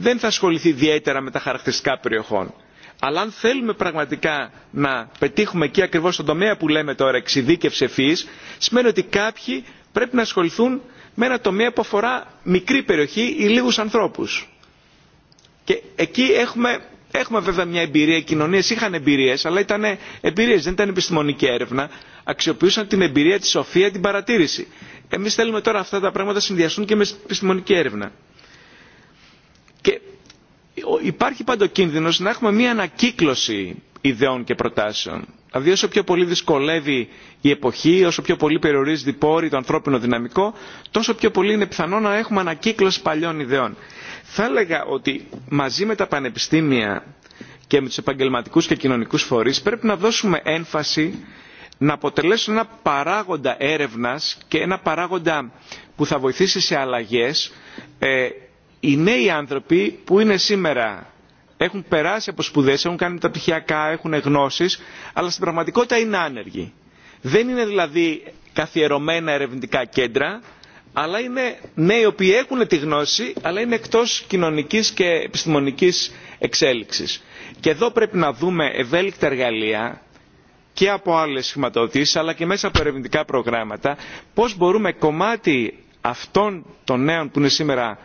δεν θα ασχοληθεί ιδιαίτερα με τα χαρακτηριστικά περιοχών. Αλλά αν θέλουμε πραγματικά να πετύχουμε εκεί ακριβώ στον τομέα που λέμε τώρα εξειδίκευση ευφυή, σημαίνει ότι κάποιοι πρέπει να ασχοληθούν με ένα τομέα που αφορά μικρή περιοχή ή λίγου ανθρώπου. Και εκεί έχουμε, έχουμε βέβαια μια εμπειρία, οι κοινωνίε είχαν εμπειρίε, αλλά ήταν εμπειρίες, δεν ήταν επιστημονική έρευνα, αξιοποιούσαν την εμπειρία, τη σοφία, την παρατήρηση. Εμεί θέλουμε τώρα αυτά τα πράγματα συνδυαστούν και με επιστημονική έρευνα. Και υπάρχει πάντο κίνδυνο να έχουμε μία ανακύκλωση ιδεών και προτάσεων. Δηλαδή όσο πιο πολύ δυσκολεύει η εποχή, όσο πιο πολύ περιορίζει η πόρη, το ανθρώπινο δυναμικό, τόσο πιο πολύ είναι πιθανό να έχουμε ανακύκλωση παλιών ιδεών. Θα έλεγα ότι μαζί με τα πανεπιστήμια και με του επαγγελματικού και κοινωνικού φορεί πρέπει να δώσουμε έμφαση να αποτελέσουν ένα παράγοντα έρευνας και ένα παράγοντα που θα βοηθήσει σε αλλαγές ε, οι νέοι άνθρωποι που είναι σήμερα έχουν περάσει από σπουδέ, έχουν κάνει τα πτυχιακά, έχουν γνώσει, αλλά στην πραγματικότητα είναι άνεργοι. Δεν είναι δηλαδή καθιερωμένα ερευνητικά κέντρα, αλλά είναι νέοι οποίοι έχουν τη γνώση, αλλά είναι εκτό κοινωνική και επιστημονική εξέλιξη. Και εδώ πρέπει να δούμε ευέλικτα εργαλεία και από άλλε χρηματοδοτήσει, αλλά και μέσα από ερευνητικά προγράμματα, πώ μπορούμε κομμάτι αυτών των νέων που είναι σήμερα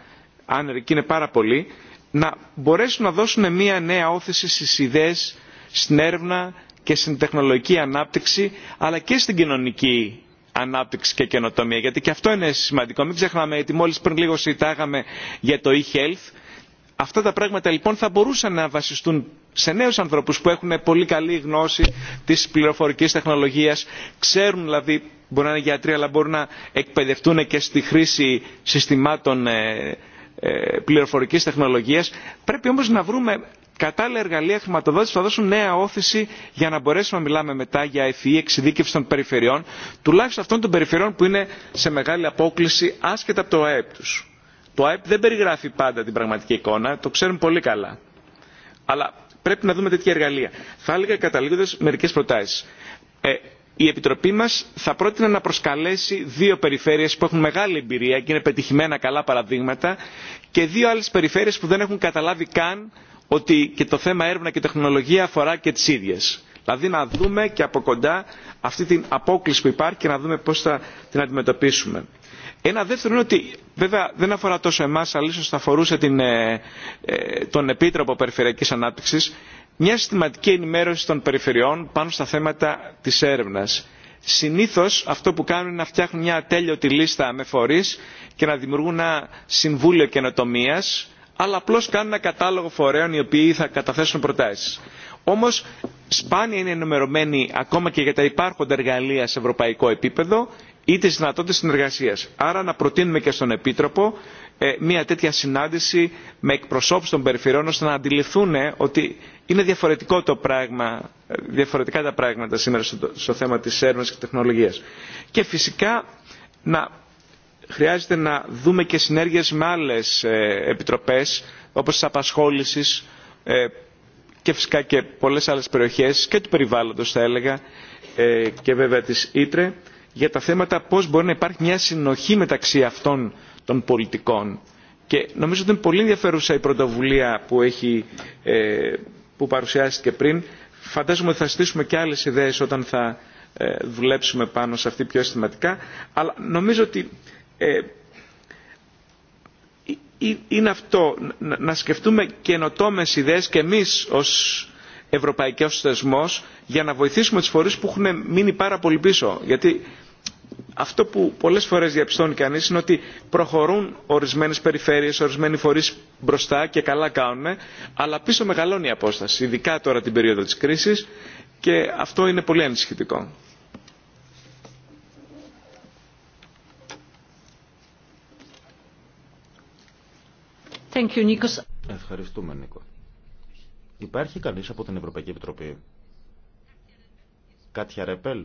αν και είναι πάρα πολλοί, να μπορέσουν να δώσουν μια νέα όθηση στις ιδέες, στην έρευνα και στην τεχνολογική ανάπτυξη, αλλά και στην κοινωνική ανάπτυξη και καινοτομία. Γιατί και αυτό είναι σημαντικό. Μην ξεχνάμε, ότι μόλις πριν λίγο συζητάγαμε για το e-health, αυτά τα πράγματα λοιπόν θα μπορούσαν να βασιστούν σε νέους ανθρώπους που έχουν πολύ καλή γνώση της πληροφορικής τεχνολογίας, ξέρουν δηλαδή, μπορεί να είναι γιατροί, αλλά μπορούν να εκπαιδευτούν και στη χρήση συστημάτων ε, ε, πληροφορικής τεχνολογίας. Πρέπει όμως να βρούμε κατάλληλα εργαλεία χρηματοδότηση που θα δώσουν νέα όθηση για να μπορέσουμε να μιλάμε μετά για ευφυή εξειδίκευση των περιφερειών, τουλάχιστον αυτών των περιφερειών που είναι σε μεγάλη απόκληση άσχετα από το ΑΕΠ του. Το ΑΕΠ δεν περιγράφει πάντα την πραγματική εικόνα, το ξέρουμε πολύ καλά. Αλλά πρέπει να δούμε τέτοια εργαλεία. Θα έλεγα καταλήγοντα μερικέ προτάσει. Ε, η επιτροπή μας θα πρότεινε να προσκαλέσει δύο περιφέρειες που έχουν μεγάλη εμπειρία και είναι πετυχημένα καλά παραδείγματα και δύο άλλες περιφέρειες που δεν έχουν καταλάβει καν ότι και το θέμα έρευνα και τεχνολογία αφορά και τις ίδιες. Δηλαδή να δούμε και από κοντά αυτή την απόκληση που υπάρχει και να δούμε πώς θα την αντιμετωπίσουμε. Ένα δεύτερο είναι ότι βέβαια δεν αφορά τόσο εμάς αλλά ίσως θα αφορούσε την, ε, ε, τον Επίτροπο Περιφερειακής Ανάπτυξης μια συστηματική ενημέρωση των περιφερειών πάνω στα θέματα τη έρευνα. Συνήθω αυτό που κάνουν είναι να φτιάχνουν μια τέλειωτη λίστα με φορεί και να δημιουργούν ένα συμβούλιο καινοτομία, αλλά απλώ κάνουν ένα κατάλογο φορέων οι οποίοι θα καταθέσουν προτάσει. Όμω, σπάνια είναι ενημερωμένοι ακόμα και για τα υπάρχοντα εργαλεία σε ευρωπαϊκό επίπεδο ή τι δυνατότητε συνεργασία. Άρα να προτείνουμε και στον Επίτροπο ε, μια τέτοια συνάντηση με εκπροσώπους των περιφερειών ώστε να αντιληφθούν ότι είναι διαφορετικό το πράγμα, διαφορετικά τα πράγματα σήμερα στο, θέμα της έρευνας και τεχνολογίας. Και φυσικά να, χρειάζεται να δούμε και συνέργειες με άλλες ε, επιτροπές όπως της απασχόλησης ε, και φυσικά και πολλές άλλες περιοχές και του περιβάλλοντος θα έλεγα ε, και βέβαια της Ήτρε για τα θέματα πώς μπορεί να υπάρχει μια συνοχή μεταξύ αυτών των πολιτικών. Και νομίζω ότι είναι πολύ ενδιαφέρουσα η πρωτοβουλία που έχει ε, που παρουσιάστηκε πριν. Φαντάζομαι ότι θα στήσουμε και άλλες ιδέες όταν θα ε, δουλέψουμε πάνω σε αυτή πιο αισθηματικά. Αλλά νομίζω ότι ε, είναι αυτό, να σκεφτούμε καινοτόμε ιδέες και εμείς ως ευρωπαϊκός θεσμός για να βοηθήσουμε τις φορείς που έχουν μείνει πάρα πολύ πίσω. Γιατί αυτό που πολλές φορές διαπιστώνει κανείς είναι ότι προχωρούν ορισμένες περιφέρειες, ορισμένοι φορείς μπροστά και καλά κάνουν, αλλά πίσω μεγαλώνει η απόσταση, ειδικά τώρα την περίοδο της κρίσης και αυτό είναι πολύ ανησυχητικό. Ευχαριστούμε, Νίκο. Υπάρχει κανείς από την Ευρωπαϊκή Επιτροπή. Κάτια Ρέπελ,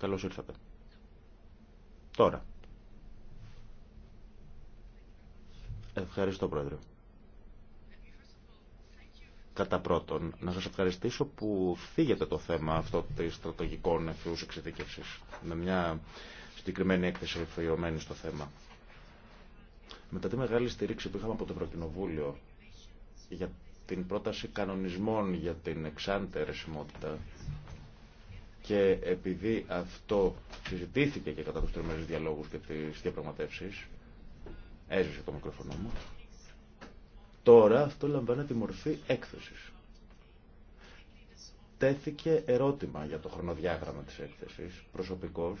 καλώς ήρθατε. Τώρα. Ευχαριστώ, Πρόεδρε. Κατά πρώτον, να σας ευχαριστήσω που φύγετε το θέμα αυτό της στρατογικών ευθύους εξειδίκευσης με μια συγκεκριμένη έκθεση εφηρεωμένη στο θέμα. Μετά τη μεγάλη στηρίξη που είχαμε από το Ευρωκοινοβούλιο για την πρόταση κανονισμών για την εξάντερη και επειδή αυτό συζητήθηκε και κατά τους τριμμένους διαλόγους και τις διαπραγματεύσεις, έζησε το μικρόφωνο μου, τώρα αυτό λαμβάνει τη μορφή έκθεσης. Τέθηκε ερώτημα για το χρονοδιάγραμμα της έκθεσης, προσωπικός.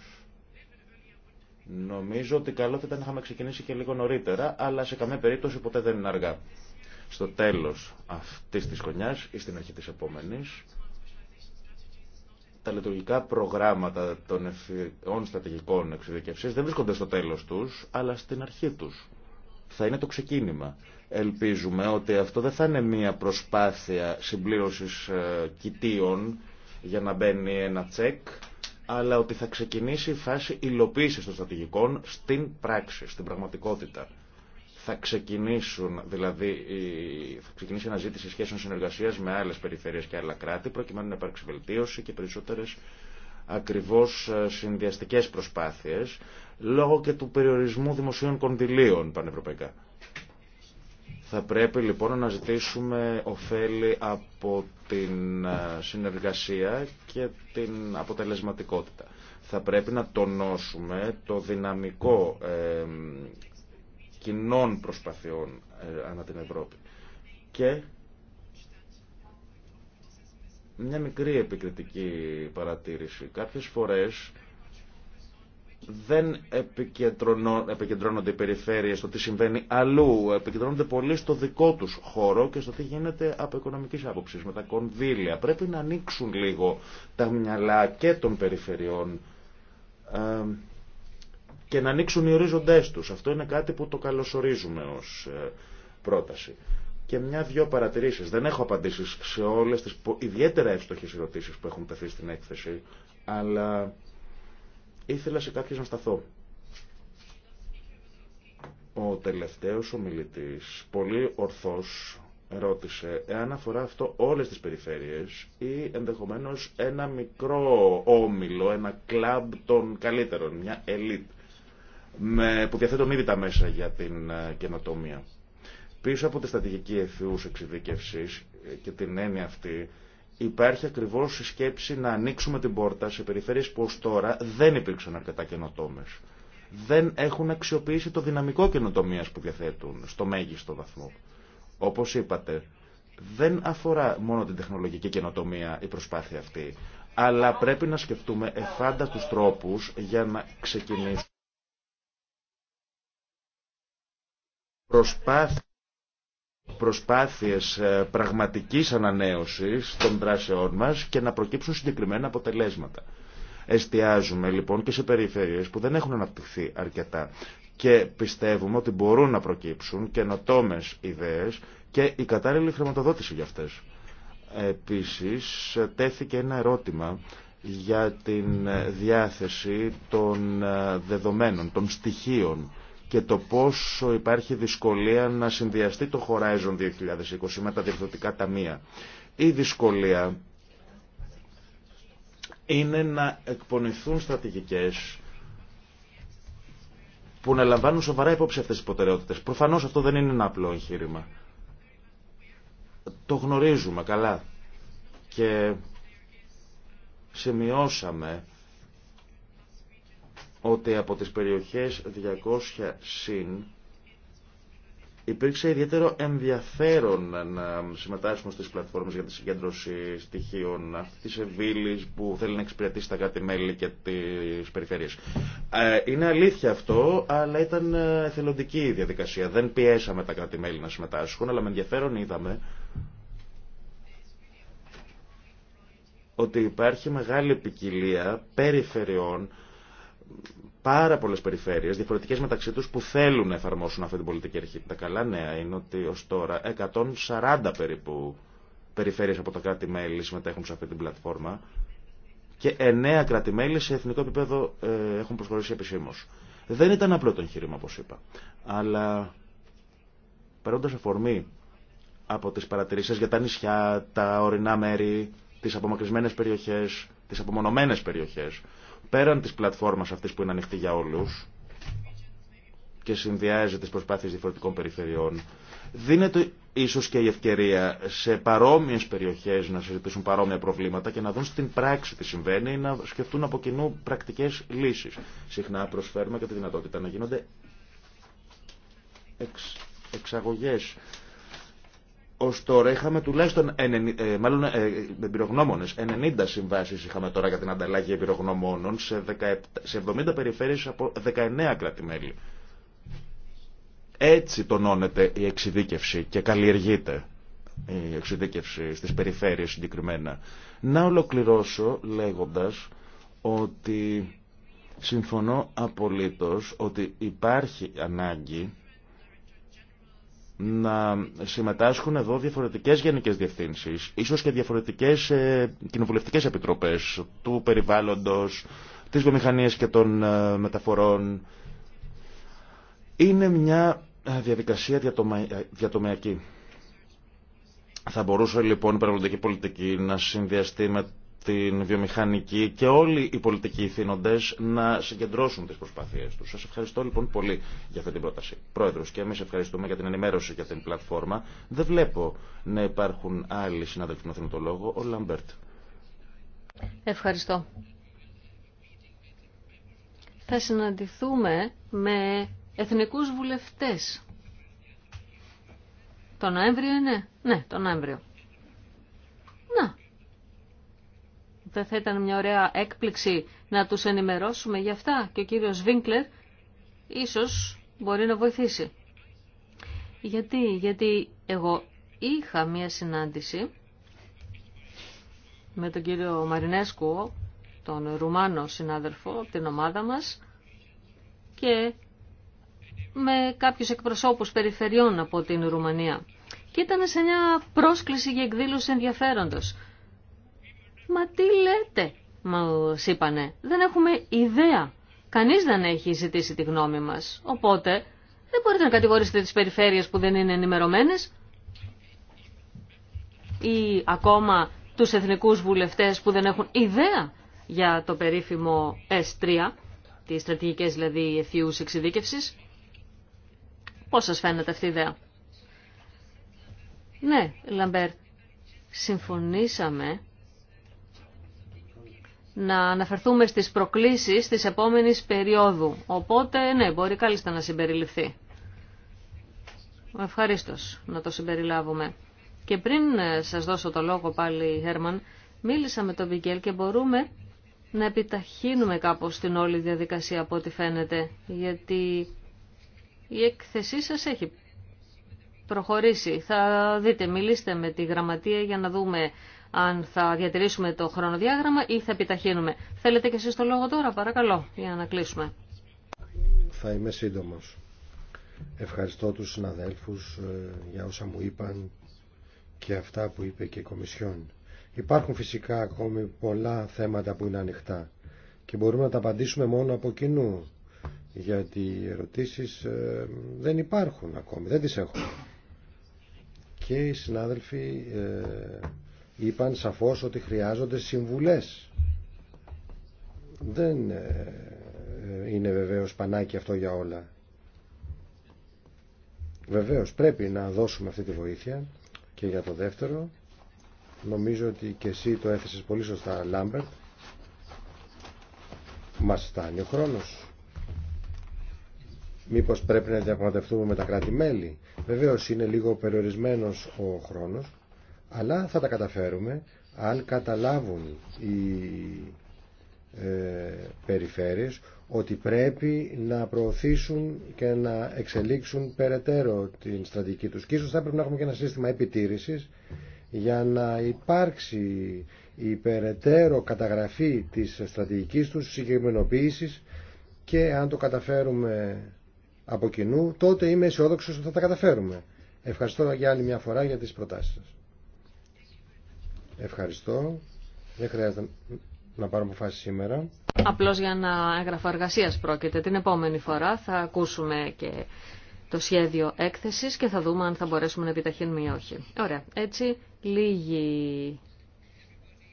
Νομίζω ότι καλό θα ήταν να είχαμε ξεκινήσει και λίγο νωρίτερα, αλλά σε καμία περίπτωση ποτέ δεν είναι αργά. Στο τέλος αυτής της χρονιάς ή στην αρχή της επόμενης, τα λειτουργικά προγράμματα των ευθυνών στρατηγικών εξειδικευσής δεν βρίσκονται στο τέλος τους, αλλά στην αρχή τους. Θα είναι το ξεκίνημα. Ελπίζουμε ότι αυτό δεν θα είναι μία προσπάθεια συμπλήρωσης ε, κοιτίων για να μπαίνει ένα τσεκ, αλλά ότι θα ξεκινήσει η φάση υλοποίησης των στρατηγικών στην πράξη, στην πραγματικότητα θα ξεκινήσουν, δηλαδή θα ξεκινήσει αναζήτηση σχέσεων συνεργασίας με άλλες περιφερειές και άλλα κράτη προκειμένου να υπάρξει βελτίωση και περισσότερες ακριβώς ε, συνδυαστικέ προσπάθειες λόγω και του περιορισμού δημοσίων κονδυλίων πανευρωπαϊκά. Θα πρέπει λοιπόν να ζητήσουμε ωφέλη από την ε, συνεργασία και την αποτελεσματικότητα. Θα πρέπει να τονώσουμε το δυναμικό ε, κοινών προσπαθειών ε, ανά την Ευρώπη. Και μια μικρή επικριτική παρατήρηση. Κάποιες φορές δεν επικεντρώνονται οι περιφέρειες στο τι συμβαίνει αλλού. Επικεντρώνονται πολύ στο δικό τους χώρο και στο τι γίνεται από οικονομικής άποψης, με τα κονδύλια. Πρέπει να ανοίξουν λίγο τα μυαλά και των περιφερειών ε, και να ανοίξουν οι ορίζοντές τους. Αυτό είναι κάτι που το καλωσορίζουμε ως ε, πρόταση. Και μια-δυο παρατηρήσεις. Δεν έχω απαντήσεις σε όλες τις ιδιαίτερα εύστοχες ερωτήσεις που έχουν πεθεί στην έκθεση, αλλά ήθελα σε κάποιες να σταθώ. Ο τελευταίος ομιλητής πολύ ορθός, ρώτησε εάν αφορά αυτό όλες τις περιφέρειες ή ενδεχομένως ένα μικρό όμιλο, ένα κλαμπ των καλύτερων, μια ελίτ με, που διαθέτουν ήδη τα μέσα για την ε, καινοτομία. Πίσω από τη στρατηγική ευθύου εξειδίκευση ε, και την έννοια αυτή υπάρχει ακριβώ η σκέψη να ανοίξουμε την πόρτα σε περιφέρειες που ω τώρα δεν υπήρξαν αρκετά καινοτόμε. Δεν έχουν αξιοποιήσει το δυναμικό καινοτομία που διαθέτουν στο μέγιστο βαθμό. Όπω είπατε, δεν αφορά μόνο την τεχνολογική καινοτομία η προσπάθεια αυτή, αλλά πρέπει να σκεφτούμε εφάντα τους τρόπους για να ξεκινήσουμε προσπάθειες προσπάθειες πραγματικής ανανέωσης των δράσεών μας και να προκύψουν συγκεκριμένα αποτελέσματα. Εστιάζουμε λοιπόν και σε περιφέρειες που δεν έχουν αναπτυχθεί αρκετά και πιστεύουμε ότι μπορούν να προκύψουν καινοτόμε ιδέες και η κατάλληλη χρηματοδότηση για αυτές. Επίσης τέθηκε ένα ερώτημα για την διάθεση των ε, δεδομένων, των στοιχείων και το πόσο υπάρχει δυσκολία να συνδυαστεί το Horizon 2020 με τα διευθυντικά ταμεία. Η δυσκολία είναι να εκπονηθούν στρατηγικές που να λαμβάνουν σοβαρά υπόψη αυτές τις προτεραιότητες. Προφανώς αυτό δεν είναι ένα απλό εγχείρημα. Το γνωρίζουμε καλά και σημειώσαμε ότι από τις περιοχές 200 συν υπήρξε ιδιαίτερο ενδιαφέρον να συμμετάσχουν στις πλατφόρμες για τη συγκέντρωση στοιχείων αυτής της Εβίλης που θέλει να εξυπηρετήσει τα κάτι μέλη και τις περιφέρειες. Ε, είναι αλήθεια αυτό, αλλά ήταν ε, εθελοντική η διαδικασία. Δεν πιέσαμε τα κάτι μέλη να συμμετάσχουν, αλλά με ενδιαφέρον είδαμε ότι υπάρχει μεγάλη ποικιλία περιφερειών πάρα πολλέ περιφέρειε, διαφορετικέ μεταξύ του, που θέλουν να εφαρμόσουν αυτή την πολιτική αρχή. Τα καλά νέα είναι ότι ω τώρα 140 περίπου περιφέρειες από τα κράτη-μέλη συμμετέχουν σε αυτή την πλατφόρμα και 9 κράτη-μέλη σε εθνικό επίπεδο ε, έχουν προσχωρήσει επισήμω. Δεν ήταν απλό το εγχείρημα, όπω είπα. Αλλά παίρνοντα αφορμή από τι παρατηρήσει για τα νησιά, τα ορεινά μέρη, τι απομακρυσμένε περιοχέ, τι απομονωμένε περιοχέ, πέραν της πλατφόρμας αυτής που είναι ανοιχτή για όλους και συνδυάζει τις προσπάθειες διαφορετικών περιφερειών, δίνεται ίσως και η ευκαιρία σε παρόμοιες περιοχές να συζητήσουν παρόμοια προβλήματα και να δουν στην πράξη τι συμβαίνει ή να σκεφτούν από κοινού πρακτικές λύσεις. Συχνά προσφέρουμε και τη δυνατότητα να γίνονται εξ, εξαγωγές Ω τώρα είχαμε τουλάχιστον 90, ε, μάλλον, 90 ε, συμβάσει είχαμε τώρα για την ανταλλαγή εμπειρογνωμόνων σε, 70 περιφέρειες από 19 κράτη-μέλη. Έτσι τονώνεται η εξειδίκευση και καλλιεργείται η εξειδίκευση στις περιφέρειες συγκεκριμένα. Να ολοκληρώσω λέγοντας ότι συμφωνώ απολύτως ότι υπάρχει ανάγκη να συμμετάσχουν εδώ διαφορετικές γενικές διευθύνσεις, ίσως και διαφορετικές ε, κοινοβουλευτικές επιτροπές του περιβάλλοντος, της βιομηχανίας και των ε, μεταφορών. Είναι μια ε, διαδικασία διατομιακή. Θα μπορούσε λοιπόν η περιβαλλοντική πολιτική να συνδυαστεί με την βιομηχανική και όλοι οι πολιτικοί ηθήνοντες να συγκεντρώσουν τις προσπάθειές τους. Σας ευχαριστώ λοιπόν πολύ για αυτή την πρόταση. Πρόεδρος και εμείς ευχαριστούμε για την ενημέρωση για την πλατφόρμα. Δεν βλέπω να υπάρχουν άλλοι συνάδελφοι που να το λόγο. Ο Λαμπέρτ. Ευχαριστώ. Θα συναντηθούμε με εθνικούς βουλευτές. Το Νοέμβριο είναι. Ναι, το Νοέμβριο. Δεν θα ήταν μια ωραία έκπληξη να τους ενημερώσουμε για αυτά και ο κύριος Βίνκλερ ίσως μπορεί να βοηθήσει. Γιατί, γιατί εγώ είχα μια συνάντηση με τον κύριο Μαρινέσκου, τον Ρουμάνο συνάδελφο από την ομάδα μας και με κάποιους εκπροσώπους περιφερειών από την Ρουμανία. Και ήταν σε μια πρόσκληση για εκδήλωση ενδιαφέροντος. Μα τι λέτε, μα είπανε. Δεν έχουμε ιδέα. Κανείς δεν έχει ζητήσει τη γνώμη μας. Οπότε δεν μπορείτε να κατηγορήσετε τις περιφέρειες που δεν είναι ενημερωμένες ή ακόμα τους εθνικούς βουλευτές που δεν έχουν ιδέα για το περίφημο S3, τις στρατηγικές δηλαδή ευθύους εξειδίκευσης. Πώς σας φαίνεται αυτή η ιδέα. Ναι, Λαμπέρ, συμφωνήσαμε να αναφερθούμε στις προκλήσεις της επόμενης περίοδου. Οπότε, ναι, μπορεί κάλλιστα να συμπεριληφθεί. Ευχαριστώ να το συμπεριλάβουμε. Και πριν ε, σας δώσω το λόγο πάλι, Χέρμαν, μίλησα με τον Βικέλ και μπορούμε να επιταχύνουμε κάπως την όλη διαδικασία από ό,τι φαίνεται, γιατί η έκθεσή σας έχει προχωρήσει. Θα δείτε, μιλήστε με τη γραμματεία για να δούμε αν θα διατηρήσουμε το χρονοδιάγραμμα ή θα επιταχύνουμε. Θέλετε και εσείς το λόγο τώρα, παρακαλώ, για να κλείσουμε. Θα είμαι σύντομος. Ευχαριστώ τους συναδέλφους ε, για όσα μου είπαν και αυτά που είπε και η Κομισιόν. Υπάρχουν φυσικά ακόμη πολλά θέματα που είναι ανοιχτά και μπορούμε να τα απαντήσουμε μόνο από κοινού γιατί οι ερωτήσεις ε, δεν υπάρχουν ακόμη, δεν τις έχουμε. Και οι συνάδελφοι ε, είπαν σαφώς ότι χρειάζονται συμβουλές. Δεν ε, είναι βεβαίως πανάκι αυτό για όλα. Βεβαίως πρέπει να δώσουμε αυτή τη βοήθεια και για το δεύτερο. Νομίζω ότι και εσύ το έθεσες πολύ σωστά, Λάμπερτ. Μας φτάνει ο χρόνος. Μήπως πρέπει να διαπραγματευτούμε με τα κράτη-μέλη. Βεβαίως είναι λίγο περιορισμένος ο χρόνος. Αλλά θα τα καταφέρουμε αν καταλάβουν οι ε, περιφέρειες ότι πρέπει να προωθήσουν και να εξελίξουν περαιτέρω την στρατηγική τους. Και ίσως θα πρέπει να έχουμε και ένα σύστημα επιτήρησης για να υπάρξει η περαιτέρω καταγραφή της στρατηγικής τους συγκεκριμενοποίησης και αν το καταφέρουμε από κοινού, τότε είμαι αισιόδοξο ότι θα τα καταφέρουμε. Ευχαριστώ για άλλη μια φορά για τις προτάσεις σας. Ευχαριστώ. Δεν χρειάζεται να πάρουμε αποφάσει σήμερα. Απλώ για να έγγραφο εργασία πρόκειται. Την επόμενη φορά θα ακούσουμε και το σχέδιο έκθεση και θα δούμε αν θα μπορέσουμε να επιταχύνουμε ή όχι. Ωραία. Έτσι λίγη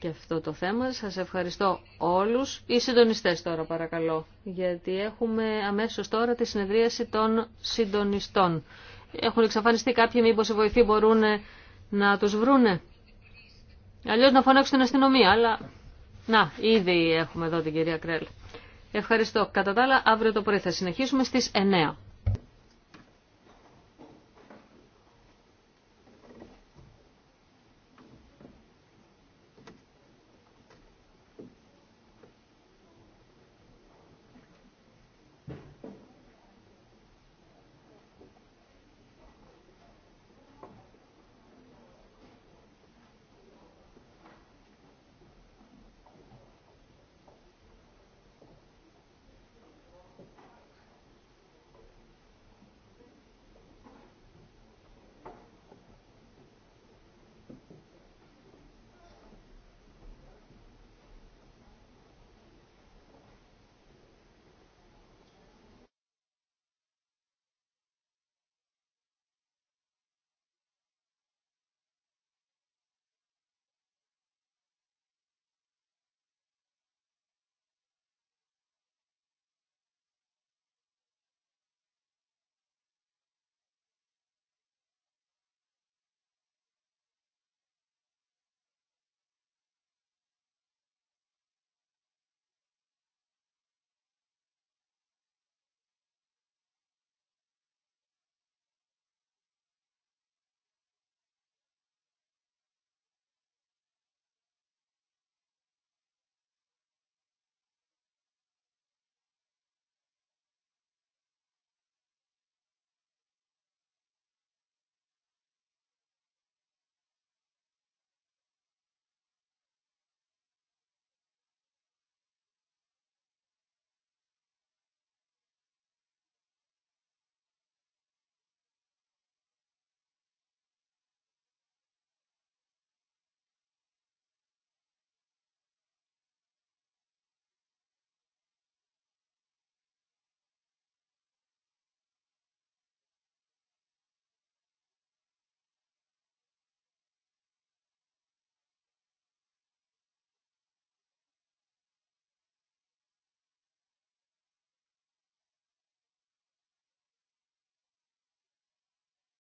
και αυτό το θέμα. Σα ευχαριστώ όλους. Οι συντονιστέ τώρα παρακαλώ, γιατί έχουμε αμέσω τώρα τη συνεδρίαση των συντονιστών. Έχουν εξαφανιστεί κάποιοι, μήπως οι βοηθοί μπορούν να τους βρούνε. Αλλιώ να φωνάξω την αστυνομία, αλλά. Να, ήδη έχουμε εδώ την κυρία Κρέλ. Ευχαριστώ. Κατά τα άλλα, αύριο το πρωί θα συνεχίσουμε στις 9.